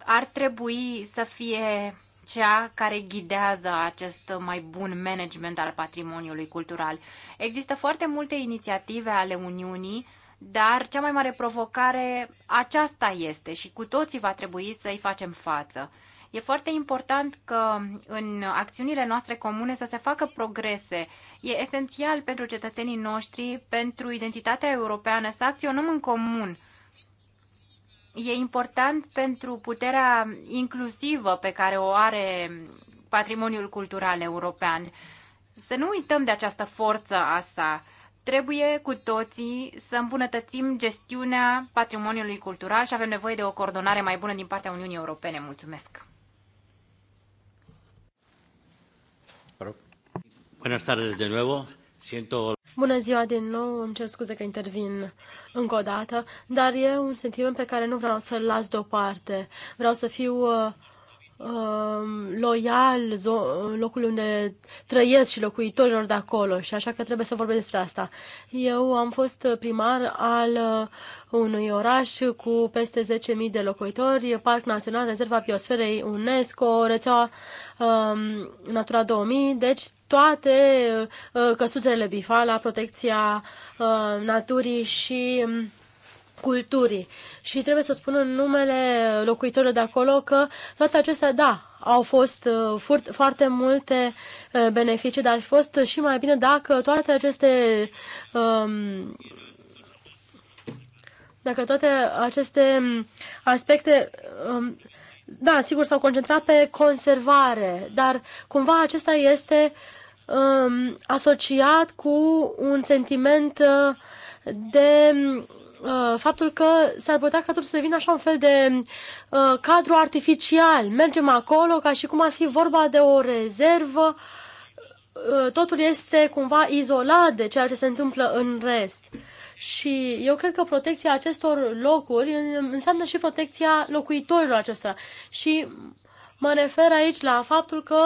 ar trebui să fie cea care ghidează acest mai bun management al patrimoniului cultural. Există foarte multe inițiative ale Uniunii, dar cea mai mare provocare aceasta este și cu toții va trebui să-i facem față. E foarte important că în acțiunile noastre comune să se facă progrese. E esențial pentru cetățenii noștri, pentru identitatea europeană, să acționăm în comun. E important pentru puterea inclusivă pe care o are patrimoniul cultural european. Să nu uităm de această forță a sa. Trebuie cu toții să îmbunătățim gestiunea patrimoniului cultural și avem nevoie de o coordonare mai bună din partea Uniunii Europene. Mulțumesc! Buenas tardes de nuevo. Siento... Bună ziua din nou, îmi cer scuze că intervin încă o dată, dar e un sentiment pe care nu vreau să-l las deoparte. Vreau să fiu uh, uh loial locul unde trăiesc și locuitorilor de acolo și așa că trebuie să vorbesc despre asta. Eu am fost primar al uh, unui oraș cu peste 10.000 de locuitori, Parc Național, Rezerva Biosferei UNESCO, rețeaua uh, Natura 2000, deci toate uh, căsuțele bifa la protecția uh, naturii și um, culturii. Și trebuie să spun în numele locuitorilor de acolo că toate acestea, da, au fost uh, furt, foarte multe beneficii, dar ar fi fost și mai bine dacă toate aceste um, dacă toate aceste um, aspecte um, da, sigur s-au concentrat pe conservare, dar cumva acesta este uh, um, asociat cu un sentiment uh, de uh, faptul că s-ar putea ca totul să devină așa un fel de uh, cadru artificial. Mergem acolo ca și cum ar fi vorba de o rezervă. Uh, totul este cumva izolat de ceea ce se întâmplă în rest. Și eu cred că protecția acestor locuri înseamnă și protecția locuitorilor acestora. Și Mă refer aici la faptul că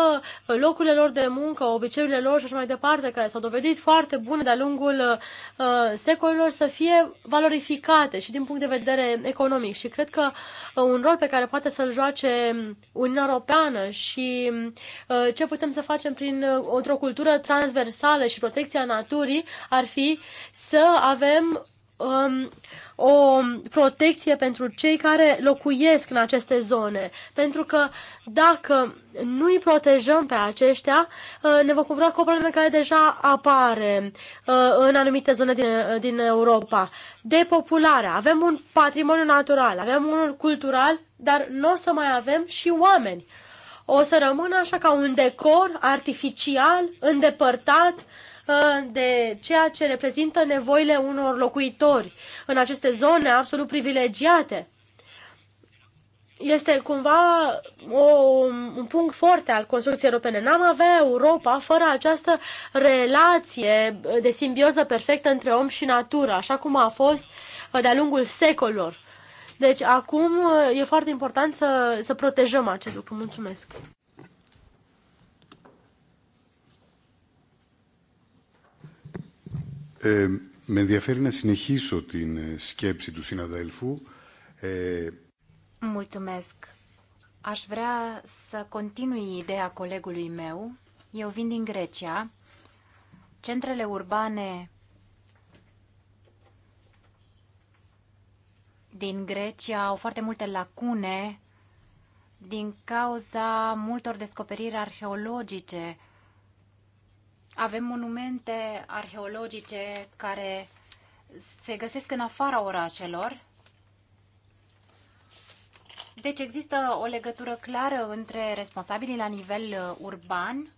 uh, locurile lor de muncă, obiceiurile lor și așa mai departe, care s-au dovedit foarte bune de-a lungul uh, secolilor, să fie valorificate și din punct de vedere economic. Și cred că uh, un rol pe care poate să-l joace um, Uniunea Europeană și um, uh, ce putem să facem prin uh, o cultură transversală și protecția naturii ar fi să avem um, o protecție pentru cei care locuiesc în aceste zone. Pentru că dacă nu îi protejăm pe aceștia, uh, ne vom confrunta cu o problemă care deja apare uh, în anumite zone din, uh, din Europa. Depopularea. Avem un patrimoniu natural, avem unul cultural, dar nu o să mai avem și oameni. O să rămână așa ca un decor artificial, îndepărtat, uh, Uh, de ceea ce reprezintă nevoile unor locuitori în aceste zone absolut privilegiate. Este cumva o, un punct foarte al construcției europene. N-am avea Europa fără această relație de simbioză perfectă între om și natură, așa cum a fost uh, de-a lungul secolor. Deci acum uh, e foarte important să, să protejăm acest lucru. Mulțumesc! Ε, με ενδιαφέρει να συνεχίσω την σκέψη του συναδέλφου. Ε... Mulțumesc. Aș vrea să continui ideea colegului meu. Eu vin din Grecia. Centrele urbane din Grecia au foarte multe lacune din cauza multor descoperiri arheologice avem monumente arheologice care se găsesc în afara orașelor. Deci există o legătură clară între responsabilii la nivel uh, urban,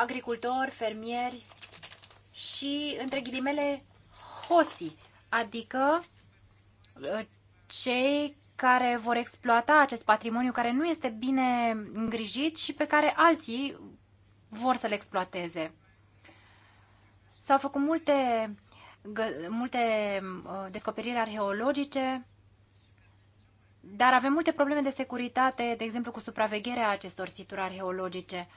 agricultori, fermieri și, între ghilimele, hoții, adică uh, cei care vor exploata acest patrimoniu care nu este bine îngrijit și pe care alții vor să le exploateze. S-au făcut multe, multe uh, descoperiri arheologice, dar avem multe probleme de securitate, de exemplu cu supravegherea acestor situri arheologice.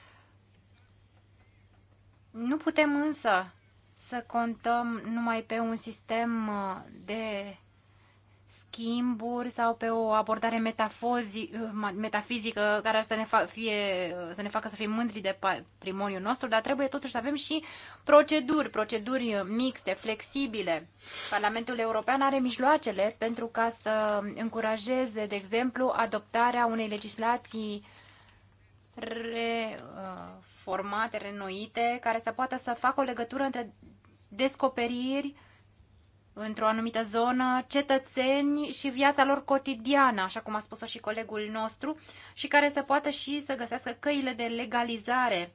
Nu putem însă să contăm numai pe un sistem uh, de schimburi sau pe o abordare metafozi, metafizică care ar să ne, fa- fie, să ne facă să fim mândri de patrimoniul nostru, dar trebuie totuși să avem și proceduri, proceduri mixte, flexibile. Parlamentul European are mijloacele pentru ca să încurajeze, de exemplu, adoptarea unei legislații reformate, uh, renoite, care să poată să facă o legătură între descoperiri într-o anumită zonă cetățeni și viața lor cotidiană, așa cum a spus-o și colegul nostru, și care să poată și să găsească căile de legalizare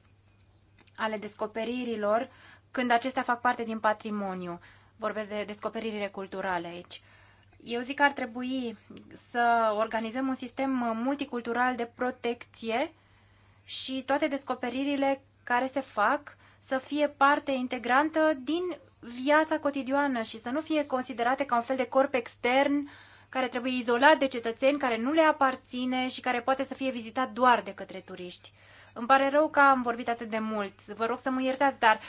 ale descoperirilor când acestea fac parte din patrimoniu. Vorbesc de descoperirile culturale aici. Eu zic că ar trebui să organizăm un sistem multicultural de protecție și toate descoperirile care se fac să fie parte integrantă din viața cotidiană și să nu fie considerate ca un fel de corp extern care trebuie izolat de cetățeni, care nu le aparține și care poate să fie vizitat doar de către turiști. Îmi pare rău că am vorbit atât de mult, vă rog să mă iertați, dar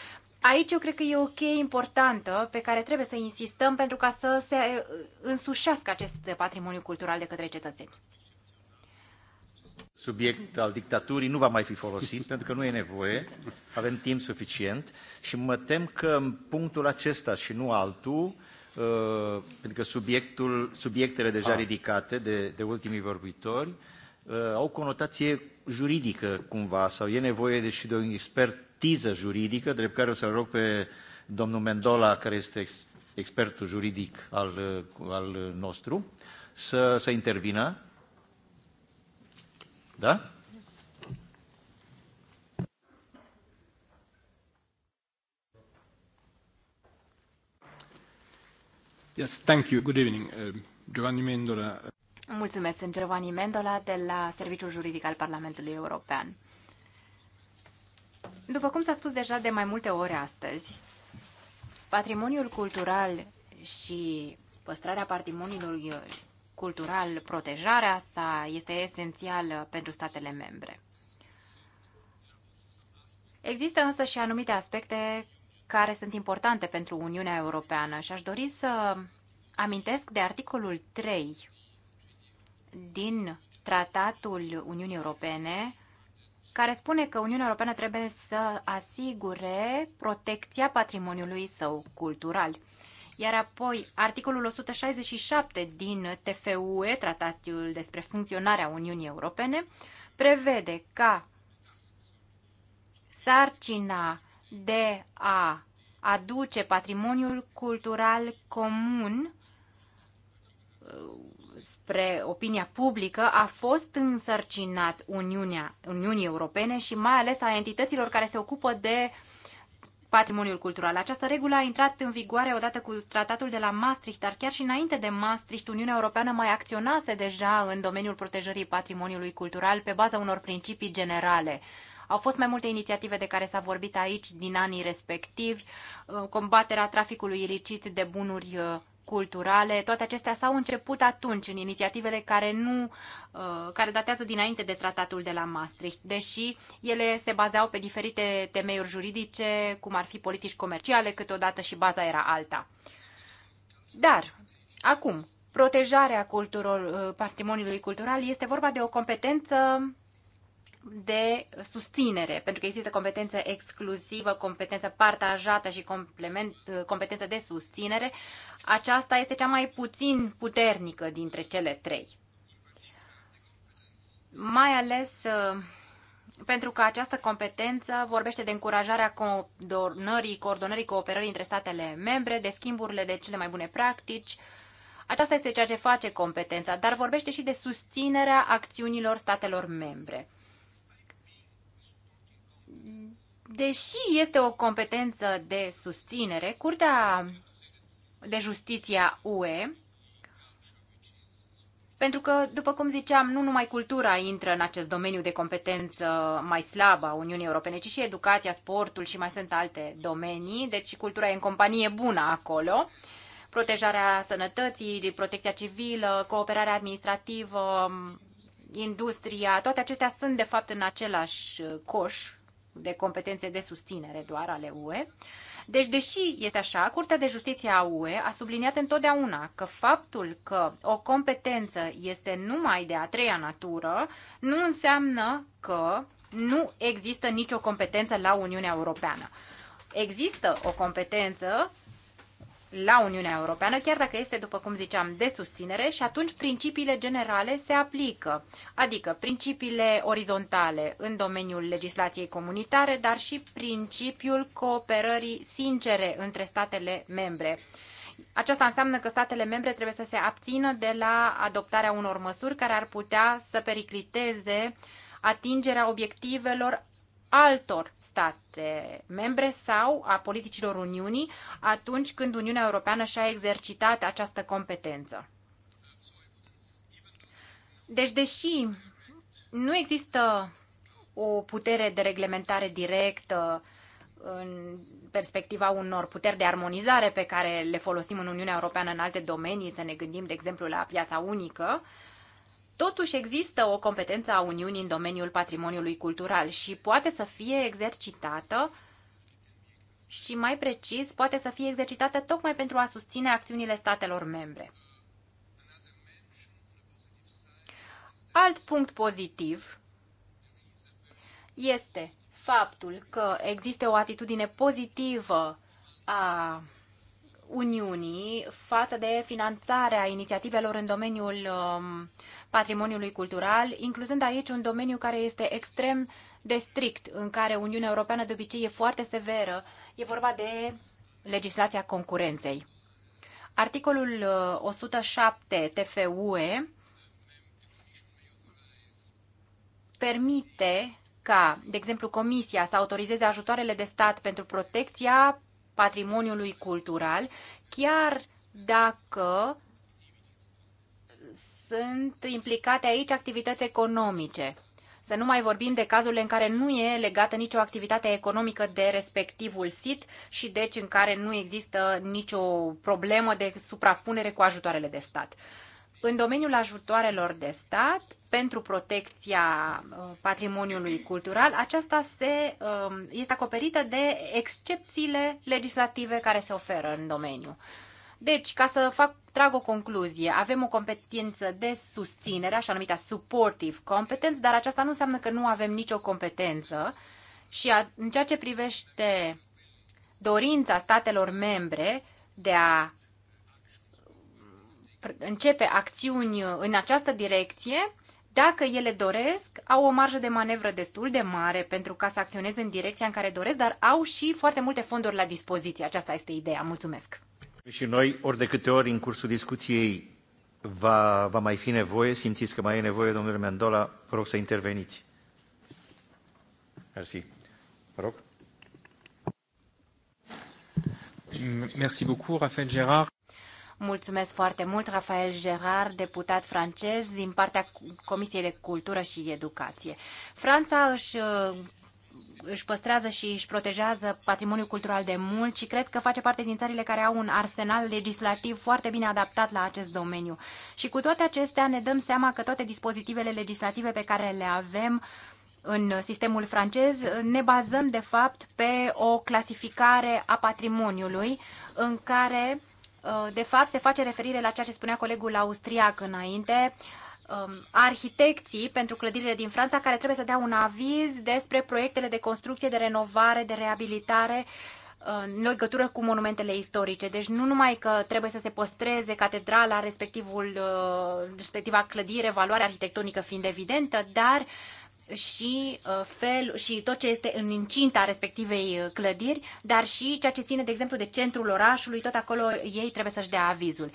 aici eu cred că e o cheie importantă pe care trebuie să insistăm pentru ca să se însușească acest patrimoniu cultural de către cetățeni subiect al dictaturii nu va mai fi folosit, pentru că nu e nevoie, avem timp suficient și mă tem că în punctul acesta și nu altul, Uh, pentru că subiectul, subiectele deja ah. ridicate de, de ultimii vorbitori uh, au conotație juridică cumva sau e nevoie de și de o expertiză juridică, drept care o să-l rog pe domnul Mendola, care este ex, expertul juridic al, uh, al nostru, să, să intervină da? Yes, thank you. Good evening. Uh, Giovanni Mendola. Uh, Mulțumesc, sunt Giovanni Mendola de la Serviciul Juridic al Parlamentului European. După cum s-a spus deja de mai multe ori astăzi, patrimoniul cultural și păstrarea patrimoniului cultural, protejarea sa este esențială pentru statele membre. Există însă și anumite aspecte care sunt importante pentru Uniunea Europeană și aș dori să amintesc de articolul 3 din Tratatul Uniunii Europene, care spune că Uniunea Europeană trebuie să asigure protecția patrimoniului său cultural. Iar apoi, articolul 167 din TFUE, Tratatul despre funcționarea Uniunii Europene, prevede ca sarcina de a aduce patrimoniul cultural comun uh, spre opinia publică a fost însărcinat Uniunea, Uniunii Europene și mai ales a entităților care se ocupă de uh, patrimoniul cultural. Această regulă a intrat în vigoare odată cu tratatul de la Maastricht, dar chiar și înainte de Maastricht, Uniunea Europeană mai acționase deja în domeniul protejării patrimoniului cultural pe baza unor principii generale. Au fost mai multe inițiative de care s-a vorbit aici din anii respectivi, uh, combaterea traficului ilicit de bunuri uh, culturale, toate acestea s-au început atunci în inițiativele care nu uh, care datează dinainte de tratatul de la Maastricht, deși ele se bazeau pe diferite temeiuri juridice, cum ar fi politici comerciale, câteodată și baza era alta. Dar acum, protejarea cultural, uh, patrimoniului cultural este vorba de o competență de susținere, pentru că există competență exclusivă, competență partajată și competență de susținere. Aceasta este cea mai puțin puternică dintre cele trei. Mai ales uh, pentru că această competență vorbește de încurajarea coordonării, coordonării cooperării între statele membre, de schimburile de cele mai bune practici. Aceasta este ceea ce face competența, dar vorbește și de susținerea acțiunilor statelor membre. deși este o competență de susținere, Curtea de justiție a UE, pentru că, după cum ziceam, nu numai cultura intră în acest domeniu de competență mai slabă a Uniunii Europene, ci și educația, sportul și mai sunt alte domenii, deci cultura e în companie bună acolo protejarea sănătății, protecția civilă, cooperarea administrativă, industria, toate acestea sunt de fapt în același coș de competențe de susținere doar ale UE. Deci, deși este așa, Curtea de Justiție a UE a subliniat întotdeauna că faptul că o competență este numai de a treia natură nu înseamnă că nu există nicio competență la Uniunea Europeană. Există o competență la Uniunea Europeană, chiar dacă este, după cum ziceam, de susținere și atunci principiile generale se aplică, adică principiile orizontale în domeniul legislației comunitare, dar și principiul cooperării sincere între statele membre. Aceasta înseamnă că statele membre trebuie să se abțină de la adoptarea unor măsuri care ar putea să pericliteze atingerea obiectivelor altor state membre sau a politicilor Uniunii atunci când Uniunea Europeană și-a exercitat această competență. Deci, deși nu există o putere de reglementare directă în perspectiva unor puteri de armonizare pe care le folosim în Uniunea Europeană în alte domenii, să ne gândim, de exemplu, la piața unică, Totuși există o competență a Uniunii în domeniul patrimoniului cultural și poate să fie exercitată și mai precis poate să fie exercitată tocmai pentru a susține acțiunile statelor membre. Alt punct pozitiv este faptul că există o atitudine pozitivă a Uniunii față de finanțarea inițiativelor în domeniul um, patrimoniului cultural, incluzând aici un domeniu care este extrem de strict, în care Uniunea Europeană de obicei e foarte severă. E vorba de legislația concurenței. Articolul 107 uh, TFUE permite ca, de exemplu, Comisia să autorizeze ajutoarele de stat pentru protecția patrimoniului cultural, chiar dacă sunt implicate aici activități economice. Să nu mai vorbim de cazurile în care nu e legată nicio activitate economică de respectivul sit și deci în care nu există nicio problemă de suprapunere cu ajutoarele de stat. În domeniul ajutoarelor de stat, pentru protecția uh, patrimoniului cultural, aceasta se, um, este acoperită de excepțiile legislative care se oferă în domeniu. Deci, ca să fac, trag o concluzie, avem o competență de susținere, așa numită supportive competence, dar aceasta nu înseamnă că nu avem nicio competență și a, în ceea ce privește dorința statelor membre de a începe acțiuni în această direcție, dacă ele doresc, au o marjă de manevră destul de mare pentru ca să acționeze în direcția în care doresc, dar au și foarte multe fonduri la dispoziție. Aceasta este ideea. Mulțumesc! Și noi, ori de câte ori în cursul discuției va, va mai fi nevoie, simțiți că mai e nevoie, domnule Mendola, vă rog să interveniți. Mersi. Vă rog. Mersi beaucoup, Rafael Gerard. Mulțumesc foarte mult, Rafael Gerard, deputat francez din partea Comisiei de Cultură și Educație. Franța își își păstrează și își protejează patrimoniul cultural de mult și cred că face parte din țările care au un arsenal legislativ foarte bine adaptat la acest domeniu. Și cu toate acestea ne dăm seama că toate dispozitivele legislative pe care le avem în sistemul francez ne bazăm de fapt pe o clasificare a patrimoniului în care uh, de fapt se face referire la ceea ce spunea colegul austriac înainte, um, arhitecții pentru clădirile din Franța care trebuie să dea un aviz despre proiectele de construcție, de renovare, de reabilitare uh, în legătură cu monumentele istorice. Deci nu numai că trebuie să se păstreze catedrala, respectivul, uh, respectiva clădire, valoarea arhitectonică fiind evidentă, dar și uh, fel și tot ce este în incinta respectivei clădiri, dar și ceea ce ține, de exemplu, de centrul orașului, tot acolo ei trebuie să-și dea avizul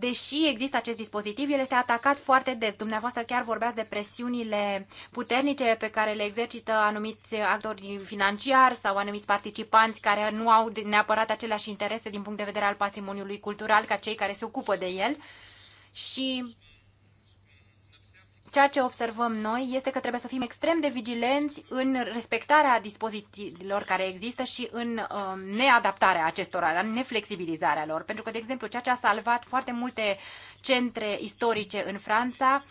deși există acest dispozitiv, el este atacat foarte des. Dumneavoastră chiar vorbeați de presiunile puternice pe care le exercită anumiți actori financiari sau anumiți participanți care nu au neapărat aceleași interese din punct de vedere al patrimoniului cultural ca cei care se ocupă de el. Și ceea ce observăm noi este că trebuie să fim extrem de vigilenți în respectarea dispozițiilor care există și în uh, neadaptarea acestora, în neflexibilizarea lor. Pentru că, de exemplu, ceea ce a salvat foarte multe centre istorice în Franța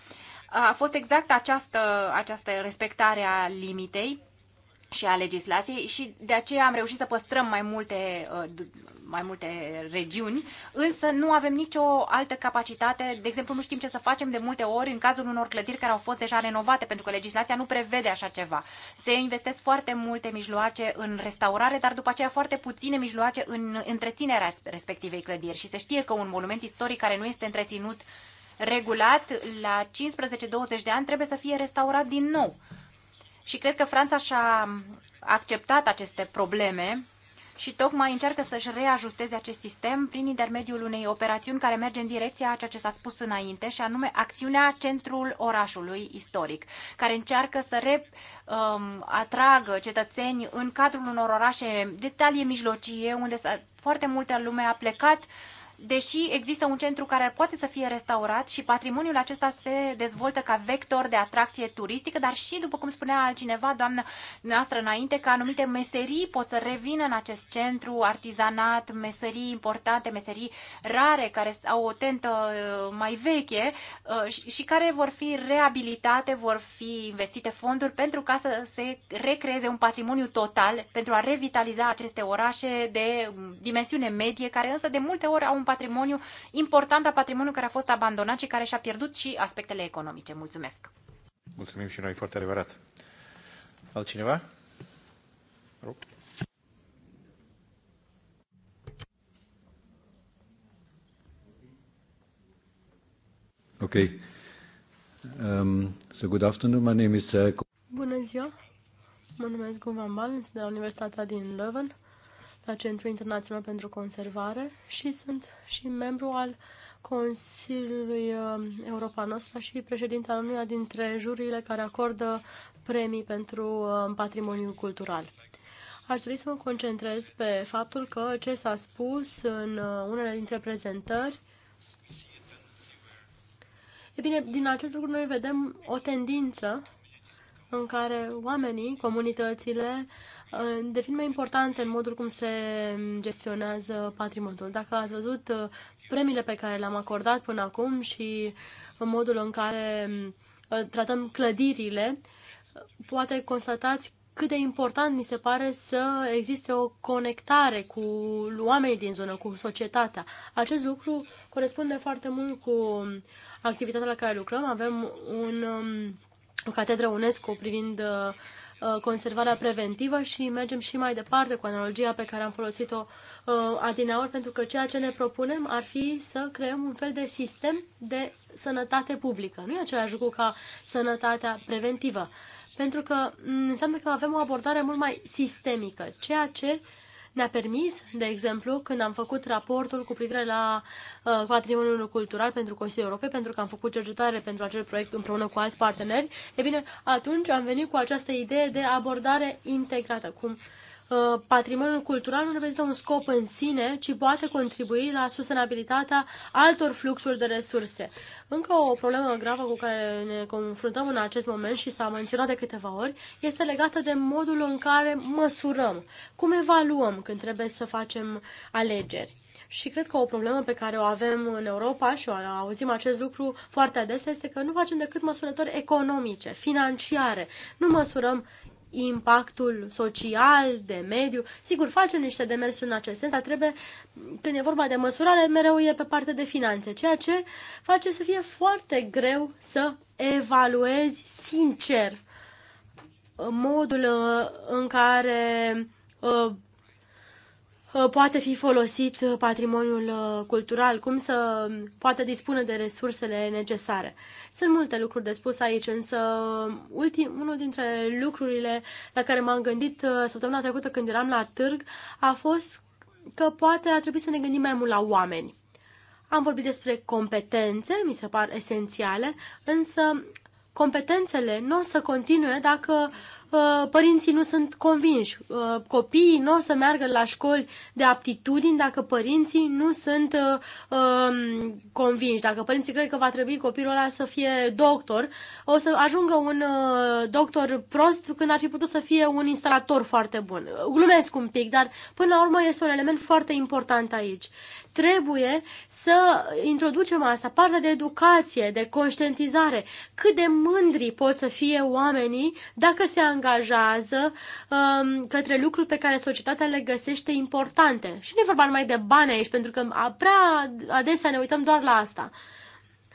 a fost exact această, această respectare a limitei și a legislației și de aceea am reușit să păstrăm mai multe, uh, mai multe regiuni, însă nu avem nicio altă capacitate. De exemplu, nu știm ce să facem de multe ori în cazul unor clădiri care au fost deja renovate, pentru că legislația nu prevede așa ceva. Se investesc foarte multe mijloace în restaurare, dar după aceea foarte puține mijloace în întreținerea respectivei clădiri. Și se știe că un monument istoric care nu este întreținut regulat, la 15-20 de ani trebuie să fie restaurat din nou. Și cred că Franța și-a acceptat aceste probleme și tocmai încearcă să-și reajusteze acest sistem prin intermediul unei operațiuni care merge în direcția a ceea ce s-a spus înainte, și anume acțiunea Centrul Orașului Istoric, care încearcă să re, um, atragă cetățeni în cadrul unor orașe de talie mijlocie, unde foarte multă lume a plecat uh, deși există un centru care poate să fie restaurat și patrimoniul acesta se dezvoltă ca vector de atracție turistică, dar și, după cum spunea altcineva, doamnă noastră înainte, că anumite meserii pot să revină în acest centru, artizanat, meserii importante, meserii rare, care au o tentă uh, mai veche uh, și care vor fi reabilitate, vor fi investite fonduri pentru ca să se recreeze un patrimoniu total, pentru a revitaliza aceste orașe de um, dimensiune medie, care însă de multe ori au un patrimoniu important, a patrimoniu care a fost abandonat și care și-a pierdut și aspectele economice. Mulțumesc! Mulțumim și noi, foarte adevărat. Altcineva? Rup. Okay. Um, so good afternoon. My name is. Uh... Bună ziua. Mă numesc Guvan Balens de la Universitatea din Leuven la Centrul Internațional pentru Conservare și sunt și membru al Consiliului uh, Europa Noastră și președinte al unuia dintre jurile care acordă premii pentru uh, patrimoniul cultural. Aș dori să mă concentrez pe faptul că ce s-a spus în uh, unele dintre prezentări E bine, din acest lucru noi vedem o tendință în care oamenii, comunitățile, devin mai importante în modul cum se gestionează patrimoniul. Dacă ați văzut uh, premiile pe care le-am acordat până acum și uh, modul în care uh, tratăm clădirile, poate constatați cât de important mi se pare să existe o conectare cu oamenii din zonă, cu societatea. Acest lucru corespunde foarte mult cu um, activitatea la care lucrăm. Avem un, um, o catedră UNESCO privind Uh, conservarea preventivă și mergem și mai departe cu analogia pe care am folosit-o uh, adinaori, pentru că ceea ce ne propunem ar fi să creăm un fel de sistem de sănătate publică. Nu e același lucru ca sănătatea preventivă, pentru că mm, înseamnă că avem o abordare mult mai sistemică, ceea ce uh, ne-a permis, de exemplu, când am făcut raportul cu privire la uh, patrimoniul cultural pentru Consiliul Europei, pentru că am făcut cercetare pentru acel proiect împreună cu alți parteneri, e bine, atunci am venit cu această idee de abordare integrată, cum uh, Uh, patrimoniul cultural nu reprezintă un scop în sine, ci poate contribui la sustenabilitatea altor fluxuri de resurse. Încă o problemă gravă cu care ne confruntăm în acest moment și s-a menționat de câteva ori este legată de modul în care măsurăm, cum evaluăm când trebuie să facem alegeri. Și cred că o problemă pe care o avem în Europa și o auzim acest lucru foarte adesea este că nu facem decât măsurători economice, financiare. Nu măsurăm uh, impactul social, de mediu. Sigur, facem niște demersuri în acest sens, dar trebuie, când e vorba de măsurare, mereu e pe partea de finanțe, ceea ce face să fie foarte greu să evaluezi sincer modul uh, în care uh, Uh, poate fi folosit uh, patrimoniul uh, cultural, cum să poată dispune de resursele necesare. Sunt multe lucruri de spus aici, însă ultim, unul dintre lucrurile la care m-am gândit săptămâna trecută când eram la târg a fost că poate ar trebui să ne gândim mai mult la oameni. Am vorbit despre competențe, mi se par esențiale, însă competențele nu o să continue dacă uh, Uh, părinții nu sunt convinși. Uh, copiii nu o să meargă la școli de aptitudini dacă părinții nu sunt uh, um, convinși. Dacă părinții cred că va trebui copilul ăla să fie doctor, o să ajungă un doctor prost când ar fi putut să fie un instalator foarte bun. Glumesc un pic, dar până la urmă este un element foarte important aici trebuie să introducem asta, partea de educație, de conștientizare, cât de mândri pot să fie oamenii dacă se angajează um, către lucruri pe care societatea le găsește importante. Și nu e vorba numai de bani aici, pentru că prea adesea ne uităm doar la asta.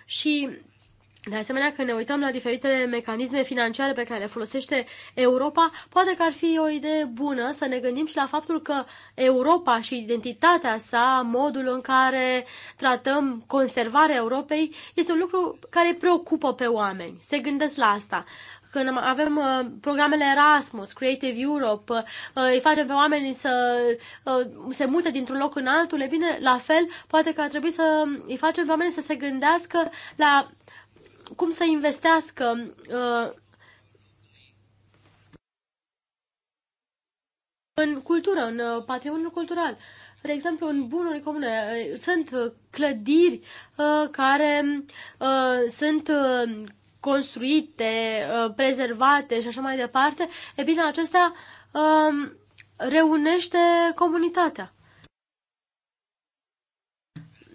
Și de asemenea, când ne uităm la diferitele mecanisme financiare pe care le folosește Europa, poate că ar fi o idee bună să ne gândim și la faptul că Europa și identitatea sa, modul în care tratăm conservarea Europei, este un lucru care preocupă pe oameni. Se gândesc la asta când avem uh, programele Erasmus, Creative Europe, uh, îi facem pe oamenii să uh, se mute dintr-un loc în altul, e bine, la fel, poate că ar trebui să îi facem pe oamenii să se gândească la cum să investească uh, în cultură, în uh, patrimoniul cultural. De exemplu, în bunuri comune uh, sunt clădiri care sunt construite, prezervate și așa mai departe. E bine, acestea reunește comunitatea.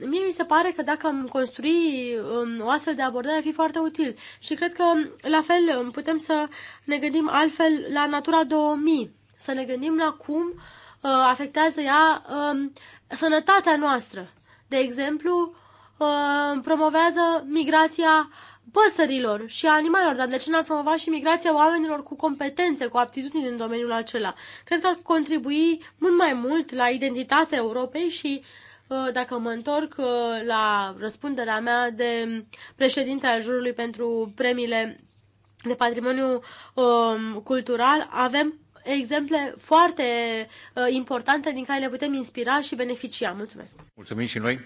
Mie mi se pare că dacă am construi um, o astfel de abordare ar fi foarte util și cred că la fel um, putem să ne gândim altfel la Natura 2000, să ne gândim la cum uh, afectează ea um, sănătatea noastră. De exemplu, uh, promovează migrația păsărilor și a animalelor, dar de ce n-ar promova și migrația oamenilor cu competențe, cu aptitudini în domeniul acela? Cred că ar contribui mult mai mult la identitatea Europei și uh, Ă, dacă mă întorc ă, la răspunderea mea de președinte al jurului pentru premiile de patrimoniu ă, cultural, avem exemple foarte importante din care le putem inspira și beneficia. Mulțumesc! Mulțumim și noi!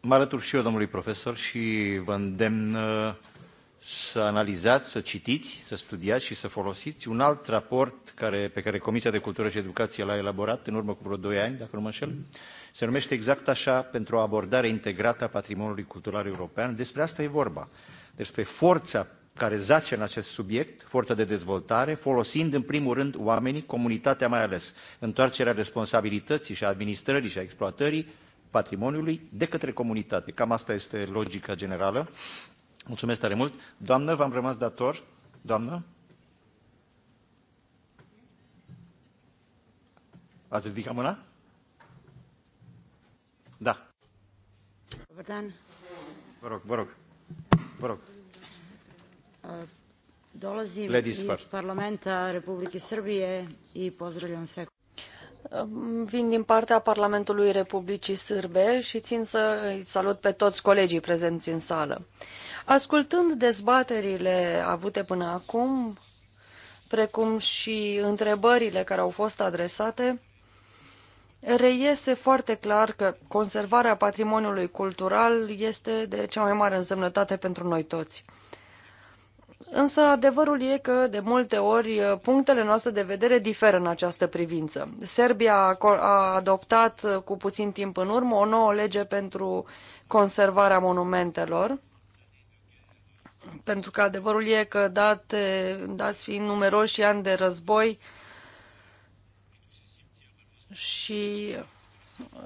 mă alătur și eu, domnului profesor, și vă îndemn să analizați, să citiți, să studiați și să folosiți un alt raport care, pe care Comisia de Cultură și Educație l-a elaborat în urmă cu vreo 2 ani, dacă nu mă înșel. Se numește exact așa pentru o abordare integrată a patrimoniului cultural european. Despre asta e vorba. Despre forța care zace în acest subiect, forța de dezvoltare, folosind în primul rând oamenii, comunitatea mai ales, întoarcerea responsabilității și a administrării și a exploatării patrimoniului de către comunitate. Cam asta este logica generală. Mulțumesc tare mult. Doamnă, v-am rămas dator. Doamnă? Ați ridicat mâna? Da. Dan. Vă rog, vă rog. Vă rog. Uh, Dolazim Ladies iz first. parlamenta Republike Srbije i pozdravljam sve Vin din partea Parlamentului Republicii Sârbe și țin să îi salut pe toți colegii prezenți în sală. Ascultând dezbaterile avute până acum, precum și întrebările care au fost adresate, reiese foarte clar că conservarea patrimoniului cultural este de cea mai mare însemnătate pentru noi toți. Însă adevărul e că, de multe ori, punctele noastre de vedere diferă în această privință. Serbia a adoptat cu puțin timp în urmă o nouă lege pentru conservarea monumentelor, pentru că adevărul e că, date, dați fiind numeroși ani de război și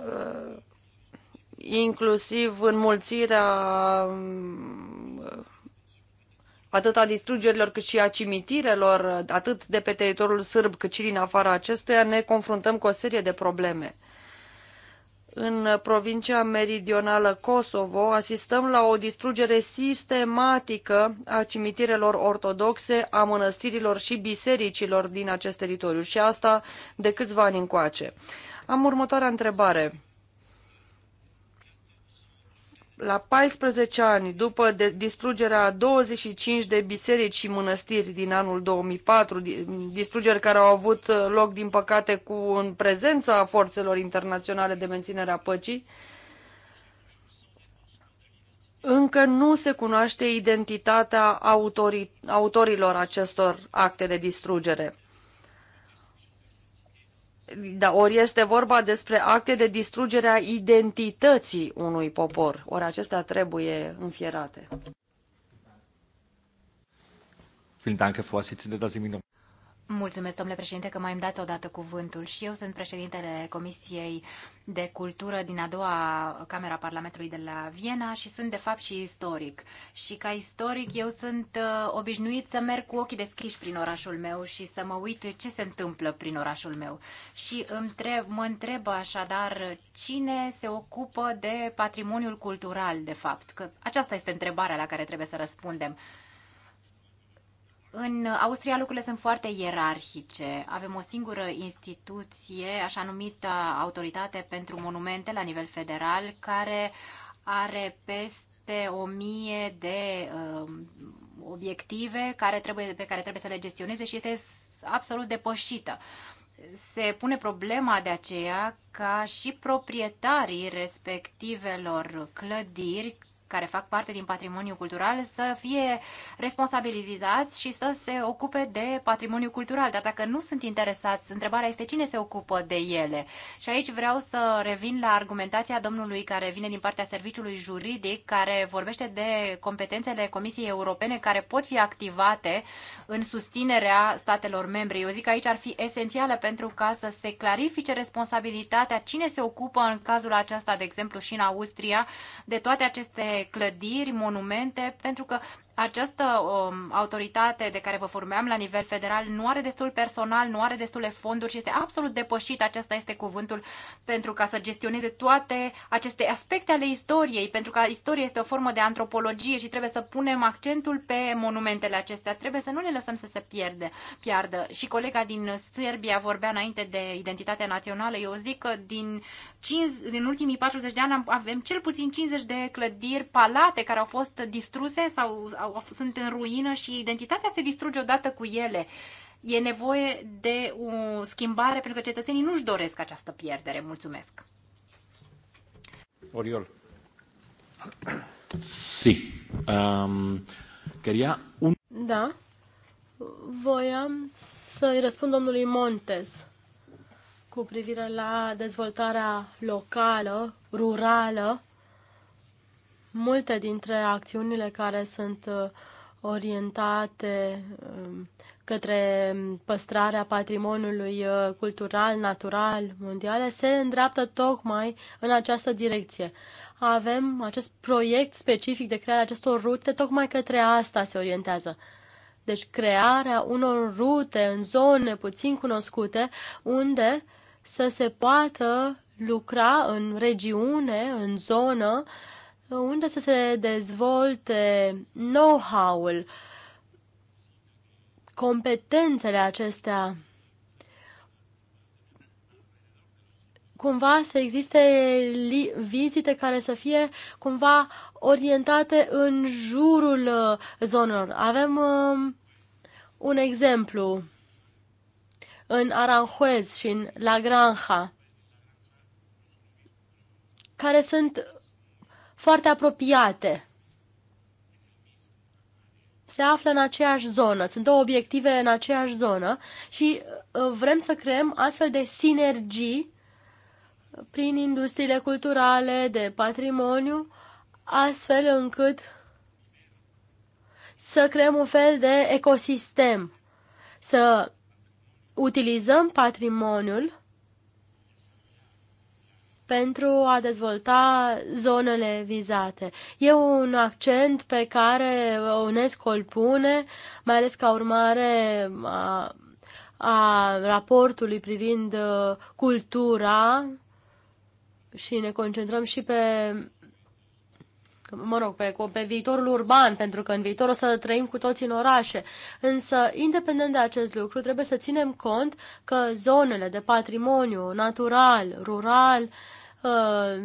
uh, inclusiv înmulțirea uh, atât a distrugerilor cât și a cimitirelor, atât de pe teritoriul sârb cât și din afara acestuia, ne confruntăm cu o serie de probleme în provincia meridională Kosovo, asistăm la o distrugere sistematică a cimitirelor ortodoxe, a mănăstirilor și bisericilor din acest teritoriu și asta de câțiva ani încoace. Am următoarea întrebare la 14 ani după de distrugerea a 25 de biserici și mănăstiri din anul 2004, distrugeri care au avut uh, loc, din păcate, cu în prezența forțelor internaționale de menținere a păcii, încă nu se cunoaște identitatea autorii, autorilor acestor acte de distrugere da, ori este vorba despre acte de distrugere a identității unui popor, ori acestea trebuie înfierate. Mulțumesc, domnule președinte, că mai îmi dați odată cuvântul. Și eu sunt președintele Comisiei de Cultură din a doua Camera Parlamentului de la Viena și sunt, de fapt, și istoric. Și ca istoric, eu sunt uh, obișnuit să merg cu ochii deschiși prin orașul meu și să mă uit ce se întâmplă prin orașul meu. Și întreb, mă întreb așadar cine se ocupă de patrimoniul cultural, de fapt. Că aceasta este întrebarea la care trebuie să răspundem. În Austria lucrurile sunt foarte ierarhice. Avem o singură instituție, așa numită Autoritate pentru Monumente la nivel federal, care are peste o mie de uh, obiective care trebuie, pe care trebuie să le gestioneze și este absolut depășită. Se pune problema de aceea ca și proprietarii respectivelor clădiri care fac parte din patrimoniul cultural să fie responsabilizați și să se ocupe de patrimoniul cultural. Dar dacă nu sunt interesați, întrebarea este cine se ocupă de ele. Și aici vreau să revin la argumentația domnului care vine din partea serviciului juridic, care vorbește de competențele Comisiei Europene care pot fi activate în susținerea statelor membre. Eu zic că aici ar fi esențială pentru ca să se clarifice responsabilitatea cine se ocupă în cazul acesta, de exemplu, și în Austria, de toate aceste clădiri, monumente, pentru că această um, autoritate de care vă formeam la nivel federal nu are destul personal, nu are destule fonduri și este absolut depășit, acesta este cuvântul, pentru ca să gestioneze toate aceste aspecte ale istoriei, pentru că istoria este o formă de antropologie și trebuie să punem accentul pe monumentele acestea, trebuie să nu le lăsăm să se pierde, piardă. Și colega din Serbia vorbea înainte de identitatea națională, eu zic că din, 5, din ultimii 40 de ani avem cel puțin 50 de clădiri, palate care au fost distruse sau au au, sunt în ruină și identitatea se distruge odată cu ele. E nevoie de o schimbare pentru că cetățenii nu-și doresc această pierdere. Mulțumesc. Oriol. Si. Um, quería un... Da. Voiam să-i răspund domnului Montes cu privire la dezvoltarea locală, rurală Multe dintre acțiunile care sunt uh, orientate um, către păstrarea patrimoniului uh, cultural, natural, mondial, se îndreaptă tocmai în această direcție. Avem acest proiect specific de creare acestor rute, tocmai către asta se orientează. Deci crearea unor rute în zone puțin cunoscute, unde să se poată lucra în regiune, în zonă, uh, unde să se dezvolte know-how-ul, competențele acestea cumva să existe vizite care să fie cumva orientate în jurul uh, zonelor. Avem um, un exemplu în Aranjuez și în La Granja, care sunt foarte apropiate. Se află în aceeași zonă, sunt două obiective în aceeași zonă și uh, vrem să creăm astfel de sinergii prin industriile culturale, de patrimoniu, astfel încât să creăm un fel de ecosistem, să utilizăm patrimoniul pentru a dezvolta zonele vizate. E un accent pe care UNESCO îl pune, mai ales ca urmare a, a raportului privind uh, cultura și ne concentrăm și pe mă rog, pe, pe viitorul urban, pentru că în viitor o să trăim cu toți în orașe. Însă, independent de acest lucru, trebuie să ținem cont că zonele de patrimoniu natural, rural, uh, Uh,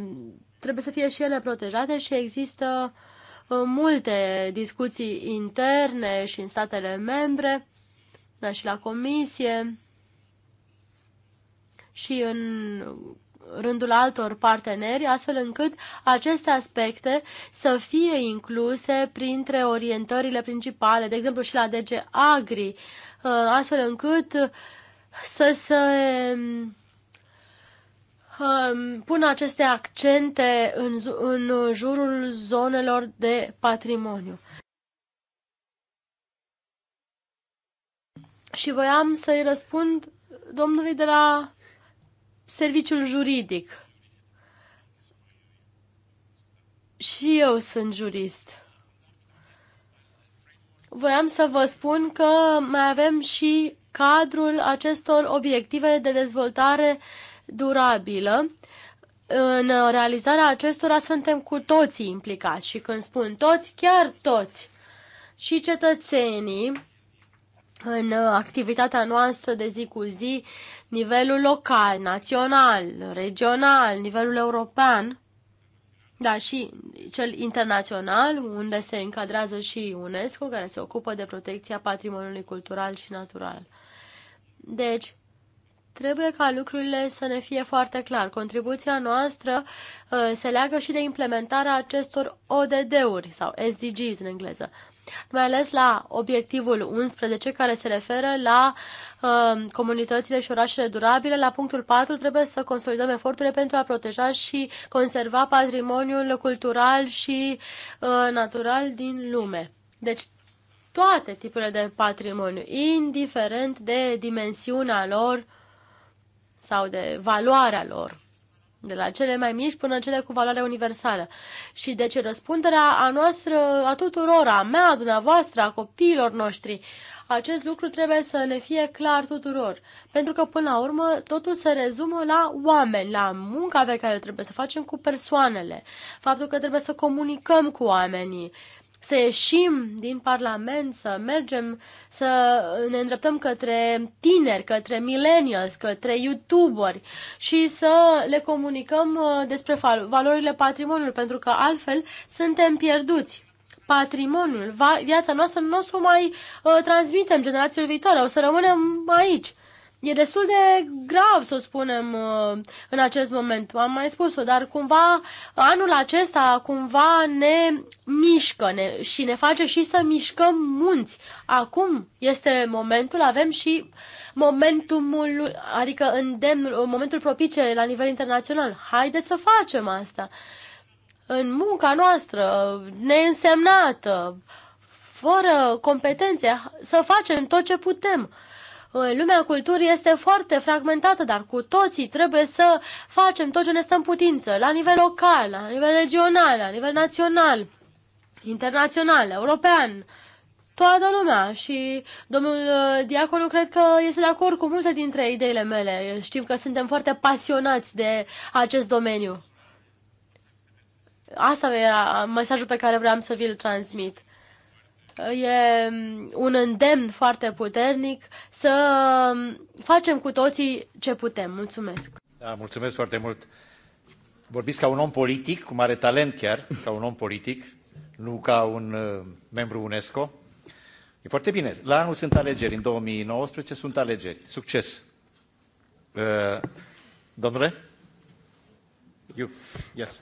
trebuie să fie și ele protejate și există uh, multe discuții interne și în statele membre, dar și la comisie și în rândul altor parteneri, astfel încât aceste aspecte să fie incluse printre orientările principale, de exemplu și la DG Agri, uh, astfel încât să se Um, pun aceste accente în, în jurul zonelor de patrimoniu. Și voiam să-i răspund domnului de la serviciul juridic. Și eu sunt jurist. Voiam să vă spun că mai avem și cadrul acestor obiective de dezvoltare uh, durabilă, în realizarea acestora suntem cu toții implicați și când spun toți, chiar toți. Și cetățenii, în activitatea noastră de zi cu zi, nivelul local, național, regional, nivelul european, dar și cel internațional, unde se încadrează și UNESCO, care se ocupă de protecția patrimoniului cultural și natural. Deci, Trebuie ca lucrurile să ne fie foarte clar. Contribuția noastră uh, se leagă și de implementarea acestor ODD-uri sau SDGs în engleză mai ales la obiectivul 11 care se referă la uh, comunitățile și orașele durabile. La punctul 4 trebuie să consolidăm eforturile pentru a proteja și conserva patrimoniul cultural și uh, natural din lume. Deci toate tipurile de patrimoniu, indiferent de dimensiunea lor sau de valoarea lor, de la cele mai mici până cele cu valoare universală. Și deci răspunderea a noastră, a tuturor, a mea, a dumneavoastră, a copiilor noștri, acest lucru trebuie să ne fie clar tuturor. Pentru că, până la urmă, totul se rezumă la oameni, la munca pe care trebuie să facem cu persoanele, faptul că trebuie să comunicăm cu oamenii, să ieșim din Parlament, să mergem, să ne îndreptăm către tineri, către millennials, către youtuberi și să le comunicăm uh, despre valorile patrimoniului, pentru că altfel suntem pierduți patrimoniul, viața noastră nu o să o mai uh, transmitem generațiilor viitoare, o să rămânem aici. E destul de grav, să o spunem, uh, în acest moment. Am mai spus-o, dar cumva anul acesta cumva ne mișcă ne, și ne face și să mișcăm munți. Acum este momentul, avem și momentumul, adică îndemnul, momentul propice la nivel internațional. Haideți să facem asta. În munca noastră, neînsemnată, fără competențe, să facem tot ce putem Ă, lumea culturii este foarte fragmentată, dar cu toții trebuie să facem tot ce ne stă în putință, la nivel local, la nivel regional, la nivel național, internațional, european toată lumea și domnul ă, Diaconu cred că este de acord cu multe dintre ideile mele. Știm că suntem foarte pasionați de acest domeniu. Asta era mesajul pe care vreau să vi-l transmit e mm, un îndemn foarte puternic să mm, facem cu toții ce putem. Mulțumesc! Da, mulțumesc foarte mult! Vorbiți ca un om politic, cu mare talent chiar, ca un om politic, nu ca un uh, membru UNESCO. E foarte bine. La anul sunt alegeri, în 2019 sunt alegeri. Succes! Uh, domnule? You. Yes.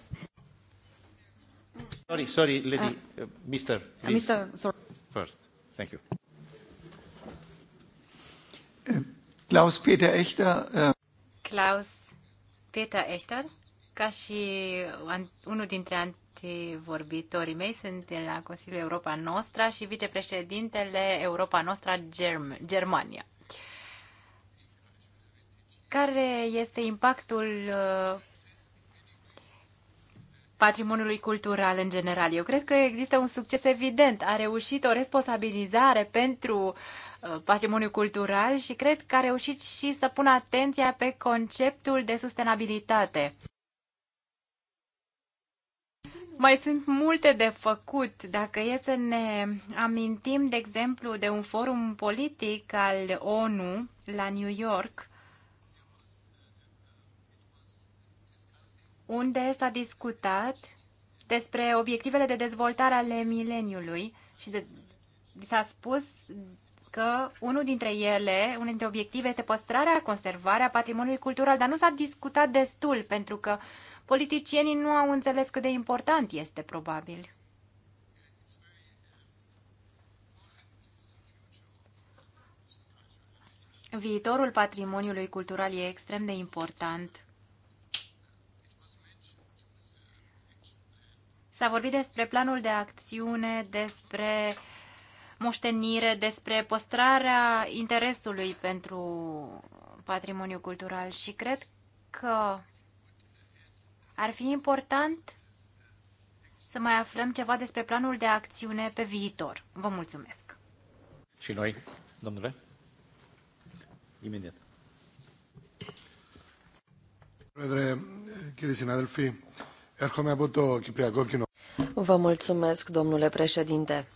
Sorry, sorry, lady, ah. uh, mister, ah, Please. mister, Sorry first. Thank you. Klaus-Peter Echter. Uh, Klaus-Peter Echter, ca și unul dintre antivorbitorii mei, sunt de la Consiliul Europa Nostra și vicepreședintele Europa Nostra Germ- Germania. Care este impactul uh, patrimoniului cultural în general. Eu cred că există un succes evident. A reușit o responsabilizare pentru uh, patrimoniul cultural și cred că a reușit și să pună atenția pe conceptul de sustenabilitate. Mai sunt multe de făcut. Dacă e să ne amintim, de exemplu, de un forum politic al ONU la New York, unde s-a discutat despre obiectivele de dezvoltare ale mileniului și de, s-a spus că unul dintre ele, unul dintre obiective este păstrarea, conservarea patrimoniului cultural, dar nu s-a discutat destul pentru că politicienii nu au înțeles cât de important este probabil. Viitorul patrimoniului cultural e extrem de important S-a vorbit despre planul de acțiune, despre moștenire, despre păstrarea interesului pentru patrimoniu cultural și cred că ar fi important să mai aflăm ceva despre planul de acțiune pe viitor. Vă mulțumesc! Și noi, domnule? Imediat. Vedere, Chirisina Delfi. Vă mulțumesc, domnule președinte.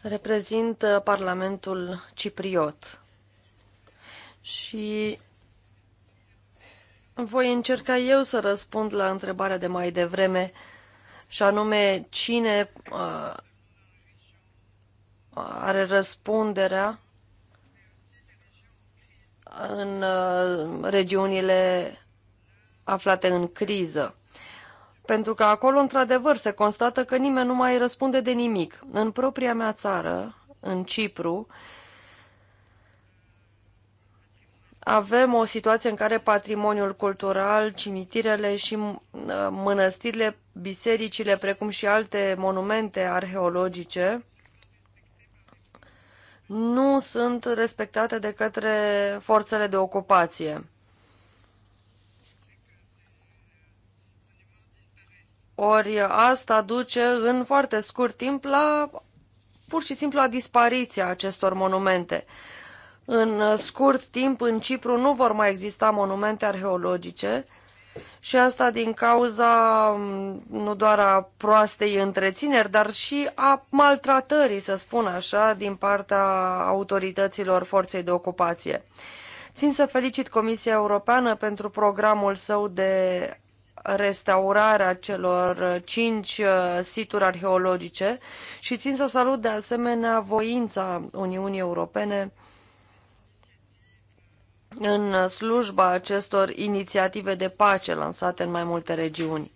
Reprezint Parlamentul Cipriot și voi încerca eu să răspund la întrebarea de mai devreme și anume cine are răspunderea în regiunile aflate în criză. Pentru că acolo, într-adevăr, se constată că nimeni nu mai răspunde de nimic. În propria mea țară, în Cipru, avem o situație în care patrimoniul cultural, cimitirele și uh, mănăstirile, bisericile, precum și alte monumente arheologice, nu sunt respectate de către forțele de ocupație. Ori asta duce în foarte scurt timp la pur și simplu la dispariția acestor monumente. În scurt timp în Cipru nu vor mai exista monumente arheologice și asta din cauza mm, nu doar a proastei întrețineri, dar și a maltratării, să spun așa, din partea autorităților forței de ocupație. Țin să felicit Comisia Europeană pentru programul său de restaurarea celor cinci uh, situri arheologice și țin să salut de asemenea voința Uniunii Europene în slujba acestor inițiative de pace lansate în mai multe regiuni.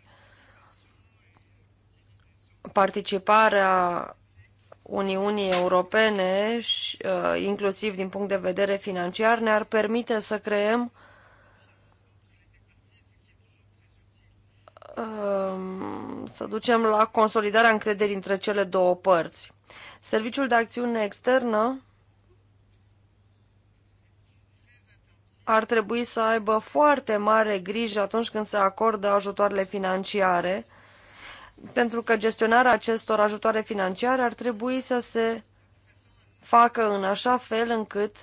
Participarea Uniunii Europene, uh, inclusiv din punct de vedere financiar, ne-ar permite să creăm Ehm, să ducem la consolidarea încrederii între cele două părți. Serviciul de acțiune externă ar trebui să aibă foarte mare grijă atunci când se acordă ajutoarele financiare, pentru că gestionarea acestor ajutoare financiare ar trebui să se facă în așa fel încât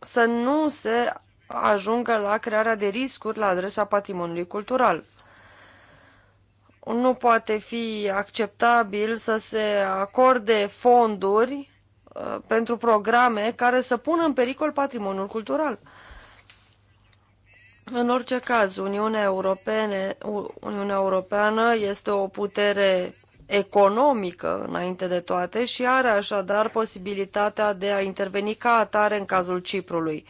să nu se ajungă la crearea de riscuri la adresa patrimoniului cultural nu poate fi acceptabil să se acorde fonduri uh, pentru programe care să pună în pericol patrimoniul cultural. În orice caz, Uniunea, Europene, Uniunea Europeană este o putere economică înainte de toate și are așadar posibilitatea de a interveni ca atare în cazul Ciprului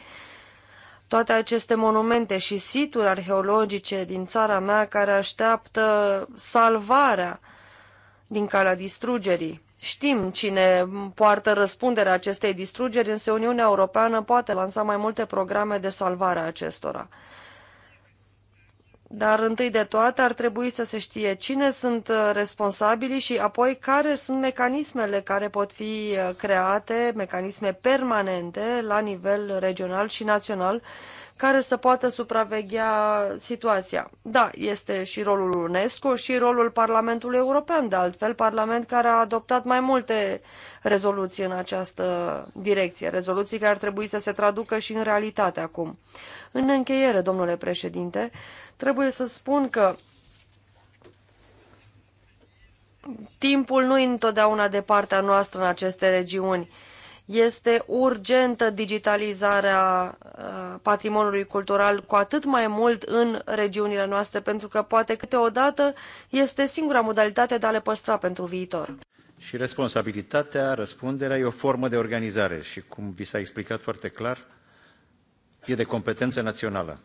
toate aceste monumente și situri arheologice din țara mea care așteaptă salvarea din calea distrugerii. Știm cine poartă răspunderea acestei distrugeri, însă Uniunea Europeană poate lansa mai multe programe de salvare a acestora. Dar întâi de toate ar trebui să se știe cine sunt uh, responsabili și apoi care sunt mecanismele care pot fi uh, create, mecanisme permanente la nivel regional și național care să poată supraveghea situația. Da, este și rolul UNESCO și rolul Parlamentului European, de altfel, Parlament care a adoptat mai multe rezoluții în această direcție, rezoluții care ar trebui să se traducă și în realitate acum. În încheiere, domnule președinte, trebuie să spun că timpul nu e întotdeauna de partea noastră în aceste regiuni este urgentă digitalizarea uh, patrimoniului cultural, cu atât mai mult în regiunile noastre, pentru că poate câteodată este singura modalitate de a le păstra pentru viitor. Și responsabilitatea, răspunderea e o formă de organizare și, cum vi s-a explicat foarte clar, e de competență națională.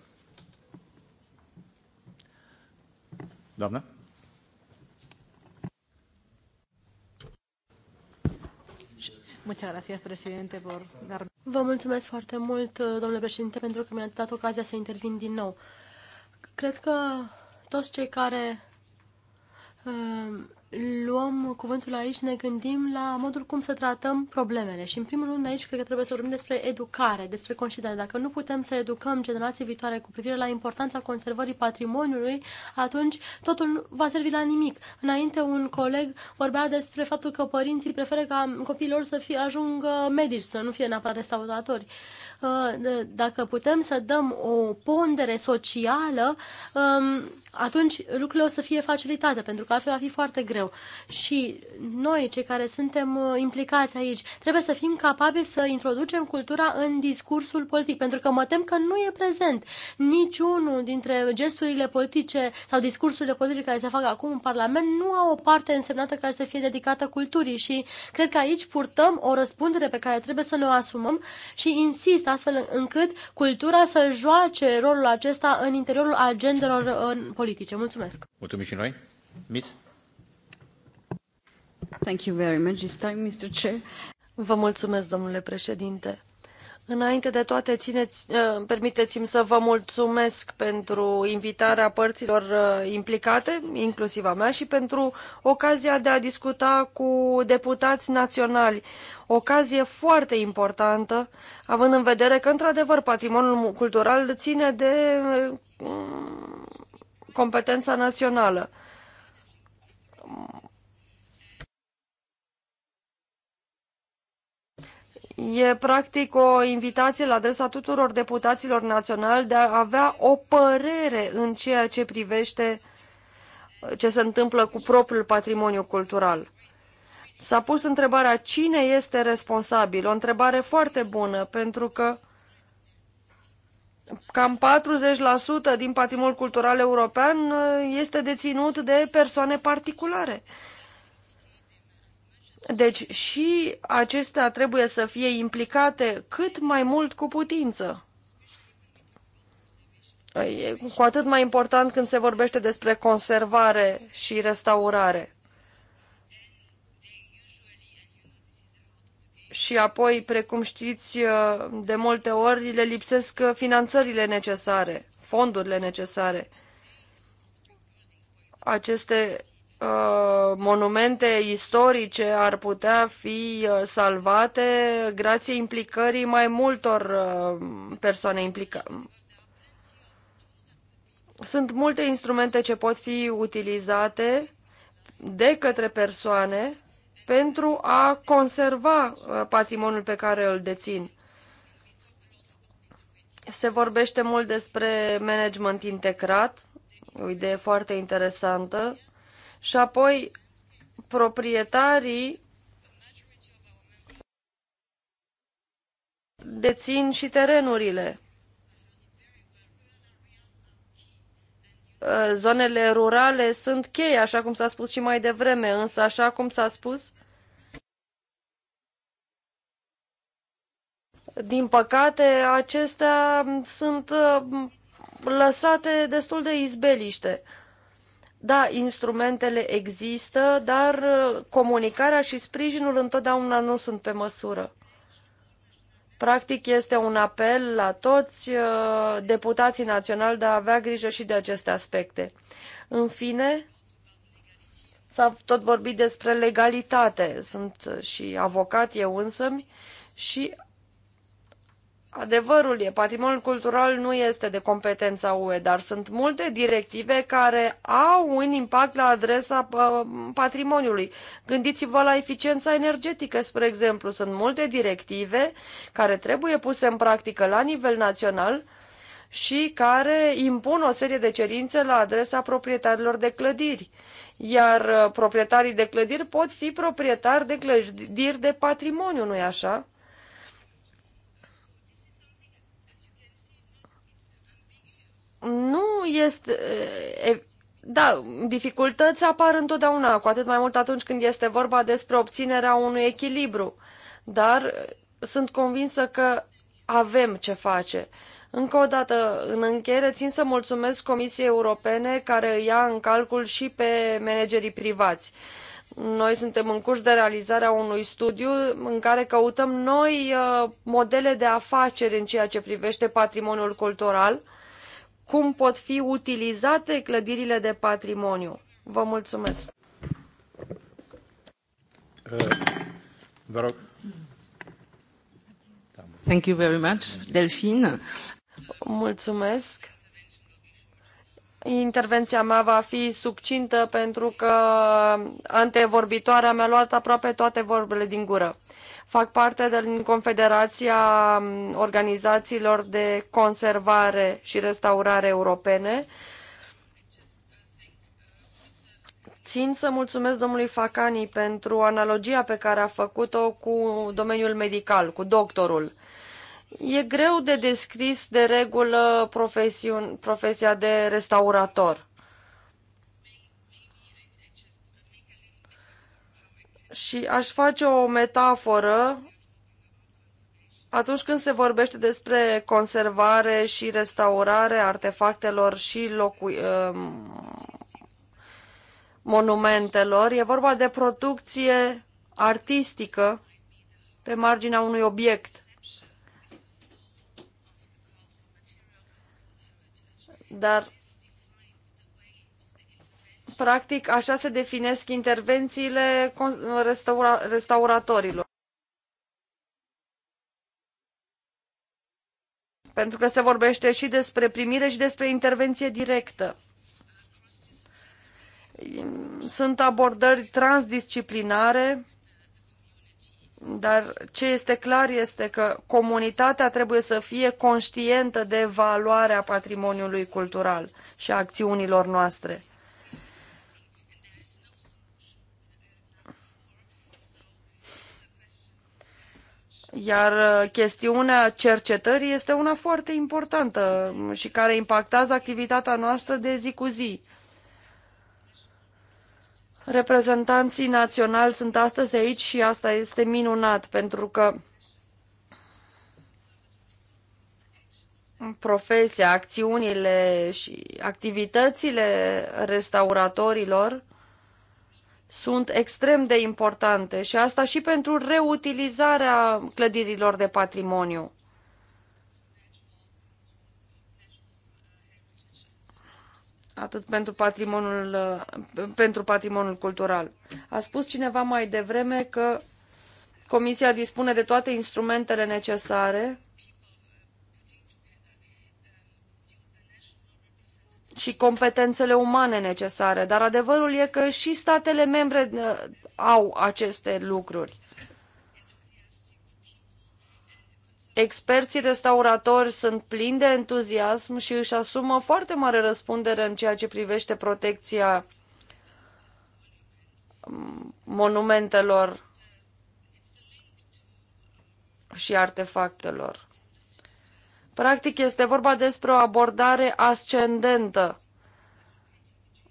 Doamna? Vă mulțumesc foarte mult, domnule președinte, pentru că mi-a dat ocazia să intervin din nou. Cred că toți cei care uh, luăm cuvântul aici, ne gândim la modul cum să tratăm problemele. Și, în primul rând, aici cred că trebuie să vorbim despre educare, despre conștientizare. Dacă nu putem să educăm generații viitoare cu privire la importanța conservării patrimoniului, atunci totul nu va servi la nimic. Înainte, un coleg vorbea despre faptul că părinții preferă ca copiilor să fie, ajungă medici, să nu fie neapărat restauratori. Uh, dacă putem să dăm o pondere socială, um, atunci lucrurile o să fie facilitate, pentru că altfel va fi foarte greu. Și noi, cei care suntem uh, implicați aici, trebuie să fim capabili să introducem cultura în discursul politic, pentru că mă tem că nu e prezent niciunul dintre gesturile politice sau discursurile politice care se fac acum în Parlament, nu au o parte însemnată care să fie dedicată culturii și cred că aici purtăm o răspundere pe care trebuie să ne o asumăm și insist astfel încât cultura să joace rolul acesta în interiorul agendelor politice politice. Mulțumesc! Mulțumim și noi! Miss? Thank you very much. This time, Mr. Chair. Vă mulțumesc, domnule președinte. Înainte de toate, țineți, uh, permiteți-mi să vă mulțumesc pentru invitarea părților uh, implicate, inclusiv a mea, și pentru ocazia de a discuta cu deputați naționali. Ocazie foarte importantă, având în vedere că, într-adevăr, patrimoniul cultural ține de uh, competența națională. E practic o invitație la adresa tuturor deputaților naționali de a avea o părere în ceea ce privește ce se întâmplă cu propriul patrimoniu cultural. S-a pus întrebarea cine este responsabil, o întrebare foarte bună, pentru că cam 40% din patrimoniul cultural european uh, este deținut de persoane particulare. Deci și acestea trebuie să fie implicate cât mai mult cu putință. E cu atât mai important când se vorbește despre conservare și restaurare. și apoi, precum știți, uh, de multe ori le lipsesc uh, finanțările necesare, fondurile necesare. Aceste uh, monumente istorice ar putea fi uh, salvate grație implicării mai multor persoane implicate. Sunt multe instrumente ce pot fi utilizate de către persoane pentru a conserva uh, patrimoniul pe care îl dețin. Se vorbește mult despre management integrat, o idee foarte interesantă, și apoi proprietarii dețin și terenurile. Uh, zonele rurale sunt cheie, așa cum s-a spus și mai devreme, însă așa cum s-a spus, Din păcate, acestea sunt uh, lăsate destul de izbeliște. Da, instrumentele există, dar uh, comunicarea și sprijinul întotdeauna nu sunt pe măsură. Practic este un apel la toți uh, deputații naționali de a avea grijă și de aceste aspecte. În fine, s-a tot vorbit despre legalitate. Sunt și avocat eu însămi și Adevărul e, patrimoniul cultural nu este de competența UE, dar sunt multe directive care au un impact la adresa patrimoniului. Gândiți-vă la eficiența energetică, spre exemplu. Sunt multe directive care trebuie puse în practică la nivel național și care impun o serie de cerințe la adresa proprietarilor de clădiri. Iar uh, proprietarii de clădiri pot fi proprietari de clădiri de patrimoniu, nu-i așa? nu este... Da, dificultăți apar întotdeauna, cu atât mai mult atunci când este vorba despre obținerea unui echilibru. Dar sunt convinsă că avem ce face. Încă o dată, în încheiere, țin să mulțumesc Comisiei Europene care ia în calcul și pe managerii privați. Noi suntem în curs de realizarea unui studiu în care căutăm noi modele de afaceri în ceea ce privește patrimoniul cultural cum pot fi utilizate clădirile de patrimoniu. Vă mulțumesc! Uh, vă rog. Thank you very much, Delphine. Mulțumesc. Intervenția mea va fi succintă pentru că antevorbitoarea mi-a luat aproape toate vorbele din gură fac parte din Confederația Organizațiilor de Conservare și Restaurare Europene. Țin să mulțumesc domnului Facani pentru analogia pe care a făcut-o cu domeniul medical, cu doctorul. E greu de descris de regulă profesia de restaurator. Și aș face o metaforă atunci când se vorbește despre conservare și restaurare artefactelor și locui, um, monumentelor, e vorba de producție artistică pe marginea unui obiect. Dar Practic, așa se definesc intervențiile restaura restauratorilor. Pentru că se vorbește și despre primire și despre intervenție directă. Sunt abordări transdisciplinare, dar ce este clar este că comunitatea trebuie să fie conștientă de valoarea patrimoniului cultural și a acțiunilor noastre. Iar uh, chestiunea cercetării este una foarte importantă și care impactează activitatea noastră de zi cu zi. Reprezentanții naționali sunt astăzi aici și asta este minunat, pentru că profesia, acțiunile și activitățile restauratorilor sunt extrem de importante și asta și pentru reutilizarea clădirilor de patrimoniu. atât pentru patrimoniul, pentru patrimoniul cultural. A spus cineva mai devreme că Comisia dispune de toate instrumentele necesare și competențele umane necesare, dar adevărul e că și statele membre uh, au aceste lucruri. Experții restauratori sunt plini de entuziasm și își asumă foarte mare răspundere în ceea ce privește protecția mm, monumentelor și artefactelor. Practic este vorba despre o abordare ascendentă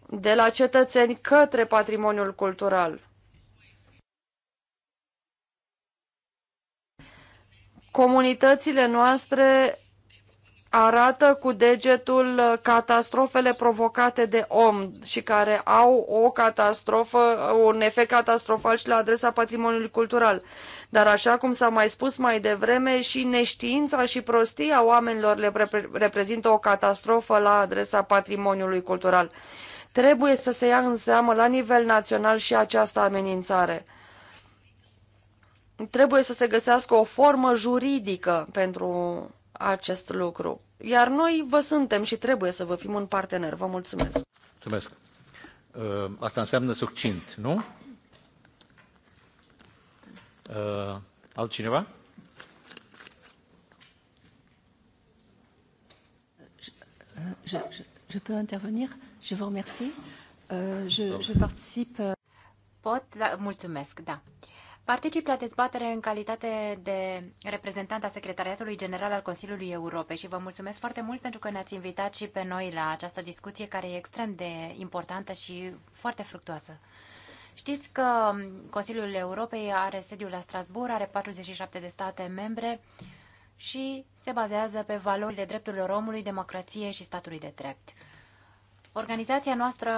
de la cetățeni către patrimoniul cultural. Comunitățile noastre arată cu degetul uh, catastrofele provocate de om și care au o catastrofă, uh, un efect catastrofal și la adresa patrimoniului cultural. Dar așa cum s-a mai spus mai devreme, și neștiința și prostia oamenilor le reprezintă o catastrofă la adresa patrimoniului cultural. Trebuie să se ia în seamă la nivel național și această amenințare trebuie să se găsească o formă juridică pentru acest lucru. Iar noi vă suntem și trebuie să vă fim un partener. Vă mulțumesc. Mulțumesc. Uh, asta înseamnă succint, nu? Uh, altcineva? Je, je, je peux intervenir? Je vous remercie. Euh, je, je participe. Euh, Pot? La, da, mulțumesc, da. Uh, Particip la dezbatere în calitate de reprezentant a Secretariatului General al Consiliului Europei și vă mulțumesc foarte mult pentru că ne-ați invitat și pe noi la această discuție care e extrem de importantă și foarte fructuoasă. Știți că Consiliul Europei are sediul la Strasbourg, are 47 de state membre și se bazează pe valorile drepturilor omului, democrației și statului de drept. Organizația noastră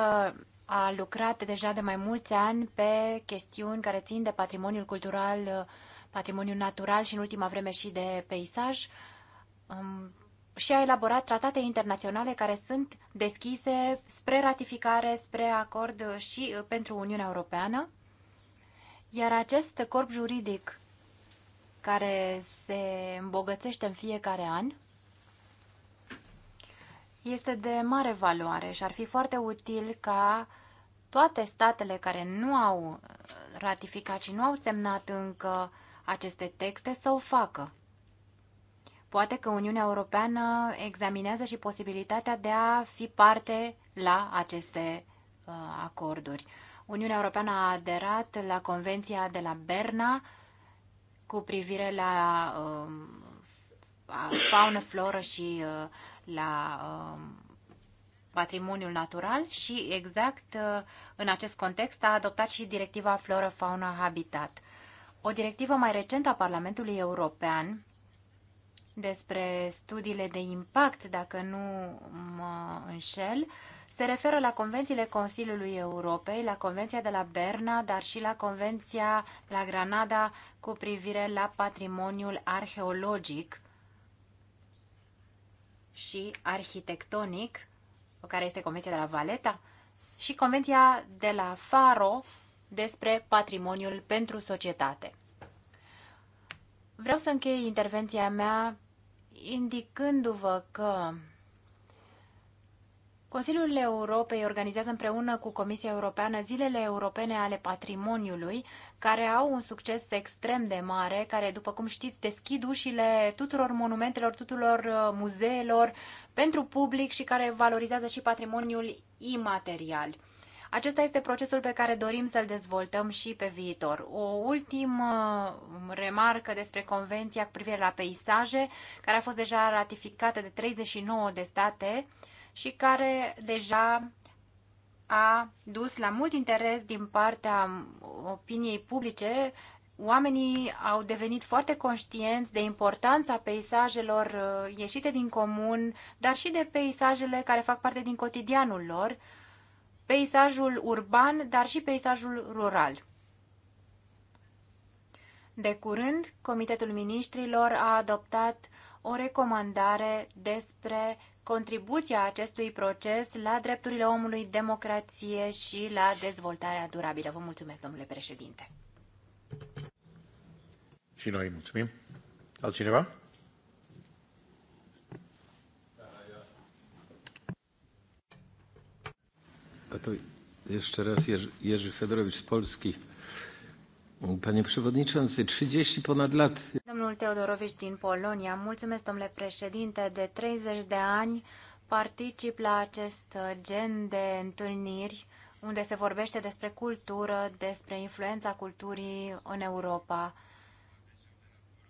a lucrat deja de mai mulți ani pe chestiuni care țin de patrimoniul cultural, patrimoniul natural și în ultima vreme și de peisaj um, și a elaborat tratate internaționale care sunt deschise spre ratificare, spre acord și uh, pentru Uniunea Europeană. Iar acest corp juridic care se îmbogățește în fiecare an este de mare valoare și ar fi foarte util ca toate statele care nu au ratificat și nu au semnat încă aceste texte să o facă. Poate că Uniunea Europeană examinează și posibilitatea de a fi parte la aceste uh, acorduri. Uniunea Europeană a aderat la Convenția de la Berna cu privire la uh, faună, floră și uh, la um, patrimoniul natural și exact uh, în acest context a adoptat și directiva flora Fauna Habitat. O directivă mai recentă a Parlamentului European despre studiile de impact, dacă nu mă înșel, se referă la convențiile Consiliului Europei, la Convenția de la Berna, dar și la Convenția la Granada cu privire la patrimoniul arheologic și arhitectonic, care este Convenția de la Valeta, și Convenția de la Faro despre patrimoniul pentru societate. Vreau să închei intervenția mea indicându-vă că Consiliul Europei organizează împreună cu Comisia Europeană zilele europene ale patrimoniului, care au un succes extrem de mare, care, după cum știți, deschid ușile tuturor monumentelor, tuturor uh, muzeelor pentru public și care valorizează și patrimoniul imaterial. Acesta este procesul pe care dorim să-l dezvoltăm și pe viitor. O ultimă uh, remarcă despre Convenția cu privire la peisaje, care a fost deja ratificată de 39 de state și care deja a dus la mult interes din partea opiniei publice. Oamenii au devenit foarte conștienți de importanța peisajelor uh, ieșite din comun, dar și de peisajele care fac parte din cotidianul lor, peisajul urban, dar și peisajul rural. De curând, Comitetul Ministrilor a adoptat o recomandare despre contribuția acestui proces la drepturile omului, democrație și la dezvoltarea durabilă. Vă mulțumesc, domnule președinte. Și noi mulțumim. Altcineva? A to jeszcze raz Jerzy, Jerzy Fedorowicz z Polski. Panie przewodniczący, 30 ponad lat. Domnul Teodorovici din Polonia, mulțumesc, domnule președinte, de 30 de ani particip la acest gen de întâlniri unde se vorbește despre cultură, despre influența culturii în Europa.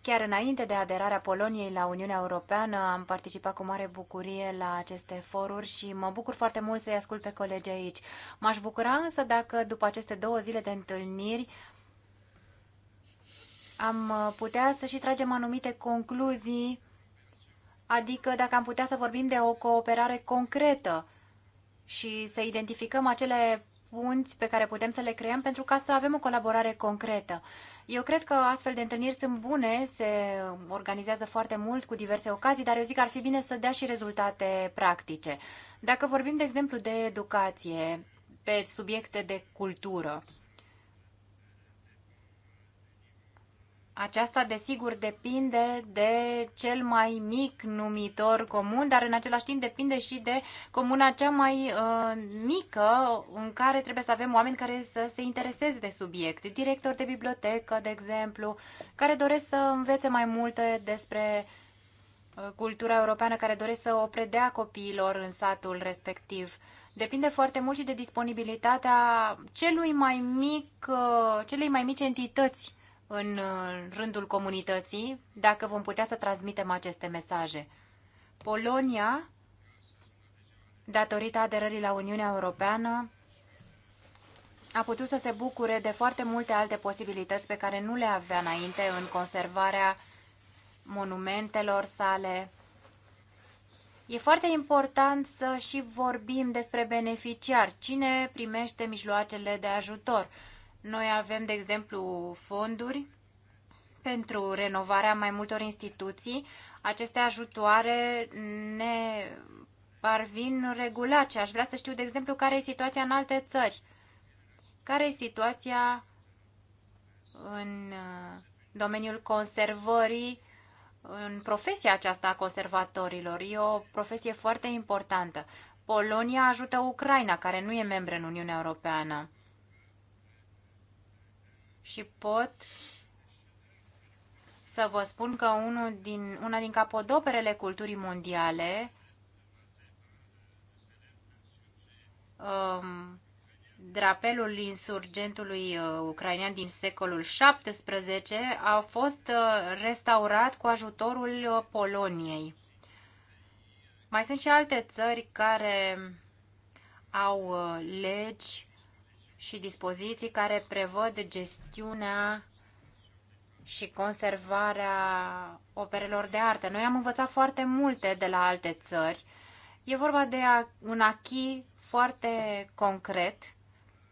Chiar înainte de aderarea Poloniei la Uniunea Europeană, am participat cu mare bucurie la aceste foruri și mă bucur foarte mult să-i ascult pe colegi aici. M-aș bucura însă dacă, după aceste două zile de întâlniri, am uh, putea să și tragem anumite concluzii, adică dacă am putea să vorbim de o cooperare concretă și să identificăm acele punți pe care putem să le creăm pentru ca să avem o colaborare concretă. Eu cred că astfel de întâlniri sunt bune, se organizează foarte mult cu diverse ocazii, dar eu zic că ar fi bine să dea și rezultate practice. Dacă vorbim, de exemplu, de educație, pe subiecte de cultură, Aceasta, desigur, depinde de cel mai mic numitor comun, dar în același timp depinde și de comuna cea mai uh, mică în care trebuie să avem oameni care să se intereseze de subiect. director de bibliotecă, de exemplu, care doresc să învețe mai multe despre uh, cultura europeană, care doresc să o predea copiilor în satul respectiv depinde foarte mult și de disponibilitatea celui mai mic, uh, celei mai mici entități în uh, rândul comunității dacă vom putea să transmitem aceste mesaje. Polonia, datorită aderării la Uniunea Europeană, a putut să se bucure de foarte multe alte posibilități pe care nu le avea înainte în conservarea monumentelor sale. E foarte important să și vorbim despre beneficiari, cine primește mijloacele de ajutor noi avem, de exemplu, fonduri pentru renovarea mai multor instituții. Aceste ajutoare ne parvin regulat și aș vrea să știu, de exemplu, care e situația în alte țări. Care e situația în uh, domeniul conservării, în profesia aceasta a conservatorilor. E o profesie foarte importantă. Polonia ajută Ucraina, care nu e membră în Uniunea Europeană și pot să vă spun că unul din, una din capodoperele culturii mondiale um, drapelul insurgentului uh, ucrainean din secolul 17 a fost uh, restaurat cu ajutorul uh, Poloniei. Mai sunt și alte țări care au legi și dispoziții care prevăd gestiunea și conservarea operelor de artă. Noi am învățat foarte multe de la alte țări. E vorba de un achi foarte concret,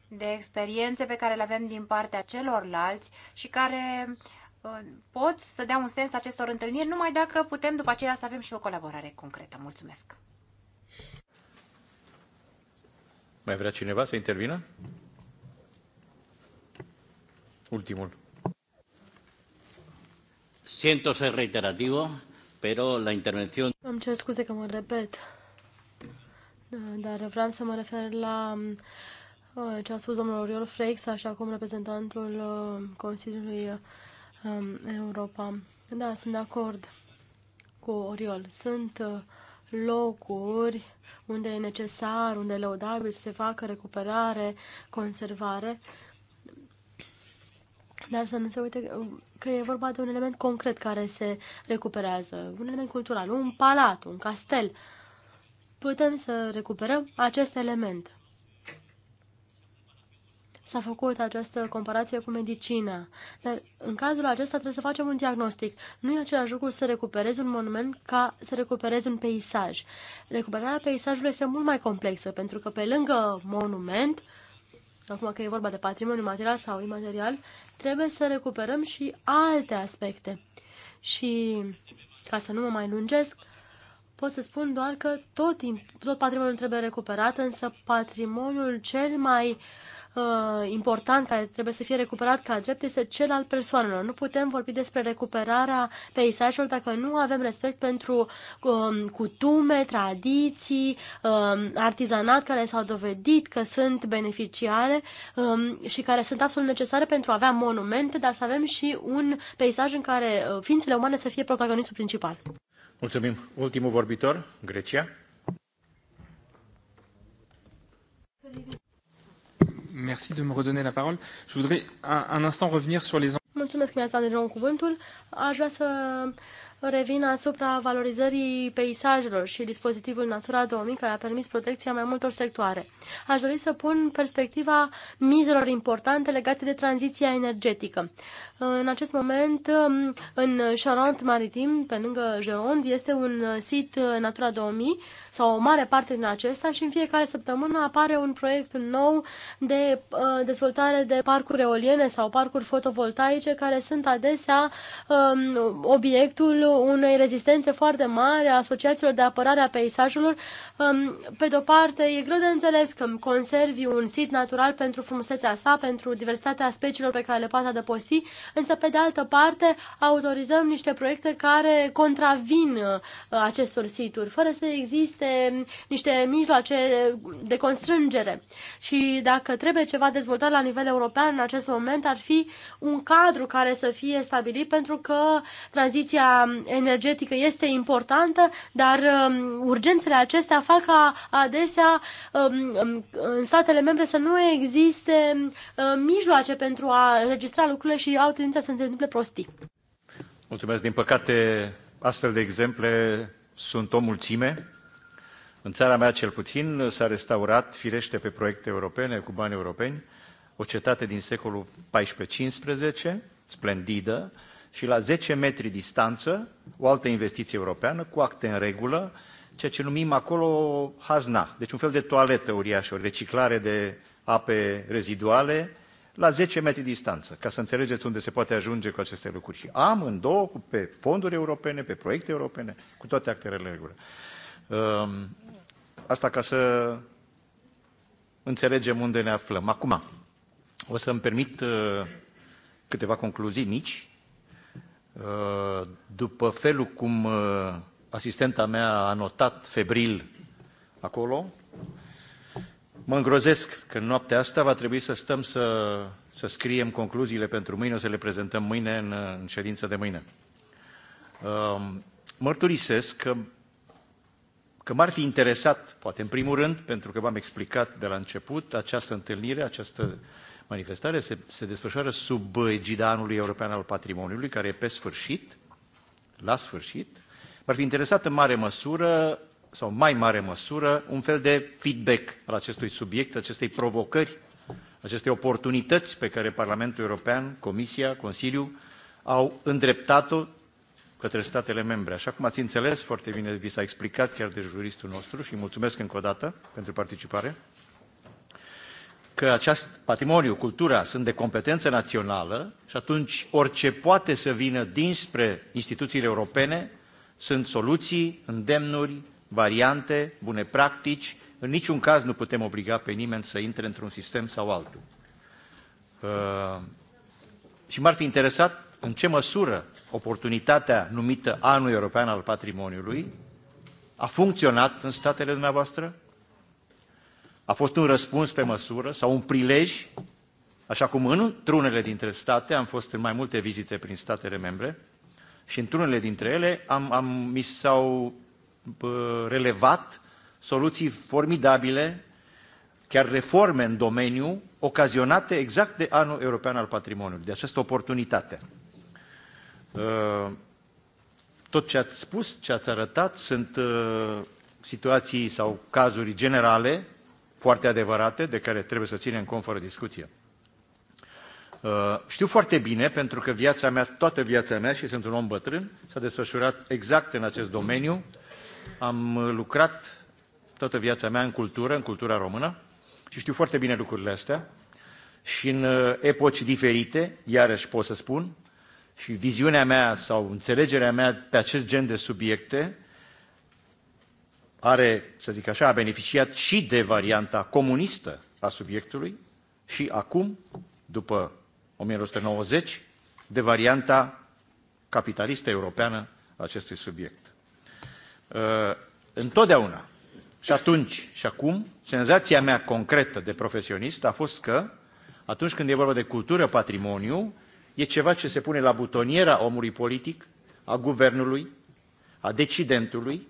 de experiențe pe care le avem din partea celorlalți și care uh, pot să dea un sens acestor întâlniri, numai dacă putem după aceea să avem și o colaborare concretă. Mulțumesc! Mai vrea cineva să intervină? ultimul. Siento ser reiterativo, pero la intervención... Îmi cer scuze că mă repet, dar vreau să mă refer la uh, ce a spus domnul Oriol Freix, așa cum reprezentantul uh, Consiliului um, Europa. Da, sunt de acord cu Oriol. Sunt uh, locuri unde e necesar, unde e lăudabil să se facă recuperare, conservare, dar să nu se uite că e vorba de un element concret care se recuperează, un element cultural, un palat, un castel. Putem să recuperăm acest element. S-a făcut această comparație cu medicina, dar în cazul acesta trebuie să facem un diagnostic. Nu e același lucru să recuperezi un monument ca să recuperezi un peisaj. Recuperarea peisajului este mult mai complexă, pentru că pe lângă monument, uh, acum că e vorba de patrimoniu material sau imaterial, trebuie să recuperăm și alte aspecte. Și, ca să nu mă mai lungesc, pot să spun doar că tot, tot patrimoniul trebuie recuperat, însă patrimoniul cel mai uh, uh, important care trebuie să fie recuperat ca drept este cel al persoanelor. Nu putem vorbi despre recuperarea peisajelor dacă nu avem respect pentru um, cutume, tradiții, um, artizanat care s-au dovedit că sunt beneficiare um, și care sunt absolut necesare pentru a avea monumente, dar să avem și un peisaj în care uh, ființele umane să fie protagonistul principal. Mulțumim. Ultimul vorbitor, Grecia. Merci de me redonner la parole. Je voudrais un, un instant revenir sur les... Mulțumesc că mi-ați dat deja un cuvântul. Aș vrea să revin asupra valorizării peisajelor și dispozitivul Natura 2000 care a permis protecția mai multor sectoare. Aș dori să pun perspectiva mizelor importante legate de tranziția energetică. În acest moment, în Charente Maritim, pe lângă Gironde, este un sit Natura 2000 sau o mare parte din acesta și în fiecare săptămână apare un proiect nou de uh, dezvoltare de parcuri eoliene sau parcuri fotovoltaice care sunt adesea um, obiectul unei rezistențe foarte mari a asociațiilor de apărare a peisajelor. Um, pe de-o parte, e greu de înțeles că conservi un sit natural pentru frumusețea sa, pentru diversitatea speciilor pe care le poate adăposti, însă pe de altă parte autorizăm niște proiecte care contravin uh, acestor situri, fără să existe niște, niște mijloace de constrângere. Și dacă trebuie ceva dezvoltat la nivel european în acest moment, ar fi un cadru care să fie stabilit, pentru că tranziția energetică este importantă, dar um, urgențele acestea fac ca adesea um, um, în statele membre să nu existe mijloace pentru a registra lucrurile și au tendința să se întâmple prostii. Mulțumesc. Din păcate, astfel de exemple sunt o mulțime în țara mea, cel puțin, s-a restaurat, firește, pe proiecte europene, cu bani europeni, o cetate din secolul XIV-XV, splendidă, și la 10 metri distanță, o altă investiție europeană, cu acte în regulă, ceea ce numim acolo hazna, deci un fel de toaletă uriașă, o reciclare de ape reziduale, la 10 metri distanță, ca să înțelegeți unde se poate ajunge cu aceste lucruri. Și am în două, pe fonduri europene, pe proiecte europene, cu toate actele în regulă. Ehm, Asta ca să înțelegem unde ne aflăm. Acum, o să-mi permit uh, câteva concluzii mici. Uh, după felul cum uh, asistenta mea a notat febril acolo, mă îngrozesc că în noaptea asta va trebui să stăm să, să scriem concluziile pentru mâine, o să le prezentăm mâine în, în ședință de mâine. Mărturisesc că că m-ar fi interesat, poate în primul rând, pentru că v-am explicat de la început, această întâlnire, această manifestare se, se desfășoară sub egida anului european al patrimoniului, care e pe sfârșit, la sfârșit. M-ar fi interesat în mare măsură, sau mai mare măsură, un fel de feedback al acestui subiect, acestei provocări, acestei oportunități pe care Parlamentul European, Comisia, Consiliu au îndreptat-o către statele membre. Așa cum ați înțeles foarte bine, vi s-a explicat chiar de juristul nostru și mulțumesc încă o dată pentru participare, că acest patrimoniu, cultura, sunt de competență națională și atunci orice poate să vină dinspre instituțiile europene sunt soluții, îndemnuri, variante, bune practici. În niciun caz nu putem obliga pe nimeni să intre într-un sistem sau altul. Uh, și m-ar fi interesat în ce măsură oportunitatea numită Anul European al Patrimoniului a funcționat în statele dumneavoastră? A fost un răspuns pe măsură sau un prilej, așa cum într-unele dintre state, am fost în mai multe vizite prin statele membre, și într-unele dintre ele am, am, mi s-au relevat soluții formidabile, chiar reforme în domeniu, ocazionate exact de anul european al patrimoniului, de această oportunitate. Uh, tot ce ați spus, ce ați arătat, sunt uh, situații sau cazuri generale, foarte adevărate, de care trebuie să ținem cont fără discuție. Uh, știu foarte bine, pentru că viața mea, toată viața mea, și sunt un om bătrân, s-a desfășurat exact în acest domeniu. Am lucrat toată viața mea în cultură, în cultura română și știu foarte bine lucrurile astea. Și în epoci diferite, iarăși pot să spun, și viziunea mea sau înțelegerea mea pe acest gen de subiecte are, să zic așa, a beneficiat și de varianta comunistă a subiectului și acum, după 1990, de varianta capitalistă europeană a acestui subiect. Uh, întotdeauna, și atunci și acum, senzația mea concretă de profesionist a fost că, atunci când e vorba de cultură, patrimoniu, e ceva ce se pune la butoniera omului politic, a guvernului, a decidentului,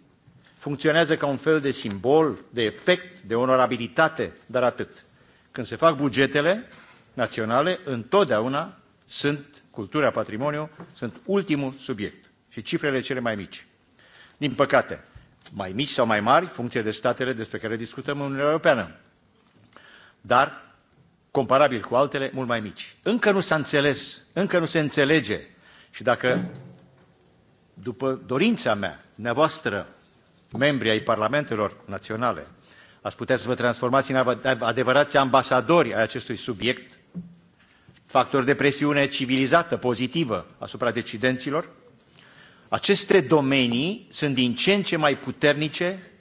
funcționează ca un fel de simbol, de efect, de onorabilitate, dar atât. Când se fac bugetele naționale, întotdeauna sunt, cultura, patrimoniu, sunt ultimul subiect și cifrele cele mai mici. Din păcate, mai mici sau mai mari, funcție de statele despre care discutăm în Uniunea Europeană. Dar comparabil cu altele, mult mai mici. Încă nu s-a înțeles, încă nu se înțelege. Și dacă, după dorința mea, dumneavoastră, membrii ai Parlamentelor Naționale, ați putea să vă transformați în adevărați ambasadori ai acestui subiect, factor de presiune civilizată, pozitivă asupra decidenților, aceste domenii sunt din ce în ce mai puternice,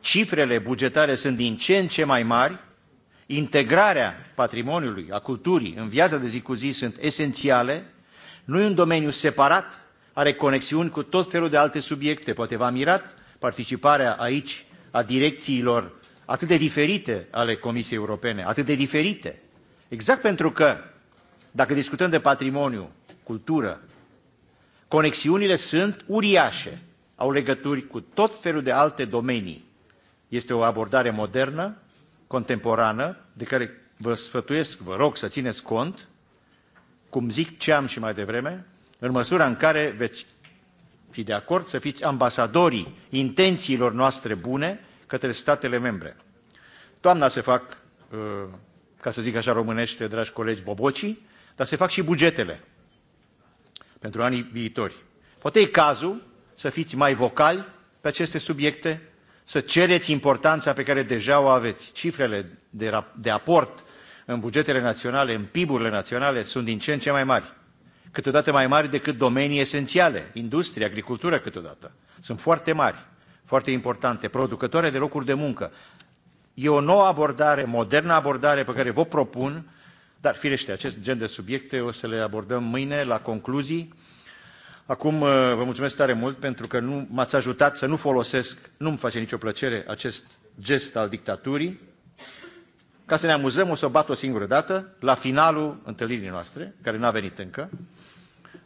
cifrele bugetare sunt din ce în ce mai mari, integrarea patrimoniului, a culturii în viața de zi cu zi sunt esențiale, nu e un domeniu separat, are conexiuni cu tot felul de alte subiecte. Poate v-a mirat participarea aici a direcțiilor atât de diferite ale Comisiei Europene, atât de diferite. Exact pentru că, dacă discutăm de patrimoniu, cultură, conexiunile sunt uriașe, au legături cu tot felul de alte domenii. Este o abordare modernă, contemporană, de care vă sfătuiesc, vă rog să țineți cont, cum zic ce am și mai devreme, în măsura în care veți fi de acord să fiți ambasadorii intențiilor noastre bune către statele membre. Toamna se fac, uh, ca să zic așa românește, dragi colegi, bobocii, dar se fac și bugetele pentru anii viitori. Poate e cazul să fiți mai vocali pe aceste subiecte, să cereți importanța pe care deja o aveți. Cifrele de, de aport în bugetele naționale, în PIB-urile naționale, sunt din ce în ce mai mari. Câteodată mai mari decât domenii esențiale, industrie, agricultură câteodată. Sunt foarte mari, foarte importante, producătoare de locuri de muncă. E o nouă abordare, modernă abordare pe care vă propun, dar firește, acest gen de subiecte o să le abordăm mâine la concluzii Acum uh, vă mulțumesc tare mult pentru că nu m-ați ajutat să nu folosesc, nu-mi face nicio plăcere acest gest al dictaturii. Ca să ne amuzăm, o să o bat o singură dată, la finalul întâlnirii noastre, care n-a venit încă.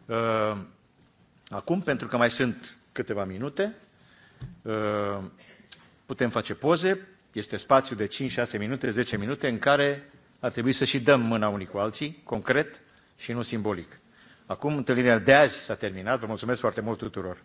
Uh, acum, pentru că mai sunt câteva minute, uh, putem face poze, este spațiu de 5-6 minute, 10 minute, în care ar trebui să și dăm mâna unii cu alții, concret și nu simbolic. Acum întâlnirea de azi s-a terminat. Vă mulțumesc foarte mult tuturor.